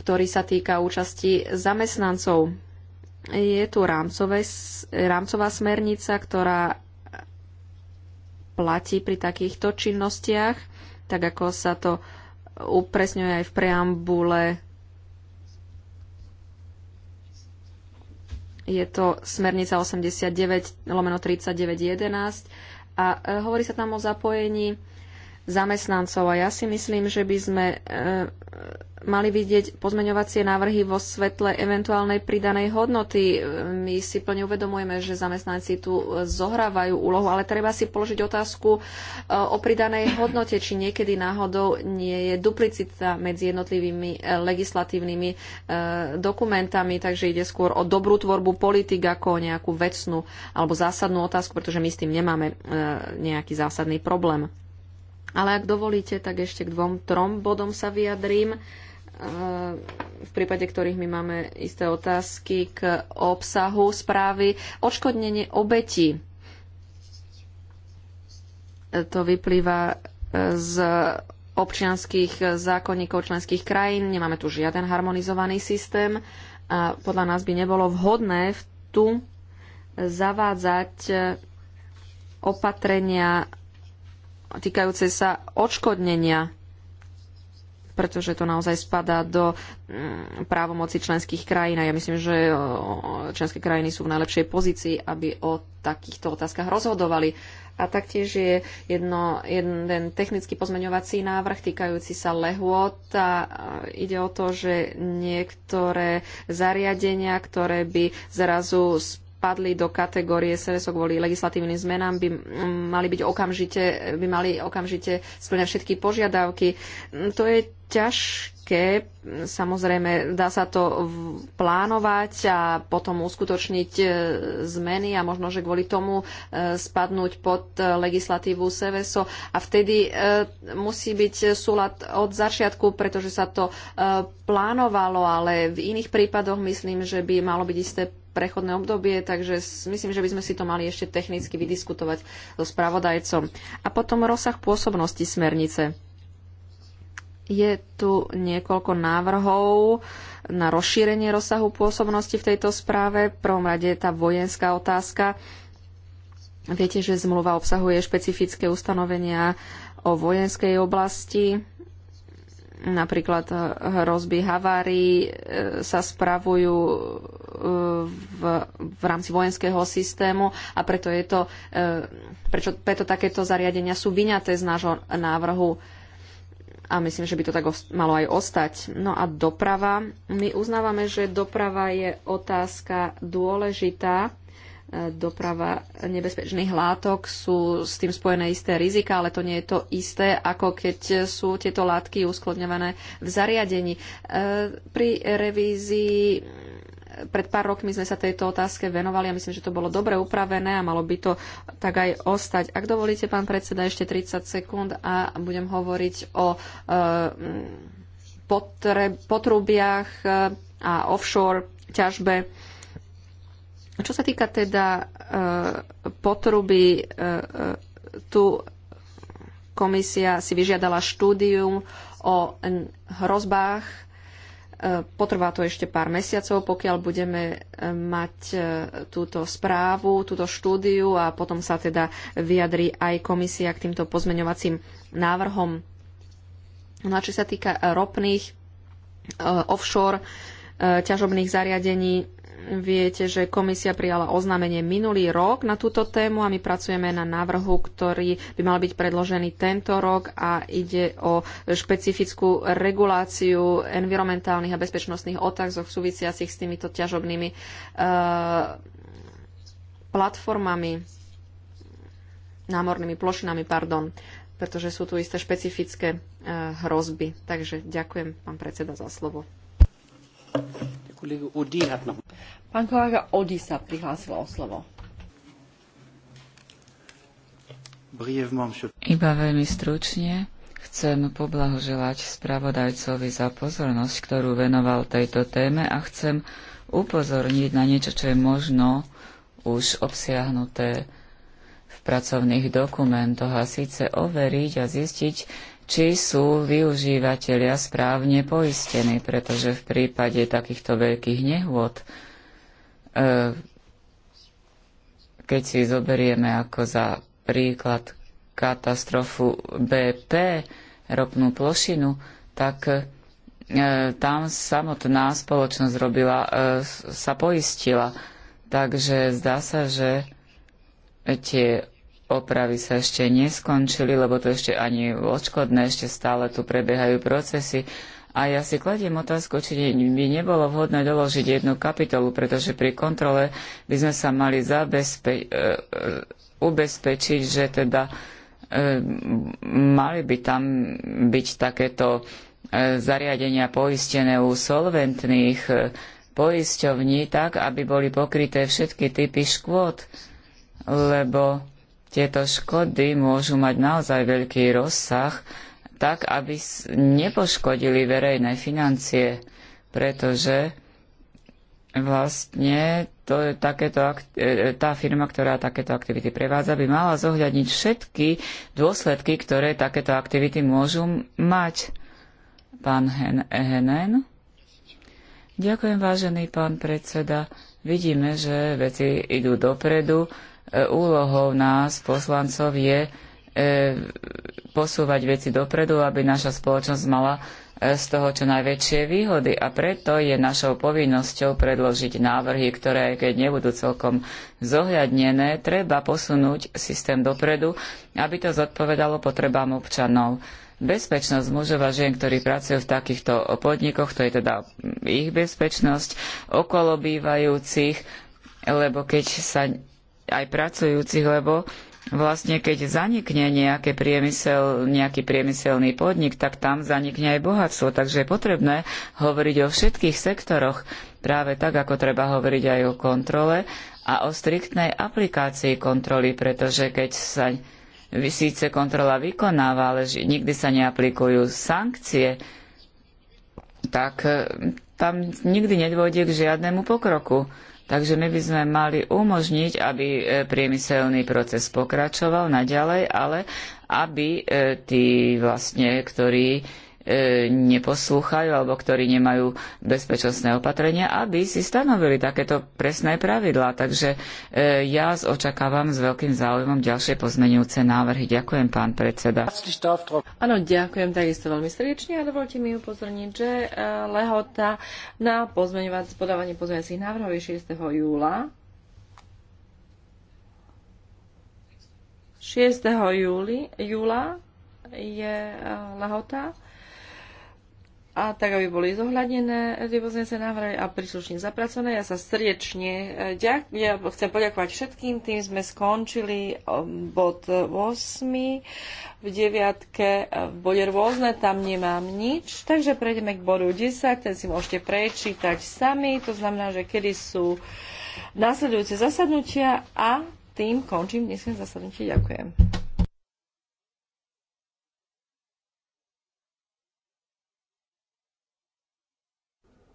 ktorý sa týka účasti zamestnancov. Je tu rámcové, rámcová smernica, ktorá platí pri takýchto činnostiach tak ako sa to upresňuje aj v preambule. Je to smernica 89 lomeno 3911 a e, hovorí sa tam o zapojení zamestnancov a ja si myslím, že by sme e, mali vidieť pozmeňovacie návrhy vo svetle eventuálnej pridanej hodnoty. My si plne uvedomujeme, že zamestnanci tu zohrávajú úlohu, ale treba si položiť otázku e, o pridanej hodnote, či niekedy náhodou nie je duplicita medzi jednotlivými e, legislatívnymi e, dokumentami, takže ide skôr o dobrú tvorbu politik ako o nejakú vecnú alebo zásadnú otázku, pretože my s tým nemáme nejaký zásadný problém. Ale ak dovolíte, tak ešte k dvom, trom bodom sa vyjadrím, e, v prípade ktorých my máme isté otázky k obsahu správy. Odškodnenie obetí. E, to vyplýva e, z občianských zákonníkov členských krajín. Nemáme tu žiaden harmonizovaný systém a podľa nás by nebolo vhodné tu zavádzať opatrenia týkajúce sa odškodnenia, pretože to naozaj spadá do mm, právomoci členských krajín a ja myslím, že členské krajiny sú v najlepšej pozícii, aby o takýchto otázkach rozhodovali. A taktiež je jedno, jeden technický pozmeňovací návrh týkajúci sa lehôd a ide o to, že niektoré zariadenia, ktoré by zrazu sp- spadli do kategórie SRS kvôli legislatívnym zmenám, by mm, mali byť okamžite, by mali okamžite splňať všetky požiadavky. Mm, to je ťažké, mm, samozrejme dá sa to plánovať a potom uskutočniť e, zmeny a možno, že kvôli tomu e, spadnúť pod e, legislatívu SEVESO a vtedy musí byť súlad od začiatku, pretože sa to plánovalo, ale v iných prípadoch myslím, že by malo byť isté prechodné obdobie, takže myslím, že by sme si to mali ešte technicky vydiskutovať so spravodajcom. A potom rozsah pôsobnosti smernice. Je tu niekoľko návrhov na rozšírenie rozsahu pôsobnosti v tejto správe. V prvom rade je tá vojenská otázka. Viete, že zmluva obsahuje špecifické ustanovenia o vojenskej oblasti Napríklad eh, hrozby havárií eh, sa spravujú eh, v, v rámci vojenského systému a preto, je to, prečo, preto takéto zariadenia sú vyňaté z nášho návrhu a myslím, že by to tak malo aj ostať. No a doprava. My uznávame, že doprava je otázka dôležitá doprava nebezpečných látok sú s tým spojené isté rizika, ale to nie je to isté, ako keď sú tieto látky uskladňované v zariadení. E, pri revízii pred pár rokmi sme sa tejto otázke venovali a myslím, že to bolo dobre upravené a malo by to tak aj ostať. Ak dovolíte, pán predseda, ešte 30 sekúnd a budem hovoriť o e, potrubiach e, a offshore ťažbe čo sa týka teda e, potruby, e, e, tu komisia si vyžiadala štúdium o hrozbách. Potrvá to ešte pár mesiacov, pokiaľ budeme mať túto správu, túto štúdiu a potom sa teda vyjadri aj komisia k týmto pozmeňovacím návrhom. No a čo sa týka ropných offshore ťažobných zariadení, Viete, že komisia prijala oznámenie minulý rok na túto tému a my pracujeme na návrhu, ktorý by mal byť predložený tento rok a ide o špecifickú reguláciu environmentálnych a bezpečnostných otázok súvisiacich s týmito ťažobnými uh, platformami, námornými plošinami, pardon, pretože sú tu isté špecifické uh, hrozby. Takže ďakujem, pán predseda, za slovo. Kolega hat noch Pán kolega Odi sa prihlásil o slovo. Iba veľmi stručne chcem poblahoželať spravodajcovi za pozornosť, ktorú venoval tejto téme a chcem upozorniť na niečo, čo je možno už obsiahnuté v pracovných dokumentoch a síce overiť a zistiť, či sú využívateľia správne poistení, pretože v prípade takýchto veľkých nehôd E, keď si zoberieme ako za príklad katastrofu BP, ropnú plošinu, tak e, tam samotná spoločnosť robila, e, sa poistila. Takže zdá sa, že tie opravy sa ešte neskončili, lebo to ešte ani odškodné, ešte stále tu prebiehajú procesy a ja si kladiem otázku, či by nebolo vhodné doložiť jednu kapitolu, pretože pri kontrole by sme sa mali zabezpe- e, e, ubezpečiť, že teda e, mali by tam byť takéto zariadenia poistené u solventných poisťovní tak, aby boli pokryté všetky typy škôd, lebo tieto škody môžu mať naozaj veľký rozsah tak, aby nepoškodili verejné financie, pretože vlastne to, je takéto, e, e, tá firma, ktorá takéto aktivity prevádza, by mala zohľadniť všetky dôsledky, ktoré takéto aktivity môžu mať. Pán Hen- Henen? Ďakujem, vážený pán predseda. Vidíme, že veci idú dopredu. E, úlohou nás, poslancov, je E, posúvať veci dopredu, aby naša spoločnosť mala e, z toho čo najväčšie výhody a preto je našou povinnosťou predložiť návrhy, ktoré, keď nebudú celkom zohľadnené, treba posunúť systém dopredu, aby to zodpovedalo potrebám občanov. Bezpečnosť mužov a žien, ktorí pracujú v takýchto podnikoch, to je teda ich bezpečnosť, okolo bývajúcich, lebo keď sa aj pracujúcich, lebo vlastne keď zanikne nejaký, priemysel, nejaký priemyselný podnik, tak tam zanikne aj bohatstvo. Takže je potrebné hovoriť o všetkých sektoroch, práve tak, ako treba hovoriť aj o kontrole a o striktnej aplikácii kontroly, pretože keď sa síce kontrola vykonáva, ale nikdy sa neaplikujú sankcie, tak eh, tam nikdy nedôjde k žiadnemu pokroku. Takže my by sme mali umožniť, aby e, priemyselný proces pokračoval naďalej, ale aby e, tí vlastne, ktorí E, neposlúchajú alebo ktorí nemajú bezpečnostné opatrenia, aby si stanovili takéto presné pravidlá. Takže e, ja očakávam s veľkým záujmom ďalšie pozmenujúce návrhy. Ďakujem, pán predseda. Áno, ďakujem takisto veľmi srdečne a dovolte mi upozorniť, že e, lehota na pozmeňovať, podávanie pozmeňovacích návrhov je 6. júla 6. Júli, júla je lehota a tak, aby boli zohľadnené tie pozmeňujúce návrhy a príslušne zapracované. Ja sa srdečne eh, ďakujem ja chcem poďakovať všetkým, tým sme skončili um, bod 8, eh, v 9, v bode rôzne, tam nemám nič, takže prejdeme k bodu 10, ten si môžete prečítať sami, to znamená, že kedy sú nasledujúce zasadnutia a tým končím dnes zasadnutie. Ďakujem.